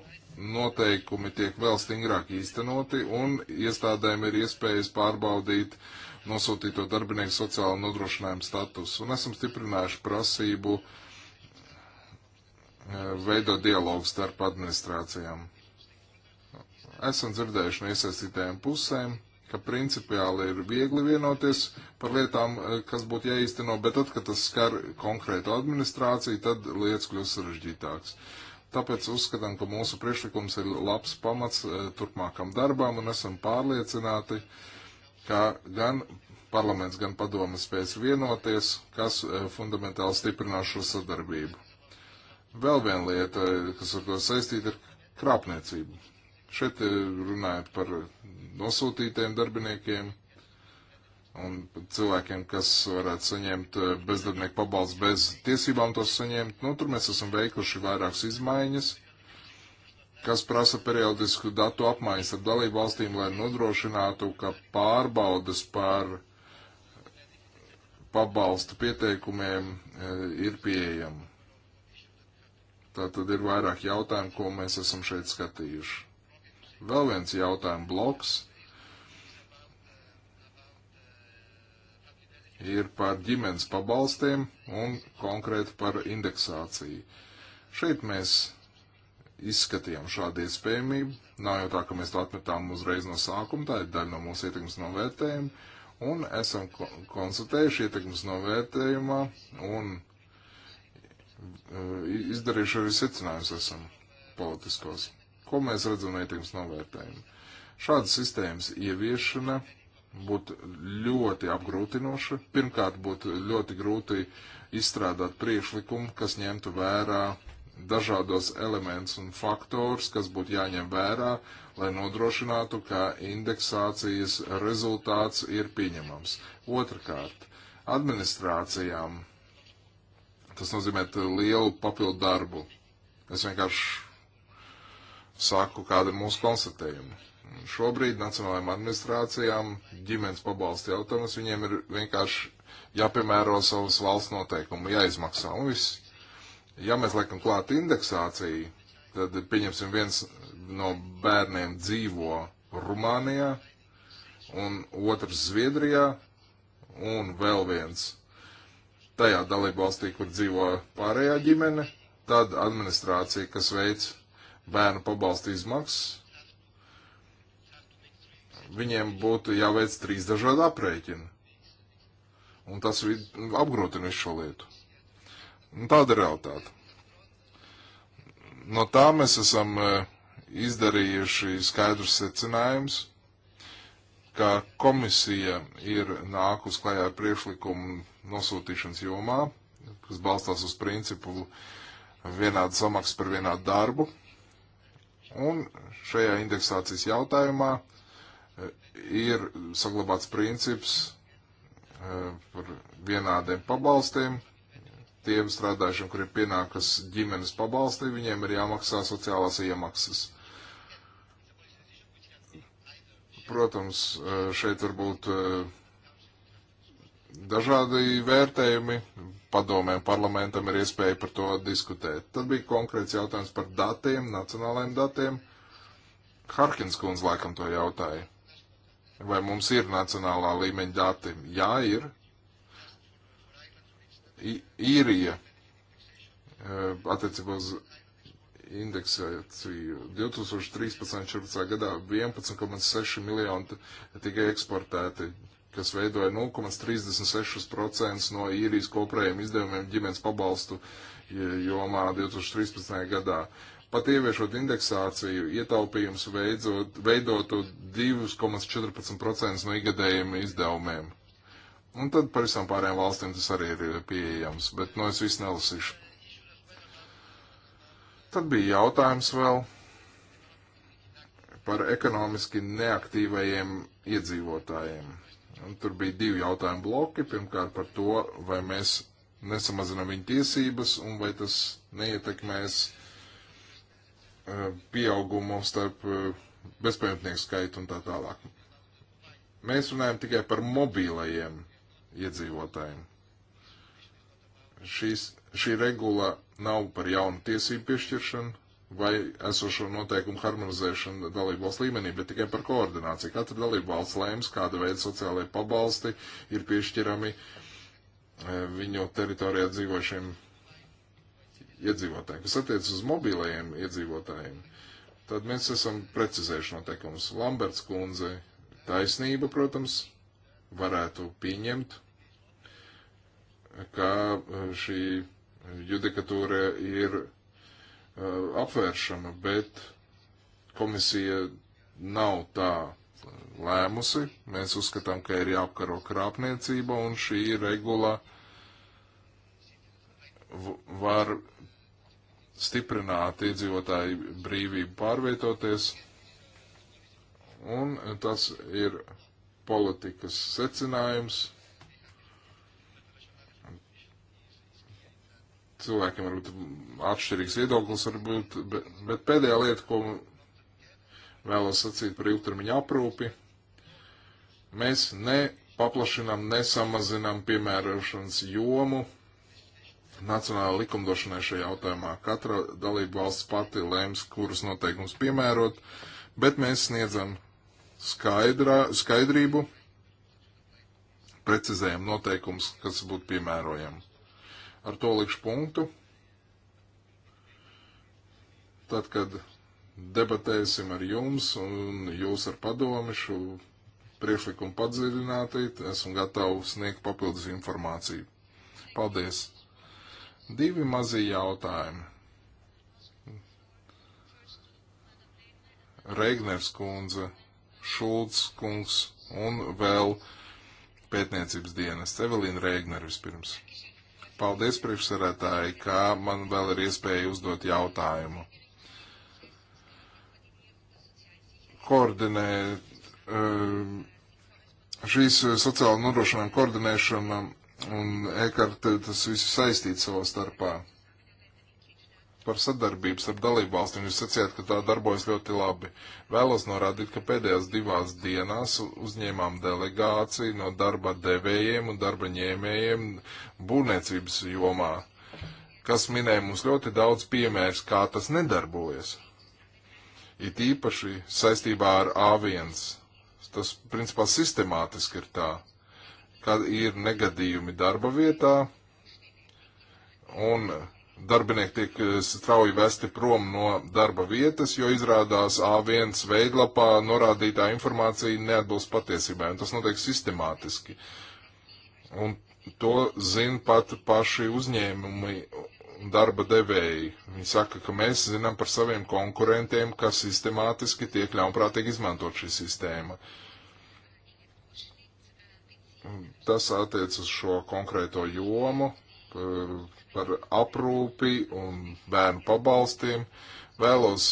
noteikumi tiek vēl stingrāk īstenoti un iestādēm ir iespējas pārbaudīt uh, nosūtīto darbinieku sociālo nodrošinājumu statusu. Un esam stiprinājuši prasību e, veidot dialogu starp administrācijām. Esam dzirdējuši no iesaistītajām pusēm, ka principiāli ir viegli vienoties par lietām, e, kas būtu jāīsteno, bet tad, kad tas skar konkrētu administrāciju, tad lietas kļūst sarežģītākas. Tāpēc uzskatām, ka mūsu priekšlikums ir labs pamats e, turpmākam darbām un esam pārliecināti, uh, ka gan parlaments, gan padome spēs vienoties, kas e, fundamentāli stiprinās šo sadarbību. Vēl viena lieta, e, kas ar to saistīta, ir krāpniecība. Šeit e, runājot par nosūtītiem darbiniekiem un cilvēkiem, kas varētu saņemt bezdarbnieku pabalstu bez tiesībām to saņemt. Nu, tur mēs esam veikuši vairākas izmaiņas kas prasa periodisku datu apmaiņas ar dalību valstīm, lai nodrošinātu, ka pārbaudas par pabalstu pieteikumiem eh, ir pieejama. Tā tad ir vairāk jautājumu, ko mēs esam šeit skatījuši. Vēl viens jautājumu bloks ir par ģimenes pabalstiem un konkrēti par indeksāciju. Šeit mēs izskatījām šādu iespējamību. Nav jau tā, ka mēs to atmetām uzreiz no sākuma, tā ir daļa no mūsu ietekmes novērtējuma. Un esam konstatējuši ietekmes novērtējumā un e, izdarījuši arī secinājumus esam politiskos. Ko mēs redzam no ietekmes novērtējuma? Šādas sistēmas ieviešana būtu ļoti apgrūtinoša. Pirmkārt, būtu ļoti grūti izstrādāt priekšlikumu, kas ņemtu vērā dažādos elementus un faktors, kas būtu jāņem vērā, lai nodrošinātu, ka indeksācijas rezultāts ir pieņemams. Otrakārt, administrācijām tas nozīmē lielu papildu darbu. Es vienkārši saku, kāda ir mūsu konstatējuma. Šobrīd nacionālajām administrācijām ģimenes pabalsta jautājums viņiem ir vienkārši jāpiemēro savas valsts noteikumi, jāizmaksā un viss ja mēs liekam klāt indeksāciju, tad pieņemsim viens no bērniem dzīvo Rumānijā, un otrs Zviedrijā, un vēl viens tajā dalībvalstī, kur dzīvo pārējā ģimene, tad administrācija, kas veic bērnu pabalstu izmaksas, viņiem būtu jāveic trīs dažādi aprēķini. Un tas apgrūtina visu šo lietu. Nu, tāda ir realitāte. No tā mēs esam e, izdarījuši skaidrus secinājumus, ka komisija ir nākus klajā ar priekšlikumu nosūtīšanas jomā, kas balstās uz principu vienāda samaksa par vienādu darbu. Un šajā indeksācijas jautājumā e, ir saglabāts princips e, par vienādiem pabalstiem, tiem strādājušiem, kuriem pienākas ģimenes pabalsti, viņiem ir jāmaksā sociālās iemaksas. Protams, e, šeit var būt e, dažādi vērtējumi. Padomēm parlamentam ir iespēja par to diskutēt. Tad bija konkrēts jautājums par datiem, nacionālajiem datiem. Harkins kundze laikam to jautāja. Vai mums ir nacionālā līmeņa dati? Jā, ir īrija eh, attiecībā uz indeksāciju 2013. 14. gadā 11,6 miljoni tika eksportēti, kas veidoja 0,36% no īrijas kopējiem izdevumiem ģimenes pabalstu jomā 2013. gadā. Pat ieviešot indeksāciju, ietaupījums veidzot, veidotu 2,14% no igadējiem izdevumiem. Un nu, tad par visām pārējām valstīm tas arī ir pieejams, bet no nu, es visu nelasīšu. Tad bija jautājums vēl par ekonomiski neaktīvajiem iedzīvotājiem. Un tur bija divi jautājumu bloki. Pirmkārt par to, vai mēs nesamazinām viņu tiesības un vai tas neietekmēs eh, pieaugumu starp eh, bezpajumtnieku skaitu un tā tālāk. Mēs runājam tikai par mobīlajiem iedzīvotājiem. Šis, šī regula nav par jaunu tiesību piešķiršanu vai esošo noteikumu harmonizēšanu dalību valsts līmenī, bet tikai par koordināciju. Katra dalību valsts lēms, kāda veida sociālajie pabalsti ir piešķirami eh, viņu teritorijā dzīvošiem iedzīvotājiem. Kas attiec uz mobīlajiem iedzīvotājiem, tad mēs esam precizējuši noteikumus. Lamberts kundze taisnība, protams, varētu pieņemt ka eh, šī judikatūra ir eh, apvēršama, bet komisija nav tā lēmusi. Mēs uzskatām, ka ir jāapkaro krāpniecība un šī regula var stiprināt iedzīvotāju brīvību pārvietoties. Un tas ir politikas secinājums cilvēkiem varbūt atšķirīgs viedoklis, varbūt, bet, bet pēdējā lieta, ko vēlos sacīt par ilgtermiņa aprūpi, mēs ne paplašinām, nesamazinām piemērošanas jomu nacionāla likumdošanai šajā jautājumā. Katra dalība valsts pati lēms, kurus noteikumus piemērot, bet mēs sniedzam skaidrā, skaidrību, precizējam noteikumus, kas būtu piemērojami. Ar to likšu punktu. Tad, kad debatēsim ar jums un jūs ar padomi šo priekšlikumu padziļināti, esmu gatavs sniegt papildus informāciju. Paldies! Divi mazi jautājumi. Reigners kundze, Šulcs kungs un vēl pētniecības dienas. Evelīna Reignera vispirms. Paldies, priekšsarētāji, ka man vēl ir iespēja uzdot jautājumu. Koordinēt um, šīs sociāla nodrošinājuma koordinēšana un e-karte, tas viss saistīts savā starpā par sadarbības ar dalībvalstīm. Jūs sacījāt, ka tā darbojas ļoti labi. Vēlos norādīt, ka pēdējās divās dienās uzņēmām delegāciju no darba devējiem un darba ņēmējiem būvniecības jomā, kas minēja mums ļoti daudz piemērs, kā tas nedarbojas. It īpaši saistībā ar A1. Tas, principā, sistemātiski ir tā, kad ir negadījumi darba vietā, un darbinieki tiek eh, strauji vesti prom no darba vietas, jo izrādās A1 veidlapā norādītā informācija neatbilst patiesībai, un tas notiek sistemātiski. Un to zina pat paši uzņēmumi darba devēji. Viņi saka, ka mēs zinām par saviem konkurentiem, ka sistemātiski tiek ļaunprātīgi izmantot šī sistēma. Tas attiec uz šo konkrēto jomu, eh, par aprūpi un bērnu pabalstiem. Vēlos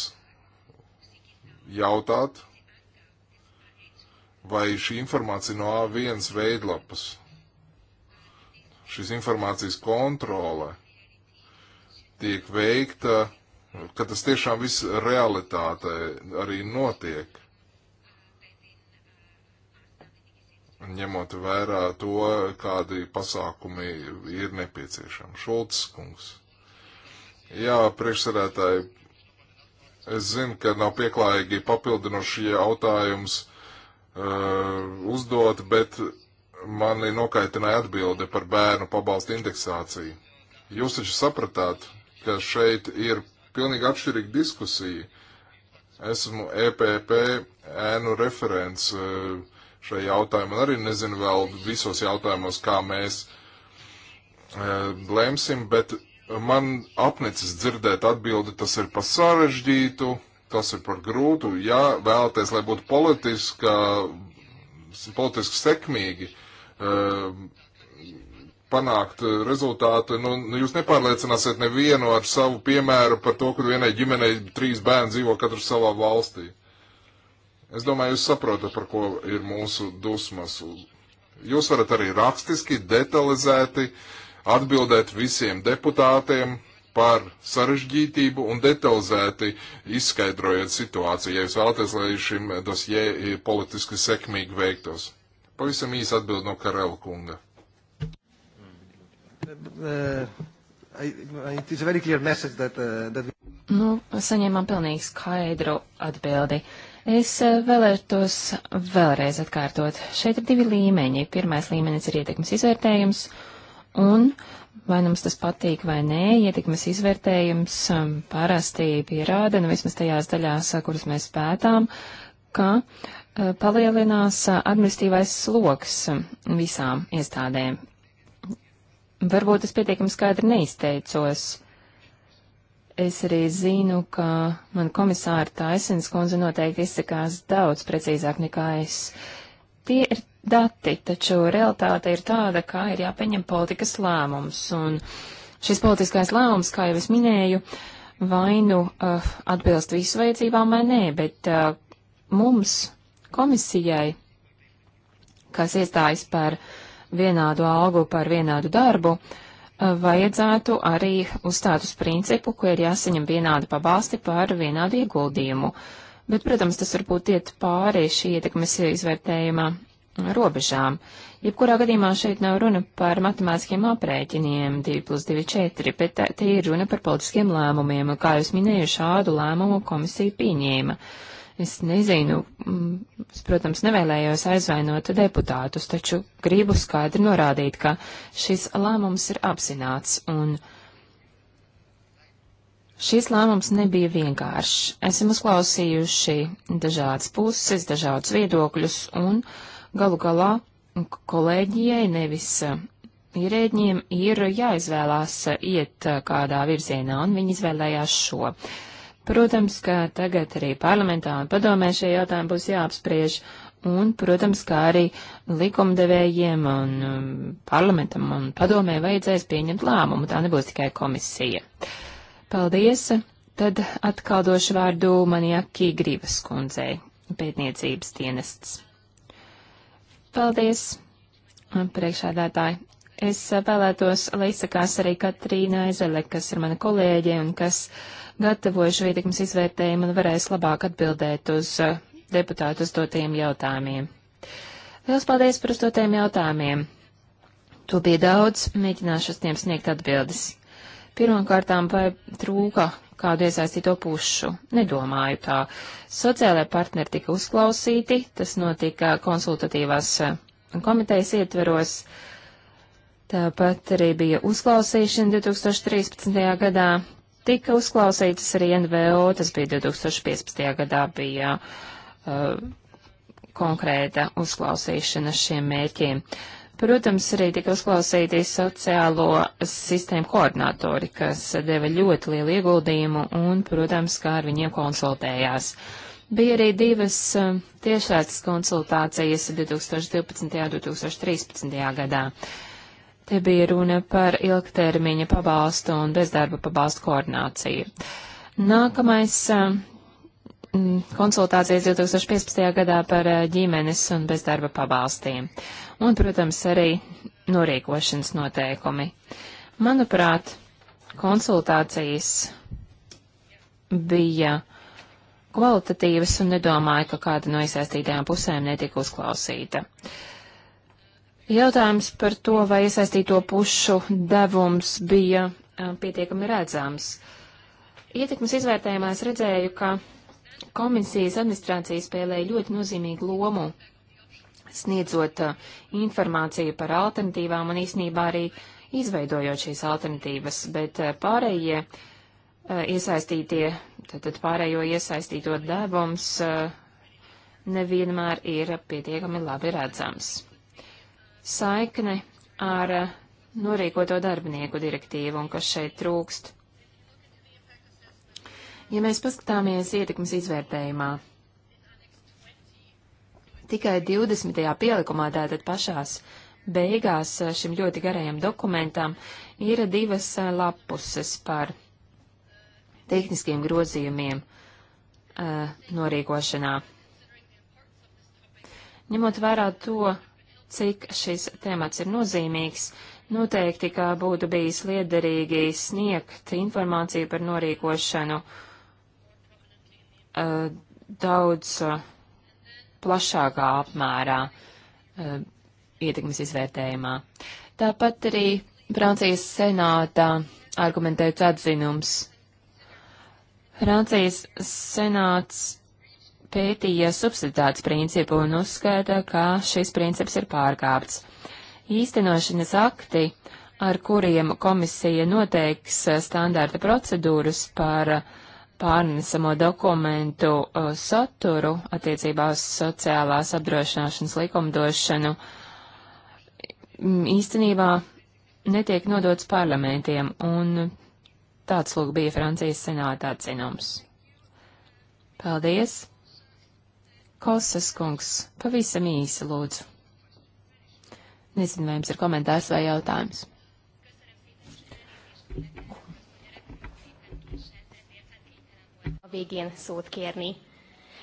jautāt, vai šī informācija no A1 veidlapas, šīs informācijas kontrole tiek veikta, ka tas tiešām viss realitāte arī notiek ņemot vērā to, kādi pasākumi ir nepieciešami. Šolts kungs. Jā, priekšsarētāji, es zinu, ka nav pieklājīgi papildinošie jautājums uh, uzdot, bet mani nokaitināja atbilde par bērnu pabalstu indeksāciju. Jūs taču sapratāt, ka šeit ir pilnīgi atšķirīga diskusija. Esmu EPP ēnu referents. Uh, šai jautājumā. Arī nezinu vēl visos jautājumos, kā mēs uh, e, lemsim, bet man apnicis dzirdēt atbildi, tas ir par sarežģītu, tas ir par grūtu. Ja vēlaties, lai būtu politiska, politiski sekmīgi uh, panākt rezultātu, nu, nu jūs nepārliecināsiet nevienu ar savu piemēru par to, kur vienai ģimenei trīs bērni dzīvo katrs savā valstī. Uh, Es domāju, jūs saprotat, par ko ir mūsu dusmas. Jūs varat arī rakstiski, detalizēti atbildēt visiem deputātiem par sarežģītību un detalizēti izskaidrojot situāciju, ja jūs vēlaties, lai šim dosjē politiski sekmīgi veiktos. Pavisam īsi atbild no Karela kunga. Uh, uh, nu, saņēmām pilnīgi skaidru atbildi. Uh, Es eh, vēlētos vēlreiz atkārtot. Šeit ir divi līmeņi. Pirmais līmenis ir ietekmes izvērtējums, un vai nu mums tas patīk vai nē, ietekmes izvērtējums eh, parasti pierāda, nu vismaz tajās daļās, eh, kuras mēs pētām, ka palielinās administratīvais sloks visām iestādēm. Varbūt es pietiekami skaidri neizteicos. Es arī zinu, ka man komisāra Taisins kundze noteikti izsakās daudz precīzāk nekā es. Tie ir dati, taču realitāte ir tāda, kā ir jāpieņem politikas lēmums. Un šis politiskais lēmums, kā jau es minēju, vai nu uh, atbilst visu vajadzībām vai nē, bet uh, mums, komisijai, kas iestājas par vienādu algu, par vienādu darbu, uh, vajadzētu arī uzstāt uz principu, ka ir jāsaņem vienāda pabalsti par vienādu ieguldījumu. Bet, protams, tas varbūt iet pāri šī ietekmes izvērtējuma robežām. Jebkurā gadījumā šeit nav runa par matemātiskiem aprēķiniem 2 plus 2 4, bet te ir runa par politiskiem lēmumiem, un, kā jūs minēju, šādu lēmumu komisija pieņēma. Uh, Es nezinu, mm, es, protams, nevēlējos aizvainot deputātus, taču gribu skaidri norādīt, ka šis lēmums ir apzināts un šis lēmums nebija vienkāršs. Esam uzklausījuši dažādas puses, dažādus viedokļus un galu galā kolēģijai nevis eh, ierēģiem ir jāizvēlās eh, iet eh, kādā virzienā, un viņi izvēlējās šo. Protams, ka tagad arī parlamentā un padomē šie jautājumi būs jāapspriež, un, protams, kā arī likumdevējiem un um, parlamentam un padomē vajadzēs pieņemt lēmumu, tā nebūs tikai komisija. Paldies! Tad atkal došu vārdu maniakī Grības kundzei, pētniecības dienests. Paldies, priekšādātāji! Es vēlētos, lai izsakās arī Katrīna Ezele, kas ir mana kolēģe un kas uh, gatavoju šo ietekmes izvērtējumu un varēs labāk atbildēt uz eh, deputātu uzdotajiem jautājumiem. Liels paldies par uzdotajiem jautājumiem. To bija daudz, mēģināšu uz tiem sniegt atbildes. Pirmkārtām, vai trūka kādu iesaistīto pušu? Nedomāju tā. Sociālai partneri tika uzklausīti, tas notika konsultatīvās eh, komitejas ietveros. Tāpat arī bija uzklausīšana 2013. gadā, Tika uzklausītas arī NVO, tas bija 2015. gadā bija uh, konkrēta uzklausīšana šiem mērķiem. Protams, arī tika uzklausīti sociālo sistēmu koordinatori, kas deva ļoti lielu ieguldījumu un, protams, kā ar viņiem konsultējās. Bija arī divas uh, tiešās konsultācijas 2012. un 2013. gadā. Te bija runa par ilgtermiņa pabalstu un bezdarba pabalstu koordināciju. Nākamais mm, konsultācijas 2015. gadā par eh, ģimenes un bezdarba pabalstiem. Un, protams, arī norīkošanas noteikumi. Manuprāt, konsultācijas bija kvalitatīvas un nedomāju, ka kāda no iesaistītajām pusēm netika uzklausīta. Uh, Jautājums par to, vai iesaistīto pušu devums bija pietiekami redzams. Ietekmes izvērtējumā es redzēju, ka komisijas administrācija spēlēja ļoti nozīmīgu lomu, sniedzot informāciju par alternatīvām un īsnībā arī izveidojot šīs alternatīvas, bet pārējie iesaistītie, tad pārējo iesaistīto devums nevienmēr ir pietiekami labi redzams saikne ar eh, norīkoto darbinieku direktīvu un kas šeit trūkst. Ja mēs paskatāmies ietekmes izvērtējumā, tikai 20. pielikumā, tātad pašās beigās eh, šim ļoti garajam dokumentam, ir divas eh, lapuses par tehniskiem grozījumiem uh, norīkošanā. Ņemot vērā to, cik šis temats ir nozīmīgs, noteikti, kā būtu bijis liederīgi sniegt informāciju par norīkošanu uh, daudz uh, plašākā apmērā uh, ietekmes izvērtējumā. Tāpat arī Francijas senātā argumentēts atzinums. Francijas senāts pētīja subsidētas principu un uzskaita, ka šis princips ir pārkāpts. Īstenošanas akti, ar kuriem komisija noteiks eh, standārta procedūras par eh, pārnesamo dokumentu eh, saturu attiecībā uz sociālās apdrošināšanas likumdošanu, mm, īstenībā netiek nodots parlamentiem, un tāds lūk bija Francijas senāta atzinums. Paldies! Kosas kungs, pavisam īsi lūdzu. Nezinu, vai jums ir komentārs vai jautājums. A végén szót kérni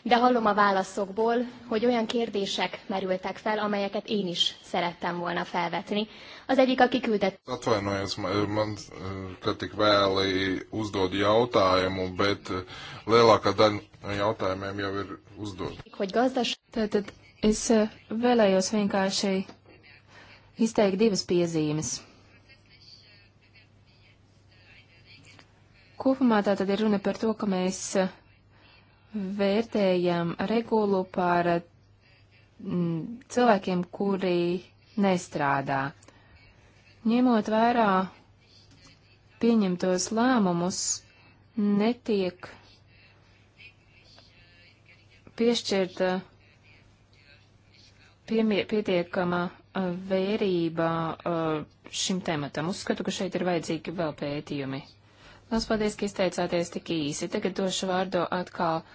de hallom a válaszokból, hogy olyan kérdések merültek fel, amelyeket én is szerettem volna felvetni. Az egyik a kiküldett... Atvainojos, man te tik vēli uzdod jautājumu, bet eh, lielākā daļa jautājumiem jau ir uzdod. Hogy gazdas... Tātad es eh, vēlējos vienkārši izteikt divas piezīmes. Kopumā tā tad ir runa par to, ka mēs eh, vērtējam regulu par m, mm, cilvēkiem, kuri nestrādā. Ņemot vērā pieņemtos lēmumus, netiek piešķirta piemie, pietiekama vērība šim tematam. Uzskatu, ka šeit ir vajadzīgi vēl pētījumi. Lielas paldies, ka izteicāties tik īsi. Tagad došu vārdu atkal uh,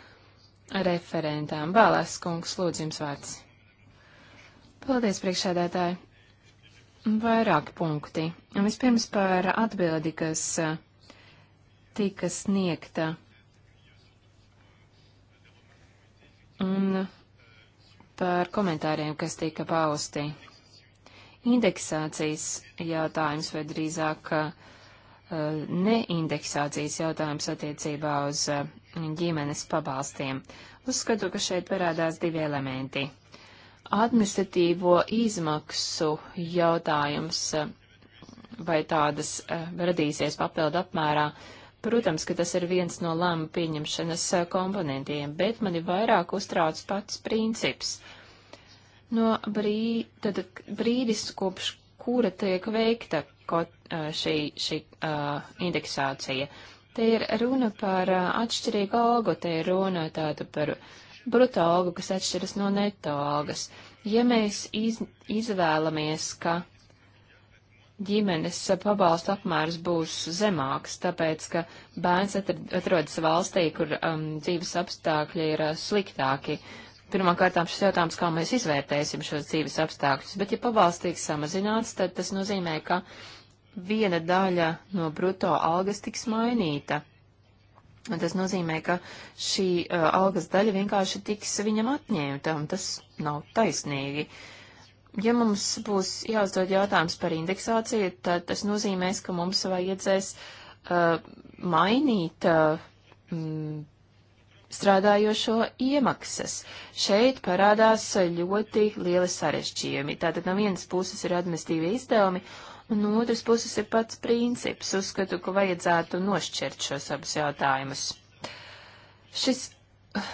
referentām. Bālās kungs, lūdzu jums vārds. Paldies, priekšsēdētāji. Vairāki punkti. Un vispirms par atbildi, kas eh, tika sniegta. Un par komentāriem, kas tika pausti. Indeksācijas jautājums, vai drīzāk eh, neindeksācijas jautājums attiecībā uz eh, ģimenes pabalstiem. Uzskatu, ka šeit parādās divi elementi. Administratīvo izmaksu jautājums eh, vai tādas eh, radīsies papildu apmērā. Protams, ka tas ir viens no lēma pieņemšanas eh, komponentiem, bet mani vairāk uztrauc pats princips. No brī, tad, brīdis, kopš kura tiek veikta ko, šī, šī uh, indeksācija, uh, Te ir runa par atšķirīgu algu, te ir runa tāda par bruto algu, kas atšķiras no neto algas. Ja mēs iz, izvēlamies, ka ģimenes pabalstu apmērs būs zemāks, tāpēc, ka bērns atrodas valstī, kur um, dzīves apstākļi ir uh, sliktāki. Pirmkārt, šis jautājums, kā mēs izvērtēsim šos dzīves apstākļus, bet ja pabalsts tiek samazināts, tad tas nozīmē, ka uh, viena daļa no bruto algas tiks mainīta. Un tas nozīmē, ka šī uh, algas daļa vienkārši tiks viņam atņemta, un tas nav taisnīgi. Ja mums būs jāuzdod jautājums par indeksāciju, tad tas nozīmēs, ka mums vajadzēs uh, mainīt uh, m, mm, strādājošo iemaksas. Šeit parādās ļoti lieli sarešķījumi. Tātad no vienas puses ir administīvi izdevumi, uh, Un no otras puses ir pats princips. Uzskatu, ka vajadzētu nošķirt šos abus jautājumus. Šis uh,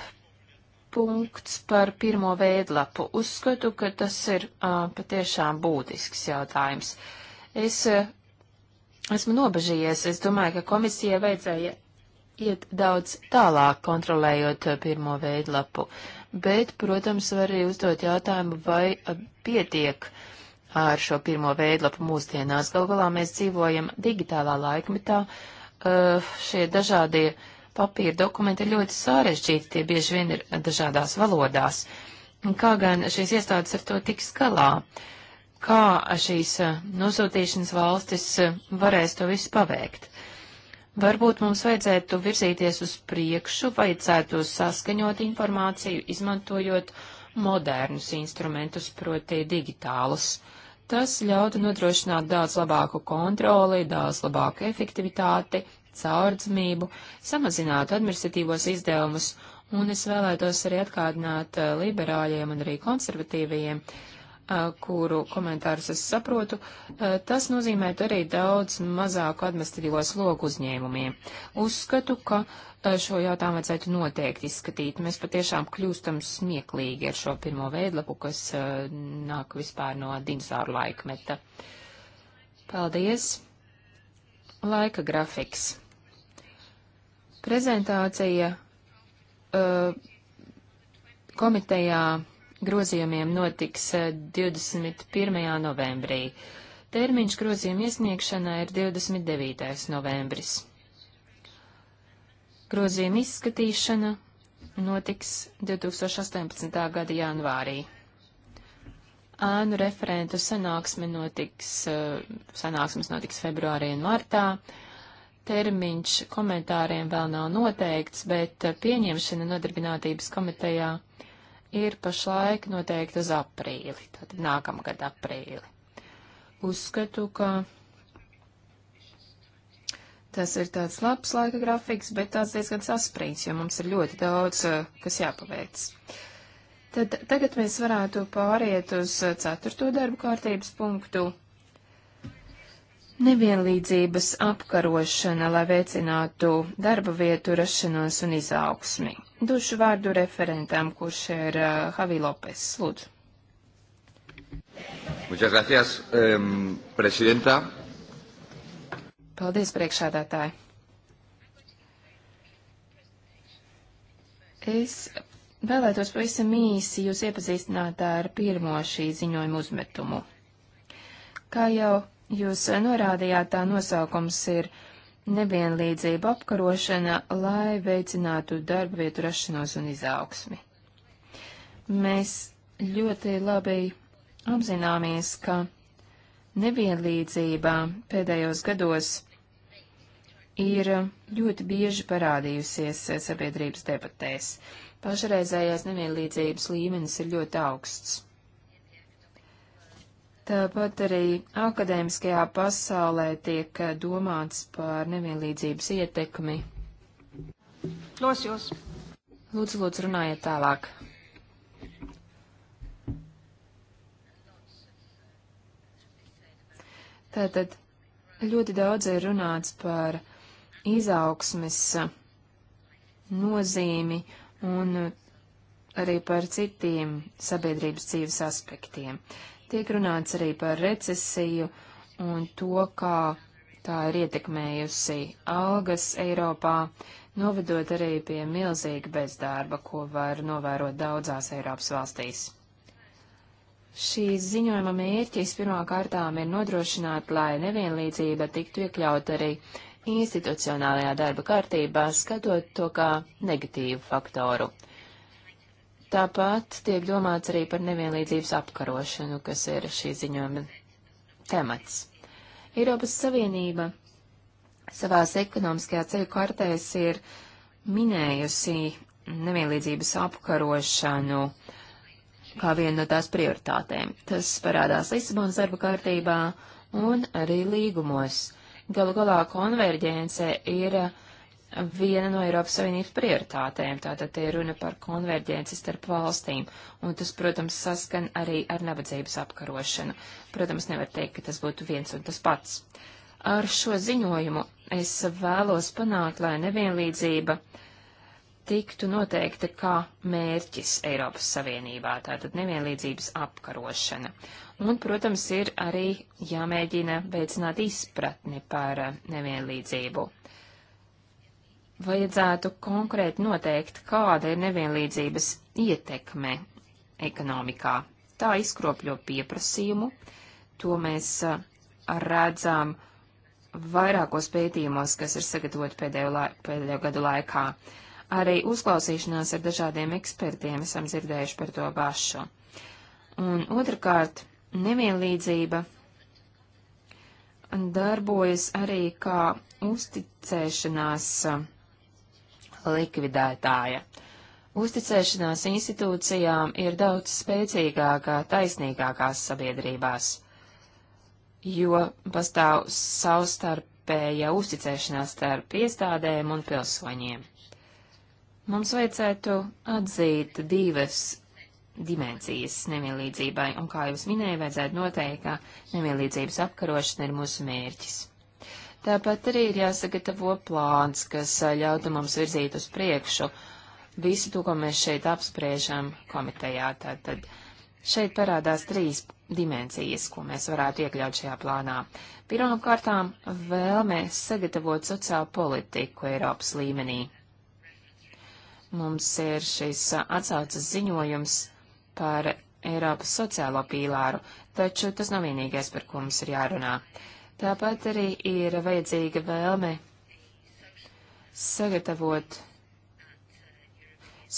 punkts par pirmo veidlapu. Uzskatu, ka tas ir uh, patiešām būtisks jautājums. Es uh, esmu nobežījies. Es domāju, ka komisijai vajadzēja iet daudz tālāk, kontrolējot uh, pirmo veidlapu. Bet, protams, var arī uzdot jautājumu, vai uh, pietiek uh, ar šo pirmo veidlapu mūsdienās. Gal galā mēs dzīvojam digitālā laikmetā, eh, šie dažādie papīra dokumenti ir ļoti sarežģīti, tie bieži vien ir dažādās valodās. Kā gan šīs iestādes ar to tiks galā? Kā šīs eh, nosūtīšanas valstis eh, varēs to visu paveikt? Varbūt mums vajadzētu virzīties uz priekšu, vajadzētu saskaņot informāciju, izmantojot modernus instrumentus, proti digitālus. Uh, Tas ļautu nodrošināt daudz labāku kontroli, daudz labāku efektivitāti, caurdzmību, samazinātu administratīvos izdevumus, un es vēlētos arī atkārdināt eh, liberāļiem un arī konservatīvajiem, eh, kuru komentārus es saprotu, eh, tas nozīmētu arī daudz mazāku administratīvo slogu uzņēmumiem. Uzskatu, ka šo jautājumu vajadzētu noteikti izskatīt. Mēs patiešām kļūstam smieklīgi ar šo pirmo veidlapu, kas uh, nāk vispār no dinozauru laikmeta. Paldies! Laika grafiks. Prezentācija uh, komitejā grozījumiem notiks 21. novembrī. Termiņš grozījuma iesniegšanai ir 29. novembris. Grozījuma izskatīšana notiks 2018. gada janvārī. Ānu referentu sanāksme notiks, eh, sanāksmes notiks februārī un martā. Termiņš komentāriem vēl nav noteikts, bet pieņemšana nodarbinātības komitejā ir pašlaik noteikta uz aprīli, tātad nākamgad aprīli. Uzskatu, ka Tas ir tāds labs laika grafiks, bet tāds diezgan saspringts, jo mums ir ļoti daudz, eh, kas jāpaveic. Tad tagad mēs varētu pāriet uz eh, ceturto darbu kārtības punktu. Nevienlīdzības apkarošana, lai veicinātu darba vietu rašanos un izaugsmi. Dušu vārdu referentam, kurš ir uh, Javi Lopes. Lūdzu. Muchas gracias, um, presidenta. Paldies, priekšādātāji. Es vēlētos pavisam īsi jūs iepazīstināt ar pirmo šī ziņojuma uzmetumu. Kā jau jūs norādījāt, tā nosaukums ir nevienlīdzība apkarošana, lai veicinātu darba vietu rašanos un izaugsmi. Mēs ļoti labi apzināmies, ka nevienlīdzība pēdējos gados ir ļoti bieži parādījusies sabiedrības debatēs. Pašreizējais nevienlīdzības līmenis ir ļoti augsts. Tāpat arī akadēmiskajā pasaulē tiek domāts par nevienlīdzības ietekmi. Lūsjos. Lūdzu, lūdzu, runājiet tālāk. Tātad ļoti daudz ir runāts par izaugsmes nozīmi un arī par citiem sabiedrības dzīves aspektiem. Tiek runāts arī par recesiju un to, kā tā ir ietekmējusi algas Eiropā, novedot arī pie milzīga bezdarba, ko var novērot daudzās Eiropas valstīs. Šīs ziņojuma mērķis pirmā kārtām ir nodrošināt, lai nevienlīdzība tiktu iekļaut arī institucionālajā darba kārtībā, skatot to kā negatīvu faktoru. Tāpat tiek domāts arī par nevienlīdzības apkarošanu, kas ir šī ziņojuma temats. Eiropas Savienība savās ekonomiskajā ceļu kartēs ir minējusi nevienlīdzības apkarošanu kā viena no tās prioritātēm. Tas parādās Lisabonas darba kārtībā un arī līgumos. Galu galā konverģence ir viena no Eiropas Savienības prioritātēm, tātad te ir runa par konverģenci starp valstīm, un tas, protams, saskan arī ar nabadzības apkarošanu. Protams, nevar teikt, ka tas būtu viens un tas pats. Ar šo ziņojumu es vēlos panākt, lai nevienlīdzība uh, tiktu noteikta kā mērķis Eiropas Savienībā, tātad nevienlīdzības apkarošana. Un, protams, ir arī jāmēģina veicināt izpratni par eh, nevienlīdzību. Vajadzētu konkrēti noteikt, kāda ir nevienlīdzības ietekme ekonomikā. Tā izkropļo pieprasījumu, to mēs eh, redzam vairākos pētījumos, kas ir sagatavoti pēdējo, lai, pēdējo gadu laikā. Uh, Arī uzklausīšanās ar dažādiem ekspertiem esam dzirdējuši par to pašu. Un otrkārt, nevienlīdzība darbojas arī kā uzticēšanās uh, likvidētāja. Uzticēšanās institūcijām ir daudz spēcīgākā, taisnīgākās sabiedrībās, jo pastāv savstarpēja uzticēšanās starp iestādēm un pilsoņiem. Mums vajadzētu atzīt divas dimensijas nevienlīdzībai, un, kā jau es minēju, vajadzētu noteikt, ka nevienlīdzības apkarošana ir mūsu mērķis. Tāpat arī ir jāsagatavo plāns, kas ļautu mums virzīt uz priekšu visu to, ko mēs šeit apspriežam komitejā. Tātad šeit parādās trīs dimensijas, ko mēs varētu iekļaut šajā plānā. Pirmkārtām vēlamies sagatavot sociālu politiku Eiropas līmenī. Mums ir šis atsaucas ziņojums par Eiropas sociālo pīlāru, taču tas nav vienīgais, par ko mums ir jārunā. Tāpat arī ir vajadzīga vēlme sagatavot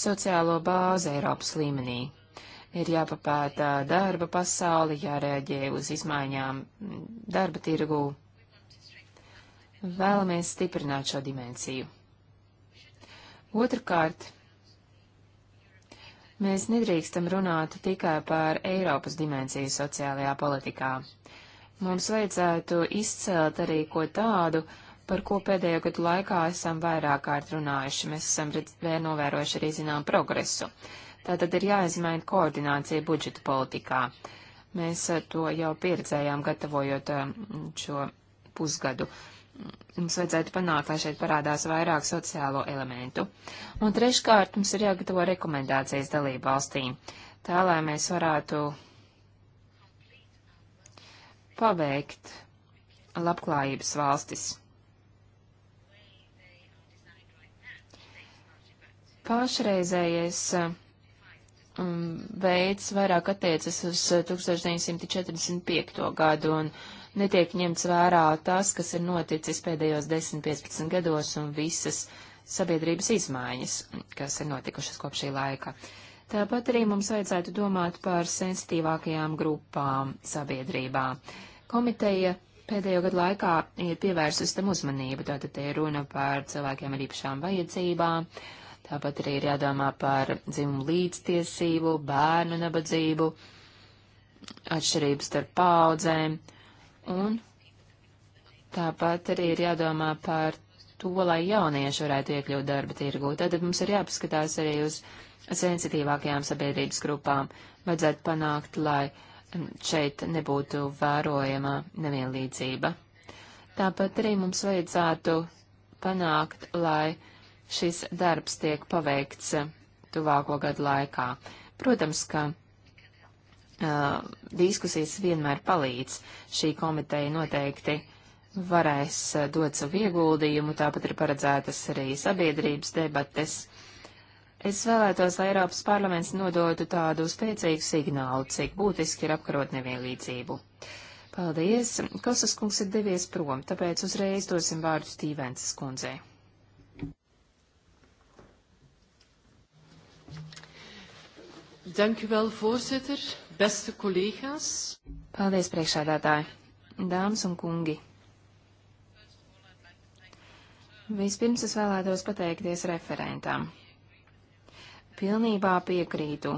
sociālo bāzi Eiropas līmenī. Ir jāpapētā darba pasauli, jārēģē uz izmaiņām darba tirgū. Vēlamies stiprināt šo dimensiju. Otrakārt, mēs nedrīkstam runāt tikai par Eiropas dimensiju sociālajā politikā. Mums vajadzētu izcelt arī ko tādu, par ko pēdējo gadu laikā esam vairāk kārt runājuši. Mēs esam novērojuši arī zinām progresu. Tātad ir jāizmaina koordinācija budžeta politikā. Mēs eh, to jau pieredzējām, gatavojot eh, šo pusgadu. Uh, mums vajadzētu panākt, lai šeit parādās vairāk sociālo elementu. Un treškārt mums ir jāgatavo rekomendācijas dalību valstīm, tā lai mēs varētu paveikt labklājības valstis. Pašreizējais um, veids vairāk attiecas uz 1945. gadu un netiek ņemts vērā tas, kas ir noticis pēdējos 10-15 gados un visas sabiedrības izmaiņas, kas ir notikušas kopš šī laika. Tāpat arī mums vajadzētu domāt par sensitīvākajām grupām sabiedrībā. Komiteja pēdējo gadu laikā ir pievērsusi tam uzmanību, tātad te ir runa par cilvēkiem ar īpašām vajadzībām, tāpat arī ir jādomā par dzimumu līdztiesību, bērnu nabadzību, atšķirības starp paudzēm, uh, Un tāpat arī ir jādomā par to, lai jaunieši varētu iekļūt darba tirgū. Tad mums ir jāpaskatās arī uz sensitīvākajām sabiedrības grupām. Vajadzētu panākt, lai um, šeit nebūtu vērojama nevienlīdzība. Tāpat arī mums vajadzētu panākt, lai šis darbs tiek paveikts uh, tuvāko gadu laikā. Protams, ka Uh, diskusijas vienmēr palīdz. Šī komiteja noteikti varēs uh, dot savu ieguldījumu, tāpat ir paredzētas arī sabiedrības debates. Es vēlētos, lai Eiropas parlaments nodotu tādu spēcīgu signālu, cik būtiski ir apkarot nevienlīdzību. Paldies! Kosas kungs ir devies prom, tāpēc uzreiz dosim vārdu Stīvensas kundzei. Dank u wel, voorzitter. Beste kolēģis. Paldies, priekšādātāji. Dāmas un kungi. Vispirms es vēlētos pateikties referentam. Pilnībā piekrītu.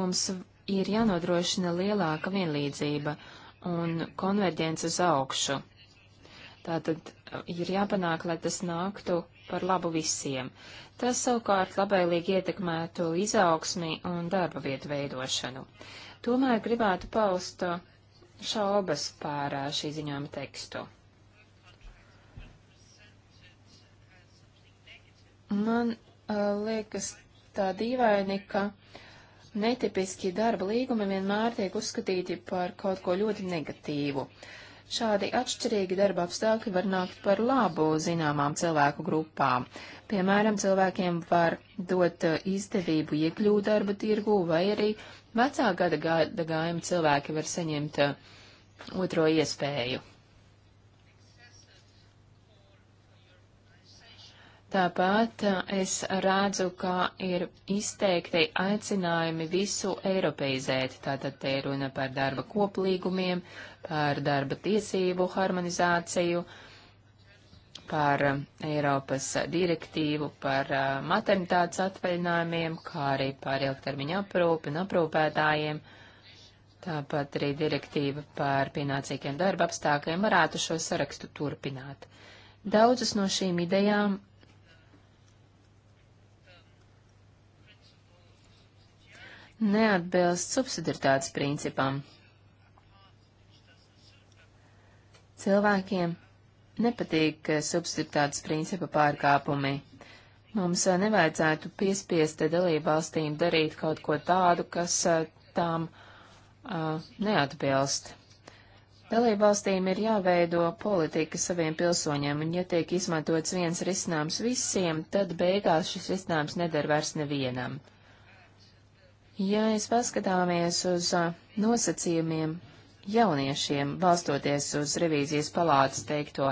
Mums ir jānodrošina lielāka vienlīdzība un konverģence uz augšu. Tātad ir jāpanāk, lai tas nāktu par labu visiem. Tas savukārt labēlīgi ietekmētu izaugsmi un darba vietu veidošanu. Tomēr gribētu paust šaubas pār šī ziņojuma tekstu. Man uh, liekas tā dīvaini, ka netipiski darba līgumi vienmēr tiek uzskatīti par kaut ko ļoti negatīvu. Uh, Šādi atšķirīgi darba apstākļi var nākt par labu zināmām cilvēku grupām. Piemēram, cilvēkiem var dot uh, izdevību iekļūt darba tirgū, vai arī vecā gada gājuma cilvēki var saņemt uh, otro iespēju. Tāpat uh, es redzu, ka ir izteikti aicinājumi visu eiropeizēt. Tātad te ir runa par darba koplīgumiem, par darba tiesību harmonizāciju, par um, Eiropas direktīvu, par uh, maternitātes atvaļinājumiem, kā arī par ilgtermiņa aprūpi un aprūpētājiem. Tāpat arī direktīva par pienācīgiem darba apstākļiem varētu šo sarakstu turpināt. Daudzas no šīm idejām neatbilst subsidiritātes principam. Cilvēkiem nepatīk eh, subsidiritātes principa pārkāpumi. Mums eh, nevajadzētu piespiest dalību valstīm darīt kaut ko tādu, kas eh, tām uh, neatbilst. Dalību valstīm ir jāveido politika saviem pilsoņiem, un ja tiek izmantots viens risinājums visiem, tad beigās šis risinājums neder vairs nevienam. Uh, Ja mēs paskatāmies uz nosacījumiem jauniešiem, balstoties uz revīzijas palātas teikto,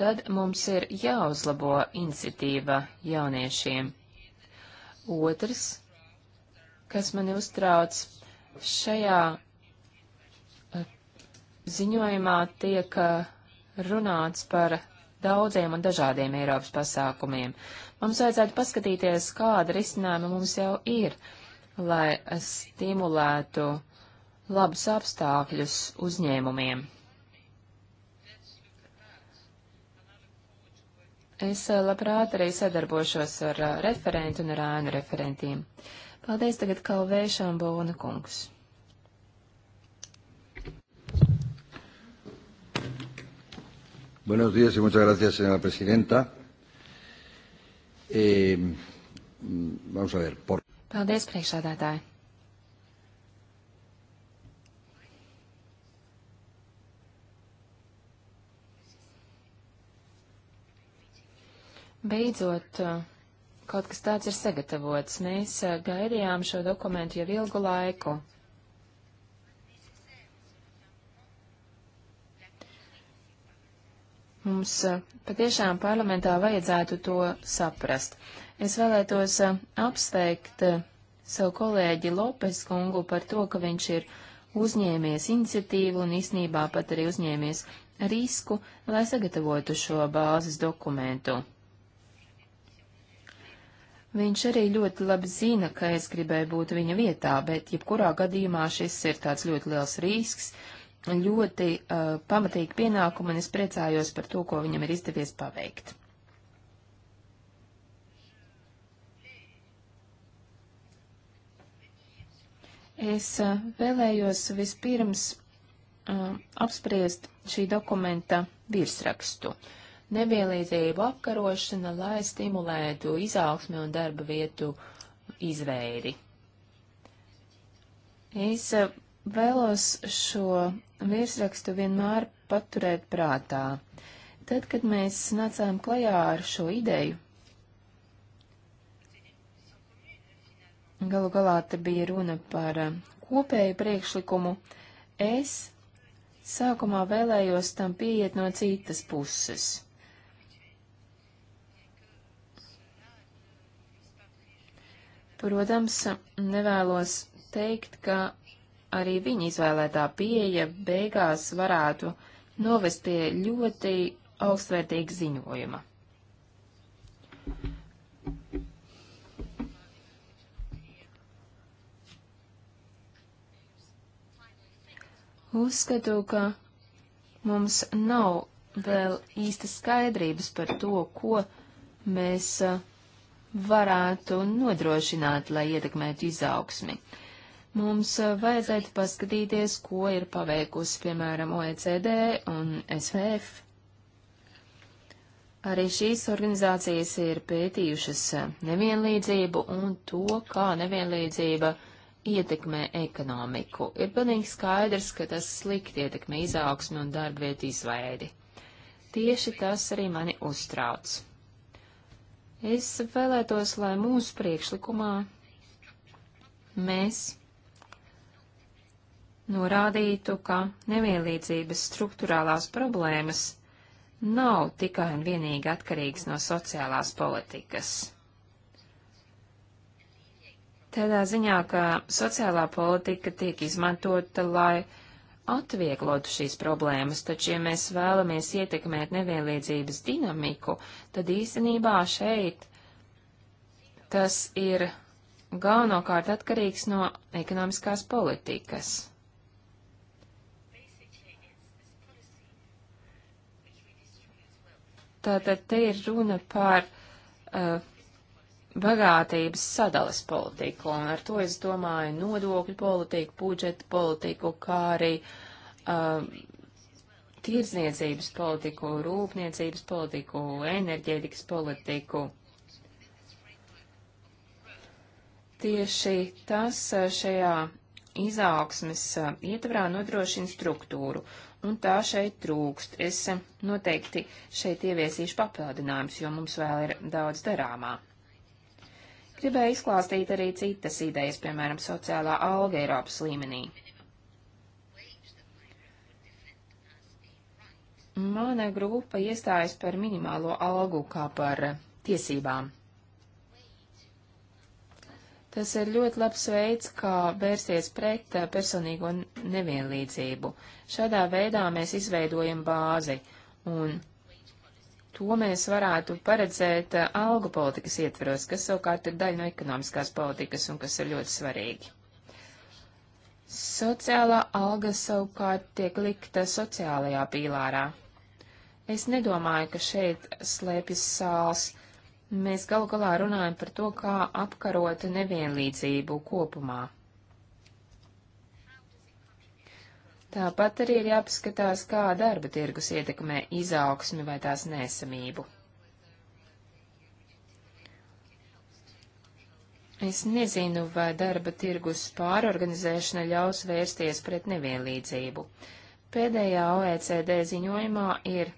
tad mums ir jāuzlabo iniciatīva jauniešiem. Otrs, kas mani uztrauc, šajā ziņojumā tiek runāts par daudziem un dažādiem Eiropas pasākumiem. Mums vajadzētu paskatīties, kāda risinājuma mums jau ir. Uh, lai stimulētu labus apstākļus uzņēmumiem. Es eh, labprāt arī sadarbošos ar eh, referentu un ar ēnu referentiem. Paldies tagad Kalvēšām Bona kungs. Buenos días y muchas gracias, señora presidenta. Eh, mm, vamos a ver, por. Paldies, priekšsādātāji! Beidzot, kaut kas tāds ir sagatavots. Mēs eh, gaidījām šo dokumentu jau ilgu laiku. Mums eh, patiešām parlamentā vajadzētu to saprast. Es vēlētos eh, apsteigt eh, savu kolēģi Lopes kungu par to, ka viņš ir uzņēmies iniciatīvu un īsnībā pat arī uzņēmies risku, lai sagatavotu šo bāzes dokumentu. Viņš arī ļoti labi zina, ka es gribēju būt viņa vietā, bet jebkurā gadījumā šis ir tāds ļoti liels risks, ļoti uh, pamatīgi pienākumi, un es priecājos par to, ko viņam ir izdevies paveikt. Es vēlējos vispirms uh, apspriest šī dokumenta virsrakstu. Nevienlīdzību apkarošana, lai stimulētu izaugsmi un darba vietu izvēri. Es uh, vēlos šo virsrakstu vienmēr paturēt prātā. Tad, kad mēs nācām klajā ar šo ideju, Galu galā te bija runa par eh, kopēju priekšlikumu. Es sākumā vēlējos tam pieiet no citas puses. Protams, nevēlos teikt, ka arī viņa izvēlētā pieeja beigās varētu novest pie ļoti augstvērtīga ziņojuma. Uzskatu, ka mums nav vēl īsta skaidrības par to, ko mēs uh, varētu nodrošināt, lai ietekmētu izaugsmi. Mums uh, vajadzētu paskatīties, ko ir paveikusi, piemēram, OECD un SVF. Arī šīs organizācijas ir pētījušas uh, nevienlīdzību un to, kā nevienlīdzība uh, ietekmē ekonomiku. Ir pilnīgi skaidrs, ka tas slikti ietekmē izaugsmi un darbvietu izveidi. Tieši tas arī mani uztrauc. Es vēlētos, lai mūsu priekšlikumā mēs norādītu, ka nevienlīdzības struktūrālās problēmas nav tikai un vienīgi atkarīgas no sociālās politikas tādā ziņā, ka sociālā politika tiek izmantota, lai atvieglotu šīs problēmas, taču, ja mēs vēlamies ietekmēt nevienlīdzības dinamiku, tad īstenībā šeit tas ir galvenokārt atkarīgs no ekonomiskās politikas. Tātad te ir runa par uh, bagātības sadales politiku, un ar to es domāju nodokļu politiku, budžeta politiku, kā arī uh, tirdzniecības politiku, rūpniecības politiku, enerģētikas politiku. Tieši tas uh, šajā izaugsmes uh, ietvarā nodrošina struktūru, un tā šeit trūkst. Es uh, noteikti šeit ieviesīšu papildinājumus, jo mums vēl ir daudz darāmā. Gribēju izklāstīt arī citas idejas, piemēram, sociālā alga Eiropas līmenī. Mana grupa iestājas par minimālo algu kā par tiesībām. Tas ir ļoti labs veids, kā vērsties pret personīgo nevienlīdzību. Šādā veidā mēs izveidojam bāzi, un To mēs varētu paredzēt eh, algu politikas ietveros, kas savukārt ir daļa no ekonomiskās politikas un kas ir ļoti svarīgi. Sociālā alga savukārt tiek likta sociālajā pīlārā. Es nedomāju, ka šeit slēpjas sāls. Mēs galu galā runājam par to, kā apkarot nevienlīdzību kopumā. Tāpat arī ir jāpaskatās, kā darba tirgus ietekmē izaugsmi vai tās nesamību. Es nezinu, vai darba tirgus pārorganizēšana ļaus vērsties pret nevienlīdzību. Pēdējā OECD ziņojumā ir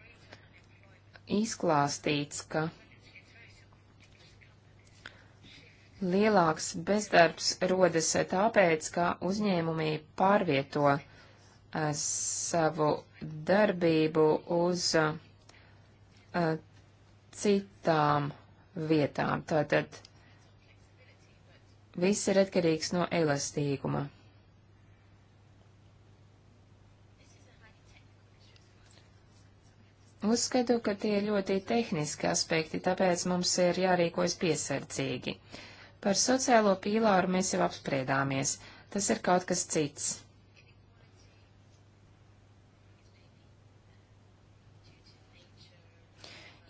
izklāstīts, ka lielāks bezdarbs rodas tāpēc, ka uzņēmumi pārvieto Eh, savu darbību uz eh, citām vietām. Tātad viss ir atkarīgs no elastīguma. Uzskatu, ka tie ir ļoti tehniski aspekti, tāpēc mums ir jārīkojas piesardzīgi. Par sociālo pīlāru mēs jau apspriedāmies. Tas ir kaut kas cits.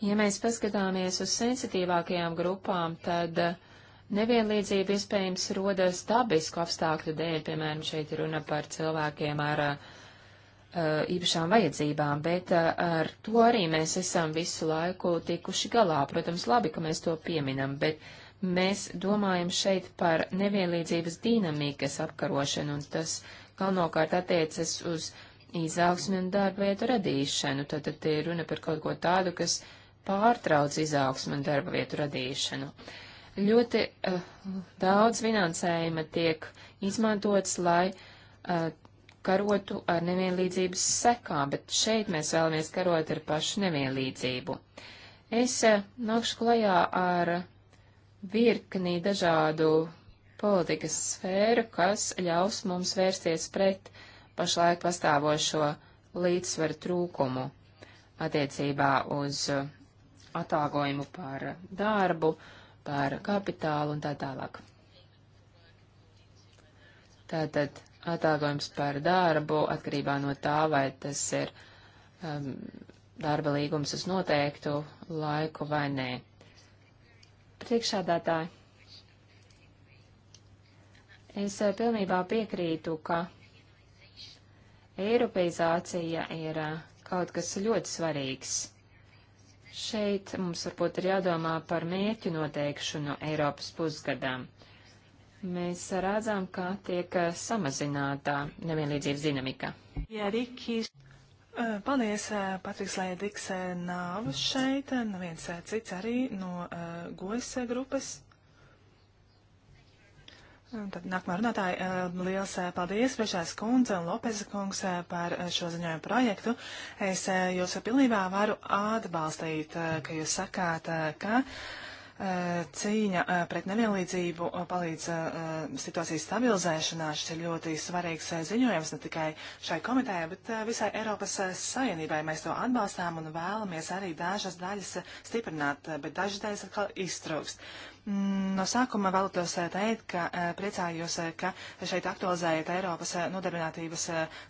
Ja mēs paskatāmies uz sensitīvākajām grupām, tad eh, nevienlīdzība iespējams rodas dabisku apstākļu dēļ, piemēram, šeit ir runa par cilvēkiem ar eh, īpašām vajadzībām, bet eh, ar to arī mēs esam visu laiku tikuši galā. Protams, labi, ka mēs to pieminam, bet mēs domājam šeit par nevienlīdzības dinamikas apkarošanu, un tas galvenokārt attiecas uz izaugsmi un darba vietu radīšanu. Tad, tad ir runa par kaut ko tādu, kas pārtrauc izaugsmu un darba vietu radīšanu. Ļoti uh, daudz finansējuma tiek izmantots, lai uh, karotu ar nevienlīdzības sekām, bet šeit mēs vēlamies karot ar pašu nevienlīdzību. Es uh, nākšu klajā ar virknī dažādu politikas sfēru, kas ļaus mums vērsties pret pašlaik pastāvošo līdzsvaru trūkumu attiecībā uz atalgojumu par darbu, par kapitālu un tā tālāk. Tātad atalgojums par darbu atkarībā no tā, vai tas ir um, darba līgums uz noteiktu laiku vai nē. Priekšādātāji, es eh, pilnībā piekrītu, ka Eiropeizācija ir eh, kaut kas ļoti svarīgs. Šeit mums varbūt ir jādomā par mērķu noteikšanu Eiropas pusgadām. Mēs redzam, ka tiek eh, samazinātā nevienlīdzības dinamika. Jā, Rikis. Paldies, Patriks Lēdiks nav šeit, neviens cits arī no uh, gojas grupas. Tad nākamā runātāja, eh, liels eh, paldies, priekšās kundze un Lopeza kungs eh, par šo ziņojumu projektu. Es jūs pilnībā varu atbalstīt, ka jūs sakāt, ka cīņa pret nevienlīdzību palīdz situācijas stabilizēšanā. Šis ir ļoti svarīgs ziņojums ne tikai šai komitējai, bet visai Eiropas Savienībai. Mēs to atbalstām un vēlamies arī dažas daļas stiprināt, bet dažas daļas atkal iztrūkst. No sākuma vēlētos eh, teikt, ka eh, priecājos, eh, ka šeit aktualizējat Eiropas nodarbinātības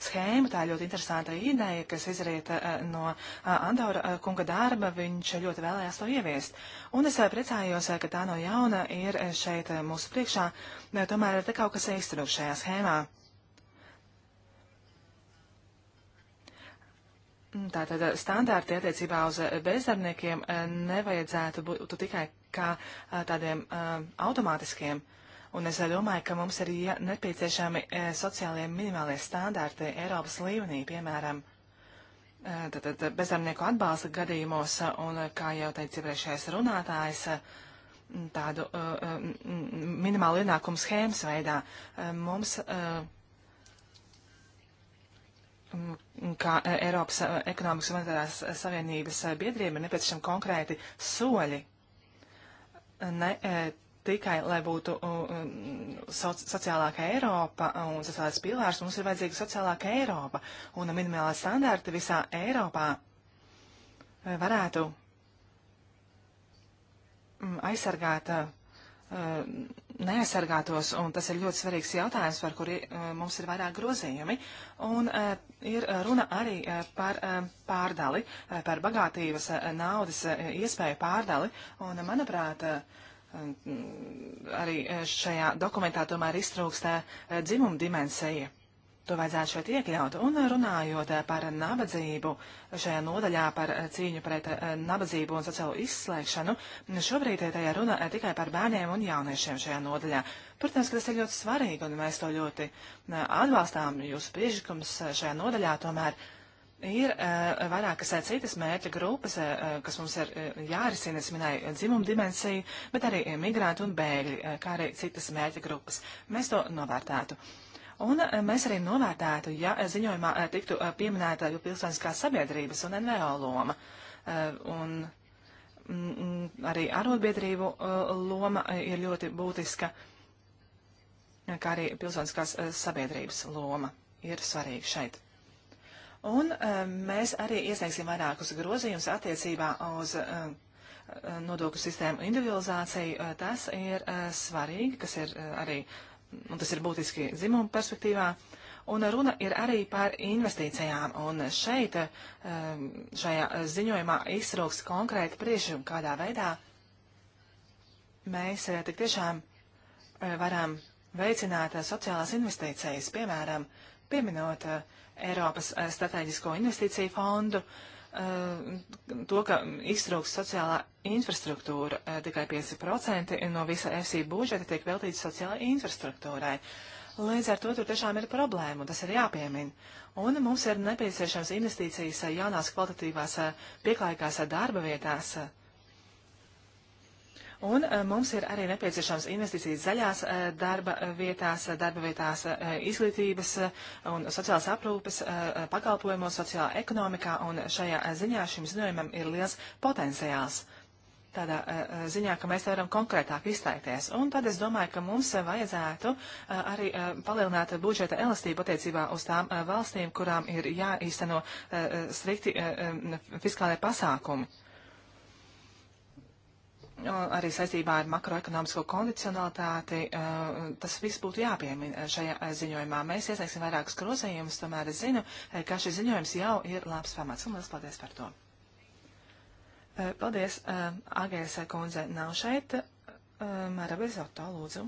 schēmu. Tā ir ļoti interesanta ideja, kas izriet no Andora kunga darba. Viņš ļoti vēlējās to ieviest. Un es priecājos, ka tā no jauna ir šeit mūsu priekšā. Tomēr ir te kaut kas iztrūkst šajā schēmā. Mm, tātad standārti attiecībā uz bezdarbniekiem nevajadzētu būt tikai kā tādiem automātiskiem. Un es domāju, ka mums ir nepieciešami sociālie minimālie standārti Eiropas līmenī, piemēram, tātad bezdarbnieku atbalsta gadījumos, un kā jau teica iepriekšējais runātājs, tādu minimālu ienākumu schēmas veidā mums kā Eiropas ekonomikas un monetārās savienības biedriem ir nepieciešami konkrēti soļi, ne e, tikai, lai būtu soci sociālāka Eiropa un sociālais pilārs, mums ir vajadzīga sociālāka Eiropa un minimālā standarta visā Eiropā e, varētu mm, aizsargāt e, neaizsargātos, un tas ir ļoti svarīgs jautājums, par kuri eh, mums ir vairāk grozījumi. Un eh, ir eh, runa arī par pārdali, par bagātības naudas iespēju pārdali, un manuprāt, mm, arī šajā dokumentā tomēr iztrūkst dzimuma dimensija. To vajadzētu šeit iekļaut. Un runājot par nabadzību, šajā nodaļā par cīņu pret eh, nabadzību un sociālo izslēgšanu, šobrīd tajā runa eh, tikai par bērniem un jauniešiem šajā nodaļā. Protams, ka tas ir ļoti svarīgi, un mēs to ļoti eh, atbalstām. Jūsu priekšlikums šajā nodaļā tomēr ir vairākas citas mērķa grupas, kas mums ir jārisina, es minēju dzimumu dimensiju, bet arī migrantu un bēgļi, kā arī citas mērķa grupas. Mēs to novērtētu. Un e, mēs arī novērtētu, ja e, ziņojumā e, tiktu pieminēta pilsoniskās sabiedrības un NVO loma. Un arī arotbiedrību loma ir ļoti būtiska, kā arī pilsoniskās sabiedrības loma ir svarīga šeit. Un mēs arī iesniegsim vairākus grozījumus attiecībā uz nodokļu sistēmu individualizāciju. Tas ir svarīgi, kas ir arī un tas ir būtiski dzimumu perspektīvā. Un runa ir arī par investīcijām, un šeit eh, šajā ziņojumā izsrūks konkrēti priešumi, kādā veidā mēs eh, tik tiešām eh, varam veicināt sociālās investīcijas, piemēram, pieminot Eiropas strateģisko investīciju fondu, uh, Eh, to, ka iztrūks sociālā infrastruktūra, eh, tikai 5% no visa FC budžeta tiek veltīts sociālajai infrastruktūrai. Līdz ar to tur tiešām ir problēma, un tas ir jāpiemin. Un mums ir nepieciešams investīcijas eh, jaunās kvalitatīvās pieklājīgās darba vietās, Un eh, mums ir arī nepieciešams investīcijas zaļās eh, darba vietās, eh, darba vietās izglītības un sociālas aprūpes pakalpojumos, sociālā ekonomikā, un šajā ziņā šim ziņojumam ir liels potenciāls. Tādā ziņā, ka mēs varam konkrētāk izteikties. Un tad es domāju, ka mums vajadzētu arī palielināt budžeta elastību attiecībā uz tām valstīm, kurām ir jāīsteno strikti fiskālai pasākumi. Nu, arī saistībā ar makroekonomisko kondicionalitāti, eh, tas viss būtu jāpiemina šajā eh, ziņojumā. Mēs iesniegsim vairākus grozījumus, tomēr es zinu, eh, ka šis ziņojums jau ir labs pamats, un liels paldies par to. Paldies, Agēsa kundze nav šeit. Mēra Bezoto, lūdzu.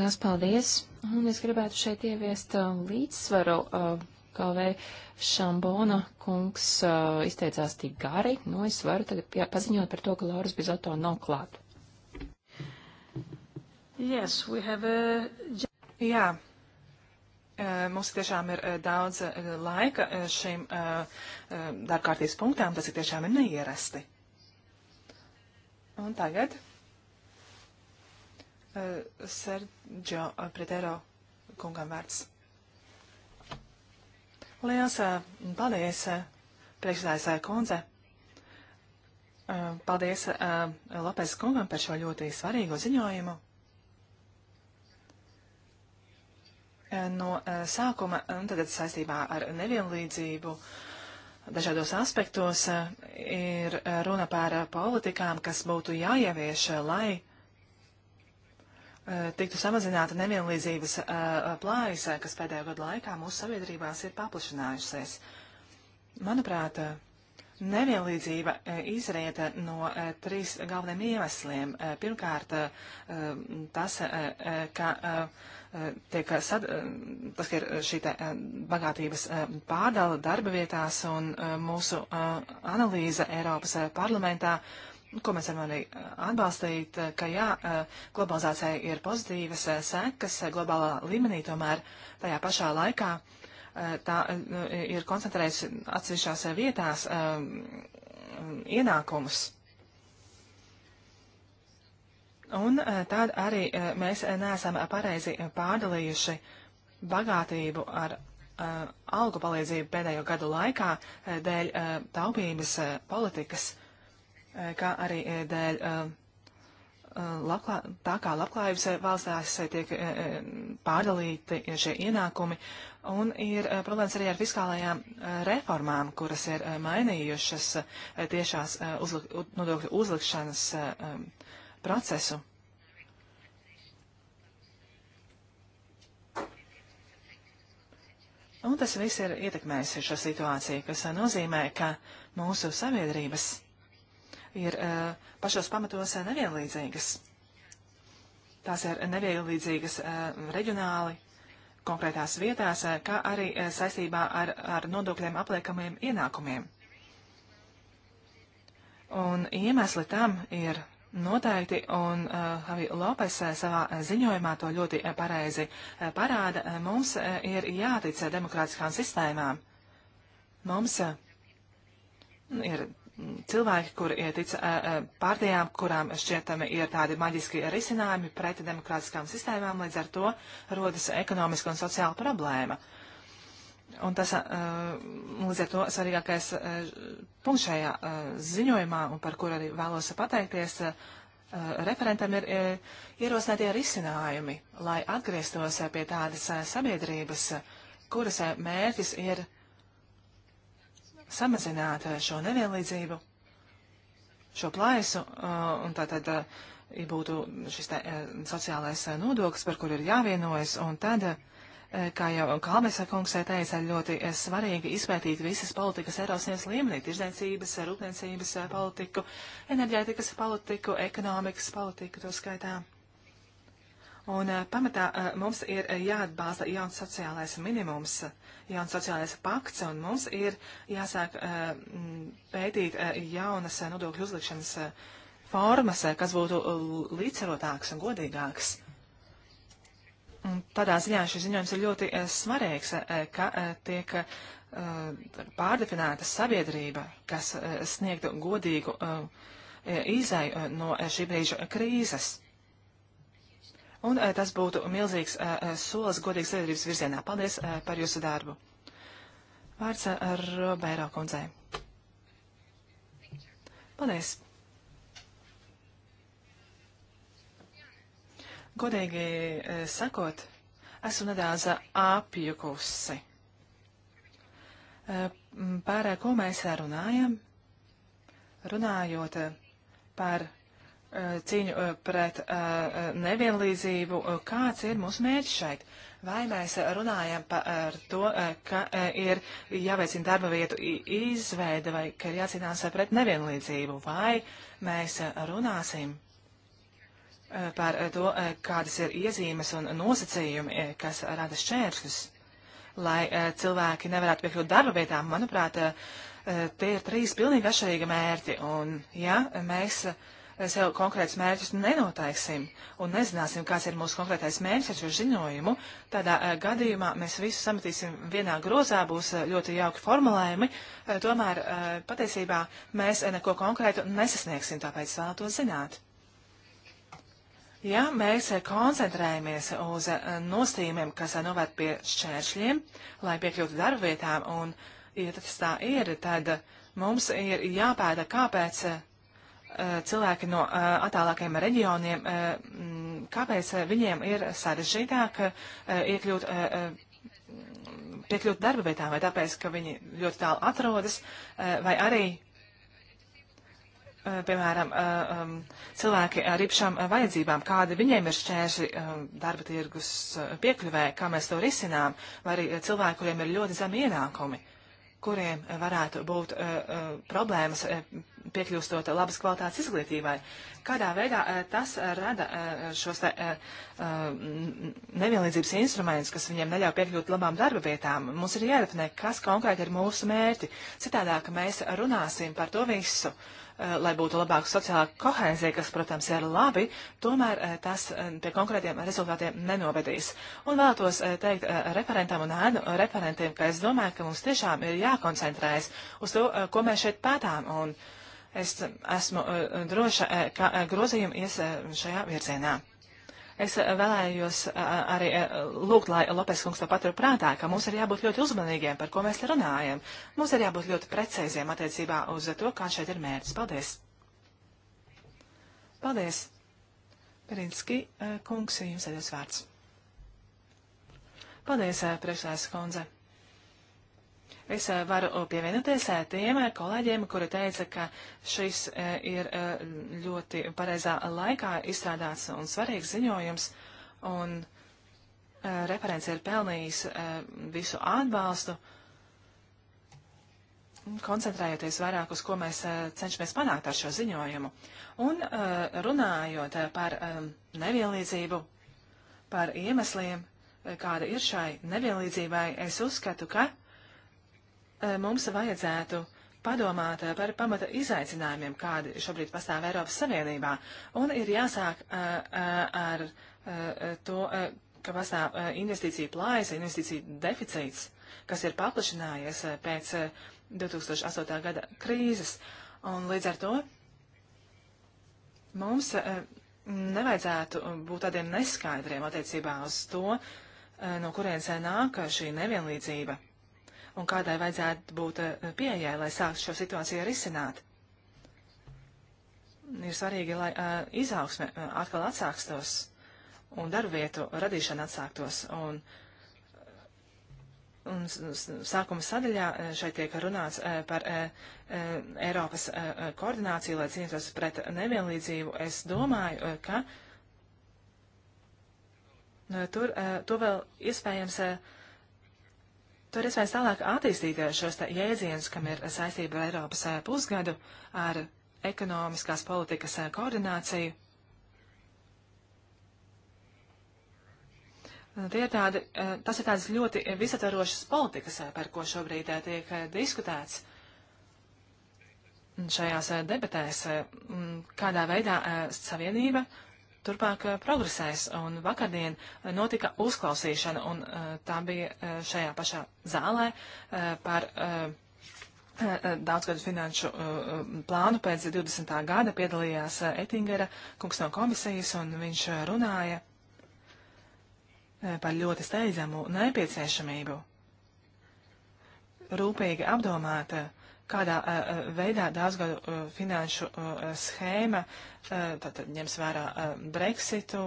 Liels paldies! Un es gribētu šeit ieviest līdzsvaru Kalvē Šambona kungs uh, izteicās tik gari, nu es varu tagad paziņot par to, ka Lauras Bizoto nav klāt. Yes, a... Uh, Jā, uh, Mums tiešām ir uh, daudz laika šim darbkārtības punktām, tas ir tiešām ir neierasti. Un tagad Sergio Pretero kungam vērts. Liels paldies, priekšsēdētāja kundze. Paldies Lopes kungam par šo ļoti svarīgo ziņojumu. No sākuma, tad saistībā ar nevienlīdzību, dažādos aspektos ir runa par politikām, kas būtu jāievieš, lai Eh, tiktu samazināta nevienlīdzības eh, plājas, eh, kas pēdējo gadu laikā mūsu sabiedrībās ir paplašinājusies. Manuprāt, Nevienlīdzība izriet no trīs galveniem iemesliem. Pirmkārt, tas, ka, tiek, sad, tas, ka ir šī bagātības pārdala darba vietās un mūsu analīze Eiropas parlamentā ko mēs varam arī eh, atbalstīt, eh, ka jā, eh, globalizācija ir pozitīvas sekas globālā līmenī, tomēr tajā pašā laikā tā nu, ir koncentrējusi atsevišķās vietās ienākumus. Un tad arī mēs neesam pareizi pārdalījuši bagātību ar algu palīdzību pēdējo gadu laikā dēļ taupības politikas Eh, kā arī eh, dēļ eh, laklā, tā kā labklājības valstās tiek pārdalīti šie ienākumi, un ir problēmas arī ar fiskālajām reformām, kuras ir mainījušas tiešās uzlik, nodokļu uzlikšanas procesu. Un tas viss ir ietekmējis šo situāciju, kas nozīmē, ka mūsu sabiedrības ir pašos pamatos nevienlīdzīgas. Tās ir nevienlīdzīgas reģionāli, konkrētās vietās, kā arī saistībā ar, ar nodokļiem apliekamiem ienākumiem. Un iemesli tam ir noteikti, un uh, Havi Lopes savā ziņojumā to ļoti pareizi parāda, mums ir jātic demokrātiskām sistēmām. Mums ir cilvēki, kuri ietic eh, eh, eh, pārdējām, kurām šķietami ir tādi maģiski risinājumi pret demokrātiskām sistēmām, līdz ar to rodas ekonomiska un sociāla problēma. Un tas līdz ar to svarīgākais punkts šajā ziņojumā, un par kuru arī vēlos pateikties, referentam ir ierosinātie risinājumi, lai atgrieztos pie tādas sabiedrības, kuras mērķis ir samazināt eh, šo nevienlīdzību, šo plaisu, eh, un tātad eh, būtu šis tā, sociālais nodoklis, par kur ir jāvienojas, un tad, kā jau Kalmesa kungs teica, ļoti svarīgi izpētīt visas politikas Eiropas līmenī - tirzniecības, rūpniecības politiku, enerģētikas politiku, ekonomikas politiku, to skaitā. Un eh, pamatā eh, mums ir eh, jāatbalsta jauns sociālais minimums, jauns sociālais pakts, un mums ir jāsāk pētīt jaunas nodokļu uzlikšanas formas, kas būtu līdzsvarotāks un godīgāks. Un tādā ziņā šis ziņojums ir ļoti svarīgs, ka tiek pārdefinēta sabiedrība, kas sniegtu godīgu izēju no šī brīža krīzes. Un eh, tas būtu milzīgs eh, eh, solis godīgas sabiedrības virzienā. Paldies par jūsu darbu. Vārds Robeiro kundzei. Paldies. Godīgi sakot, esmu nedaudz apjukusi. Par ko mēs runājam? Runājot par cīņu eh, pret eh, nevienlīdzību. Kāds ir mūsu mērķis šeit? Vai mēs runājam par to, eh, ka ir jāveicina darba vietu izveide vai ka ir jācīnās pret nevienlīdzību? Vai mēs runāsim par to, kādas ir iezīmes un nosacījumi, kas rada šķēršļus, lai cilvēki nevarētu piekļūt darba vietām? Manuprāt, tie ir trīs pilnīgi atšķirīgi mērķi. Un, ja mēs uh, sev konkrētus mērķus nenotaiksim un nezināsim, kāds ir mūsu konkrētais mērķis ar šo ziņojumu, tādā eh, gadījumā mēs visu sametīsim vienā grozā, būs eh, ļoti jauki formulējumi, eh, tomēr patiesībā mēs neko konkrētu nesasniegsim, tāpēc vēlētos zināt. Ja mēs koncentrējamies uz nostījumiem, kas novērt pie šķēršļiem, lai piekļūtu darbvietām, un ja tas tā ir, tad mums ir jāpēda, kāpēc Eh, cilvēki no eh, attālākajiem reģioniem, eh, kāpēc viņiem ir sarežģītāk iekļūt piekļūt darba vietām, vai tāpēc, ka viņi ļoti tālu atrodas, vai arī, piemēram, cilvēki ar īpašām vajadzībām, kādi viņiem ir šķēršļi darba tirgus piekļuvē, kā mēs to risinām, vai arī cilvēki, kuriem ir ļoti zemi ienākumi kuriem varētu būt uh, uh, problēmas uh, piekļūstot labas kvalitātes izglītībai. Kādā veidā tas rada šos te, nevienlīdzības instrumentus, kas viņiem neļauj piekļūt labām darba vietām? Mums ir jādefinē, kas konkrēti ir mūsu mērķi. Citādāk mēs runāsim par to visu. Uh, Eh, lai būtu labāka sociālā kohēzija, kas, protams, ir labi, tomēr eh, tas eh, pie konkrētiem rezultātiem nenovedīs. Un vēlētos teikt referentam un ēnu referentiem, ka es domāju, ka mums tiešām ir jākoncentrējas uz to, ko mēs šeit pētām. Un es esmu droša, ka grozījumi ies šajā virzienā. Es vēlējos arī lūgt, lai Lopes kungs to patur prātā, ka mums ir jābūt ļoti uzmanīgiem, par ko mēs runājam. Mums ir jābūt ļoti precīziem attiecībā uz to, kā šeit ir mērķis. Paldies! Paldies! Perinski kungs, jums ir jūs vārds. Paldies, priekšsēdētājas kundze. Es eh, varu pievienoties eh, tiem eh, kolēģiem, kuri teica, ka šis ir ļoti pareizā laikā izstrādāts un svarīgs ziņojums, un referents ir pelnījis visu atbalstu, koncentrējoties vairāk uz ko mēs cenšamies panākt ar šo ziņojumu. Un runājot par nevienlīdzību, par iemesliem, kāda ir šai nevienlīdzībai, es uzskatu, ka Eh, mums vajadzētu padomāt eh, par pamata izaicinājumiem, kādi šobrīd pastāv Eiropas Savienībā, un ir jāsāk eh, ar to, ka pastāv investīcija plājas, investīcija deficīts, kas ir paplašinājies pēc 2008. gada krīzes, un līdz ar to mums nevajadzētu būt tādiem neskaidriem attiecībā uz to, no kurienes nāk šī nevienlīdzība un kādai vajadzētu būt eh, pieejai, lai sāktu šo situāciju risināt. Ir svarīgi, lai eh, izaugsme eh, atkal atsākstos un darbvietu radīšana atsāktos. Un, un sākuma sadaļā šeit tiek runāts par Eiropas koordināciju, lai cīnītos pret nevienlīdzību. Es domāju, ka tur to vēl iespējams Tur es vēl tālāk attīstīt eh, šos jēdzienus, kam ir saistība ar Eiropas eh, pusgadu, ar ekonomiskās politikas eh, koordināciju. Tie ir tādi, tas ir tādas ļoti visatarošas politikas, par ko šobrīd tiek diskutēts šajās debatēs, kādā veidā savienība turpmāk eh, progresēs. Un vakardien eh, notika uzklausīšana, un eh, tā bija šajā pašā zālē par daudzgadu finanšu plānu pēc 20. gada piedalījās Ettingera kungs no komisijas, un viņš runāja par ļoti steidzamu nepieciešamību rūpīgi apdomāt uh, kādā veidā daudzgadu finanšu schēma tātad, ņems vērā Brexitu,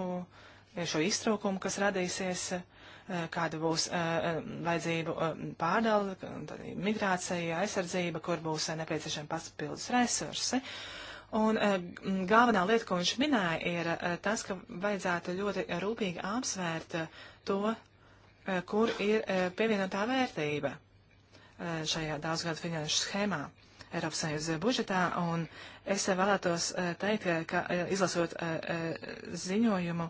šo iztrūkumu, kas radīsies, kāda būs vajadzību pārdala, migrācija, aizsardzība, kur būs nepieciešami papildus resursi. Un galvenā lieta, ko viņš minēja, ir tas, ka vajadzētu ļoti rūpīgi apsvērt to, kur ir pievienotā vērtība Eh, šajā daudzgadu finanšu schēmā. Eiropas Savienības budžetā, un es vēlētos eh, teikt, ka eh, izlasot ziņojumu,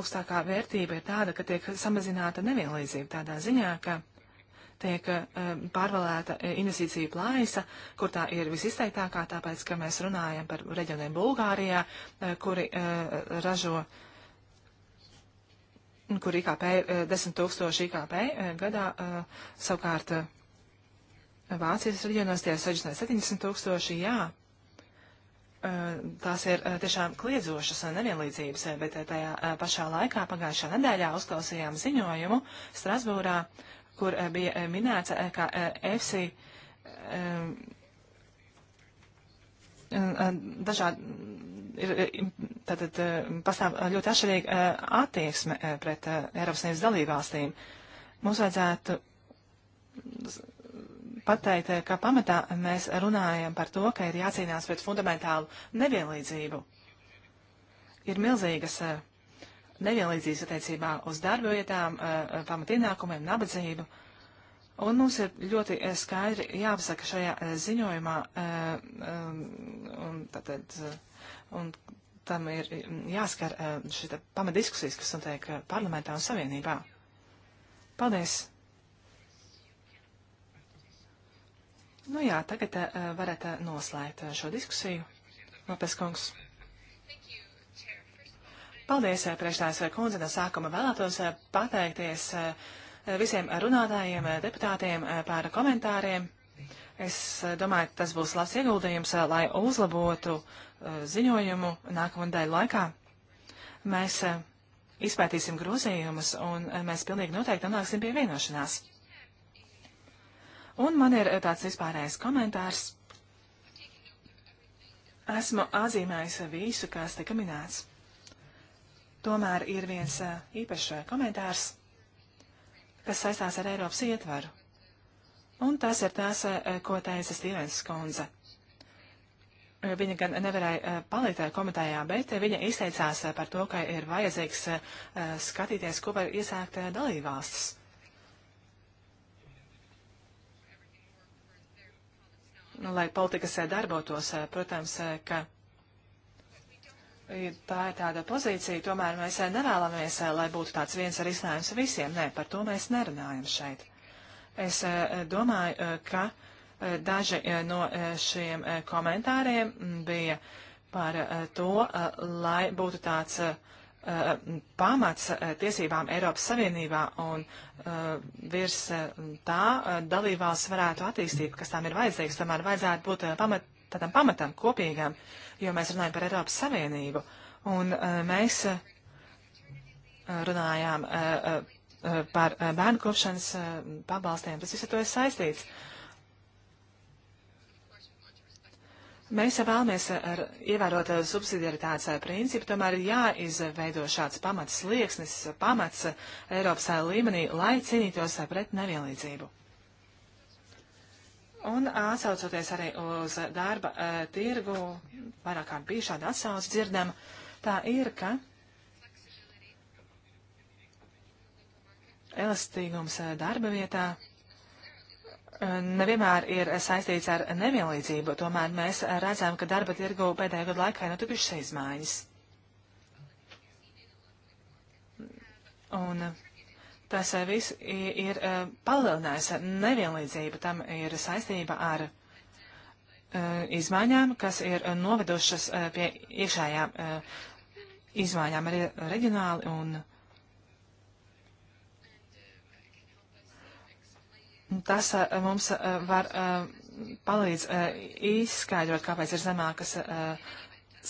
augstākā vērtība ir tāda, ka tiek samazināta nevienlīdzība tādā ziņā, ka tiek pārvalēta investīcija plājas, kur tā ir visizteiktākā, tāpēc, ka mēs runājam par reģioniem Bulgārijā, kuri ražo kur IKP ir 10 tūkstoši IKP eh, gadā, eh, savukārt eh, Vācijas reģionos tie ir 60-70 tūkstoši, jā. Tās ir tiešām kliedzošas nevienlīdzības, bet tajā pašā laikā pagājušā nedēļā uzklausījām ziņojumu Strasbūrā, kur bija minēts, ka EFSI dažādi ir, tātad eh, pastāv eh, ļoti atšķirīga eh, attieksme pret Eiropas Savienības dalībvalstīm. Mums vajadzētu pateikt, ka pamatā mēs runājam par to, ka ir jācīnās pret fundamentālu nevienlīdzību. Ir milzīgas nevienlīdzības attiecībā uz darba vietām, pamatienākumiem, nabadzību. Un mums ir ļoti skaidri jāpasaka šajā ziņojumā, un tātad un tam ir jāskar eh, šī pamatdiskusijas, kas notiek eh, parlamentā un savienībā. Paldies! Nu jā, tagad eh, varat noslēgt šo diskusiju. Lopes kungs. Paldies, priekšstājas kundze, no sākuma vēlētos pateikties visiem runātājiem, deputātiem par komentāriem. Es domāju, tas būs labs ieguldījums, lai uzlabotu uh, Eh, ziņojumu nākamā nedēļa laikā. Mēs eh, izpētīsim grozījumus un eh, mēs pilnīgi noteikti nonāksim pie vienošanās. Un man ir tāds vispārējais komentārs. Esmu atzīmējis visu, kas tika minēts. Tomēr ir viens īpašs komentārs, kas saistās ar Eiropas ietvaru. Un tas ir tas, ko teica Stīvens Skonze. Eh, viņa gan nevarēja eh, palikt komitējā, bet viņa izteicās eh, par to, ka ir vajadzīgs skatīties, ko var iesākt dalībvalstis. Nu, lai politikas darbotos, protams, ka tā ir tāda pozīcija, tomēr mēs nevēlamies, lai būtu tāds viens risinājums visiem. Nē, par to mēs nerunājam šeit. Es domāju, ka Daži eh, no eh, šiem eh, komentāriem bija par to, lai būtu tāds pamats tiesībām Eiropas Savienībā un virs tā dalībās varētu attīstīt, kas tām ir vajadzīgs, tomēr vajadzētu būt pamat, tādam pamatam kopīgam, jo mēs runājam par Eiropas Savienību. Un mēs runājām par bērnu kopšanas pabalstiem, tas viss ar to ir saistīts. Uh, Mēs vēlamies eh, ievērot eh, subsidiaritātes eh, principu, tomēr ir jāizveido šāds pamats slieksnis, pamats Eiropas līmenī, lai cīnītos pret nevienlīdzību. Un atsaucoties arī uz darba tirgu, vairāk kārt bija šāda atsauce dzirdama, tā ir, ka elastīgums darba vietā nevienmēr ir saistīts ar nevienlīdzību, tomēr mēs redzam, ka darba tirgu pēdējo gadu laikā ir notikušas izmaiņas. Un tas viss ir e, palielinājis nevienlīdzību, tam ir saistība ar e, izmaiņām, kas ir novedušas e, pie iekšējām izmaiņām arī reģionāli un reģionāli Tas eh, mums eh, var eh, palīdz izskaidrot, kāpēc ir zemākas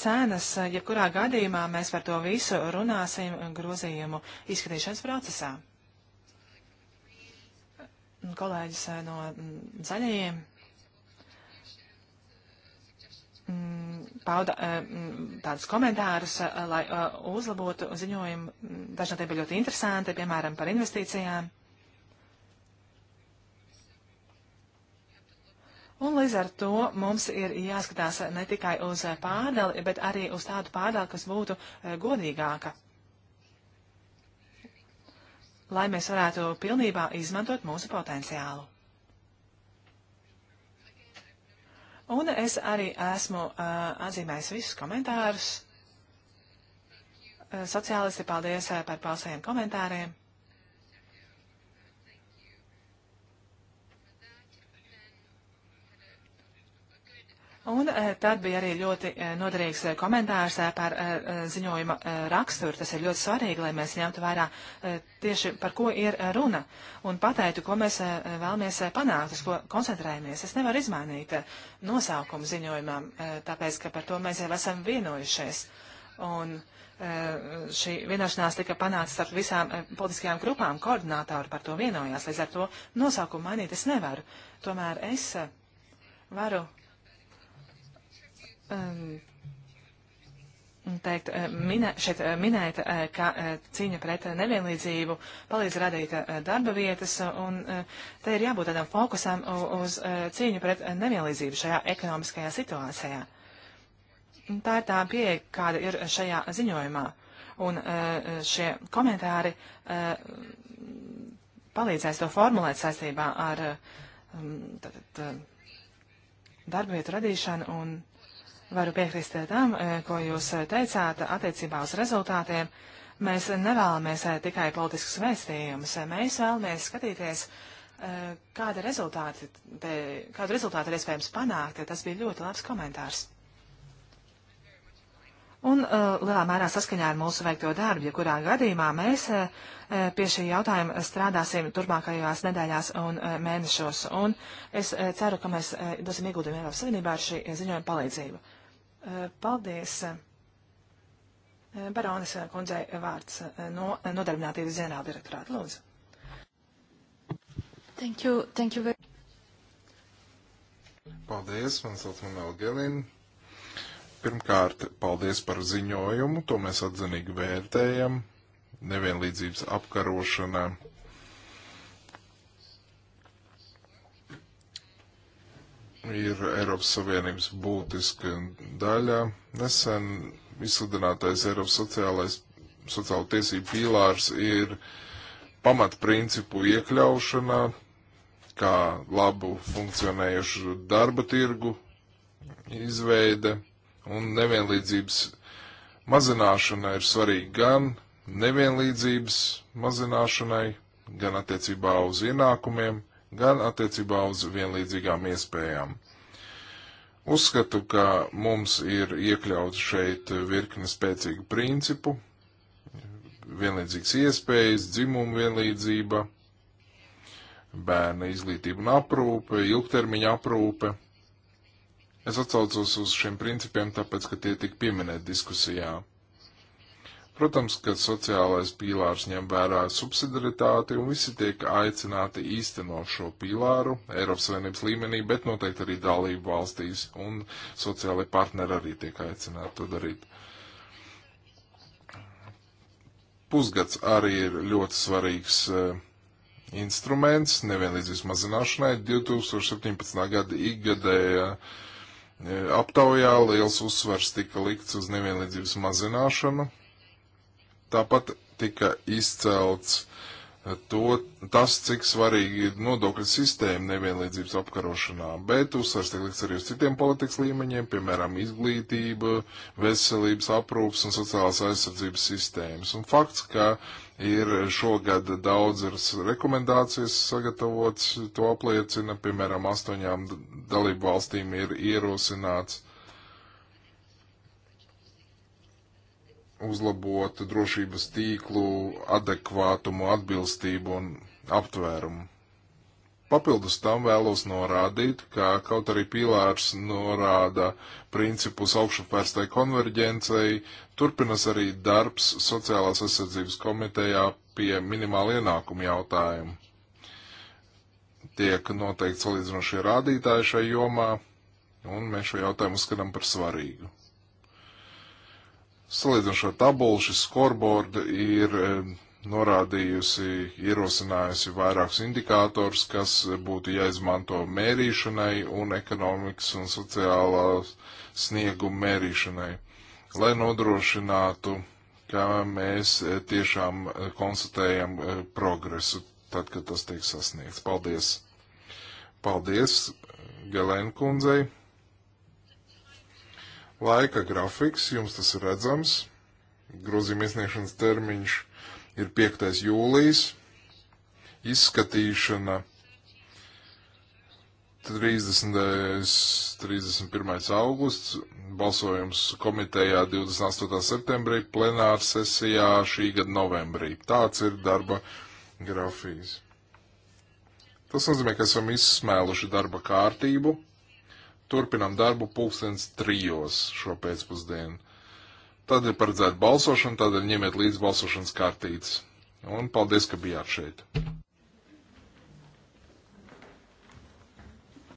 cenas. Jebkurā gadījumā mēs par to visu runāsim grozījumu izskatīšanas procesā. Kolēģis no mm, zaļajiem mm, pauda mm, tādus komentārus, lai uzlabotu ziņojumu. Dažādi bija ļoti interesanti, piemēram, par investīcijām. Un līdz ar to mums ir jāskatās ne tikai uz eh, pārdali, bet arī uz tādu pārdali, kas būtu eh, godīgāka. Lai mēs varētu pilnībā izmantot mūsu potenciālu. Un es arī esmu uh, atzīmējis visus komentārus. Sociālisti, paldies par pausajiem komentāriem. Un eh, tad bija arī ļoti eh, noderīgs eh, komentārs par ziņojuma raksturu. Tas ir ļoti svarīgi, lai mēs ņemtu vērā tieši par ko ir runa un pateiktu, ko mēs vēlamies panākt, uz ko koncentrējamies. Es nevaru izmainīt nosaukumu ziņojumam, tāpēc, ka par to mēs jau esam vienojušies. Un šī vienošanās tika panāca starp visām politiskajām grupām, koordinātori par to vienojās, līdz ar to nosaukumu mainīt es nevaru. Tomēr es varu Ehm, teikt, eh, minē, šeit eh, minēta, eh, ka cīņa pret nevienlīdzību palīdz radīt darba vietas, un te ir jābūt tādam fokusam uz cīņu pret nevienlīdzību šajā ekonomiskajā situācijā. Tā ir tā pieeja, kāda ir šajā ziņojumā, un šie komentāri palīdzēs to formulēt saistībā ar darba vietu radīšanu un Varu piekrist eh, tam, eh, ko jūs eh, teicāt attiecībā uz rezultātiem. Mēs nevēlamies tikai politiskus vēstījumus, mēs vēlamies skatīties, kāda rezultāti, te, kādu rezultātu ir iespējams panākt. Tas bija ļoti labs komentārs. Un lielā mērā saskaņā ar mūsu veikto darbu, ja kurā gadījumā mēs pie šī jautājuma strādāsim turpmākajās nedēļās un mēnešos. Un es ceru, ka mēs dosim ieguldījumu Eiropas Savienībā ar šī ziņojuma palīdzību. Eh, paldies. Eh, Baronis eh, kundzei vārds no nodarbinātības ģenerāla direktorāta. Lūdzu. Thank you. Thank you very... Paldies, man sauc Manela Gelina. Pirmkārt, paldies par ziņojumu, to mēs atzinīgi vērtējam. Nevienlīdzības apkarošana ir Eiropas Savienības būtiska daļa. Nesen izsludinātais Eiropas sociālais, sociālo tiesību pīlārs ir pamatprincipu iekļaušana kā labu funkcionējušu darba tirgu izveide un nevienlīdzības mazināšana ir svarīga gan nevienlīdzības mazināšanai, gan attiecībā uz ienākumiem gan attiecībā uz vienlīdzīgām iespējām. Uzskatu, ka mums ir iekļauts šeit virkne spēcīgu principu, vienlīdzīgas iespējas, dzimuma vienlīdzība, bērna izglītība un aprūpe, ilgtermiņa aprūpe. Es atcaucos uz šiem principiem, tāpēc, ka tie tika pieminēti diskusijā. Protams, ka sociālais pīlārs ņem vērā subsidiaritāti un visi tiek aicināti īstenot šo pīlāru Eiropas Savienības līmenī, bet noteikti arī dalību valstīs un sociālai partneri arī tiek aicināti to darīt. Pusgads arī ir ļoti svarīgs uh, instruments, nevienlīdzības mazināšanai 2017. gada ikgadēja eh, aptaujā liels uzsvars tika likts uz nevienlīdzības mazināšanu. Tāpat tika izcelts eh, to, tas, cik svarīgi ir nodokļu sistēma nevienlīdzības apkarošanā, bet uzsvars tiek likts arī uz citiem politikas līmeņiem, piemēram, izglītība, veselības aprūpas un sociālās aizsardzības sistēmas. Un fakts, ka ir šogad daudzas rekomendācijas sagatavots, to apliecina, piemēram, astoņām dalību valstīm ir ierosināts uzlabot drošības tīklu adekvātumu, atbilstību un aptvērumu. Papildus tam vēlos norādīt, ka kaut arī pīlārs norāda principus augšupirstai konverģencei, turpinās arī darbs sociālās aizsardzības komitejā pie minimāla ienākuma jautājuma. Tiek noteikti salīdzinošie rādītāji šai jomā, un mēs šo jautājumu uzskatām par svarīgu. Salīdzinošo tabulu šis scoreboard ir eh, norādījusi, ierosinājusi vairākus indikātors, kas būtu jāizmanto mērīšanai un ekonomikas un sociālā snieguma mērīšanai, lai nodrošinātu, ka mēs eh, tiešām eh, konstatējam progresu tad, kad tas tiek sasniegts. Paldies! Paldies Galēna kundzei! Laika grafiks, jums tas ir redzams. Grozījuma iesniegšanas termiņš ir 5. jūlijas. Izskatīšana 30. 31. augusts, balsojums komitejā 28. septembrī, plenāra sesijā šī gada novembrī. Tāds ir darba grafijas. Tas nozīmē, ka esam izsmēluši darba kārtību Turpinām darbu pulkstens trijos šo pēcpusdienu. Tad ir paredzēta balsošana, tad ir ņemiet līdzi balsošanas kartītes. Un paldies, ka bijāt šeit!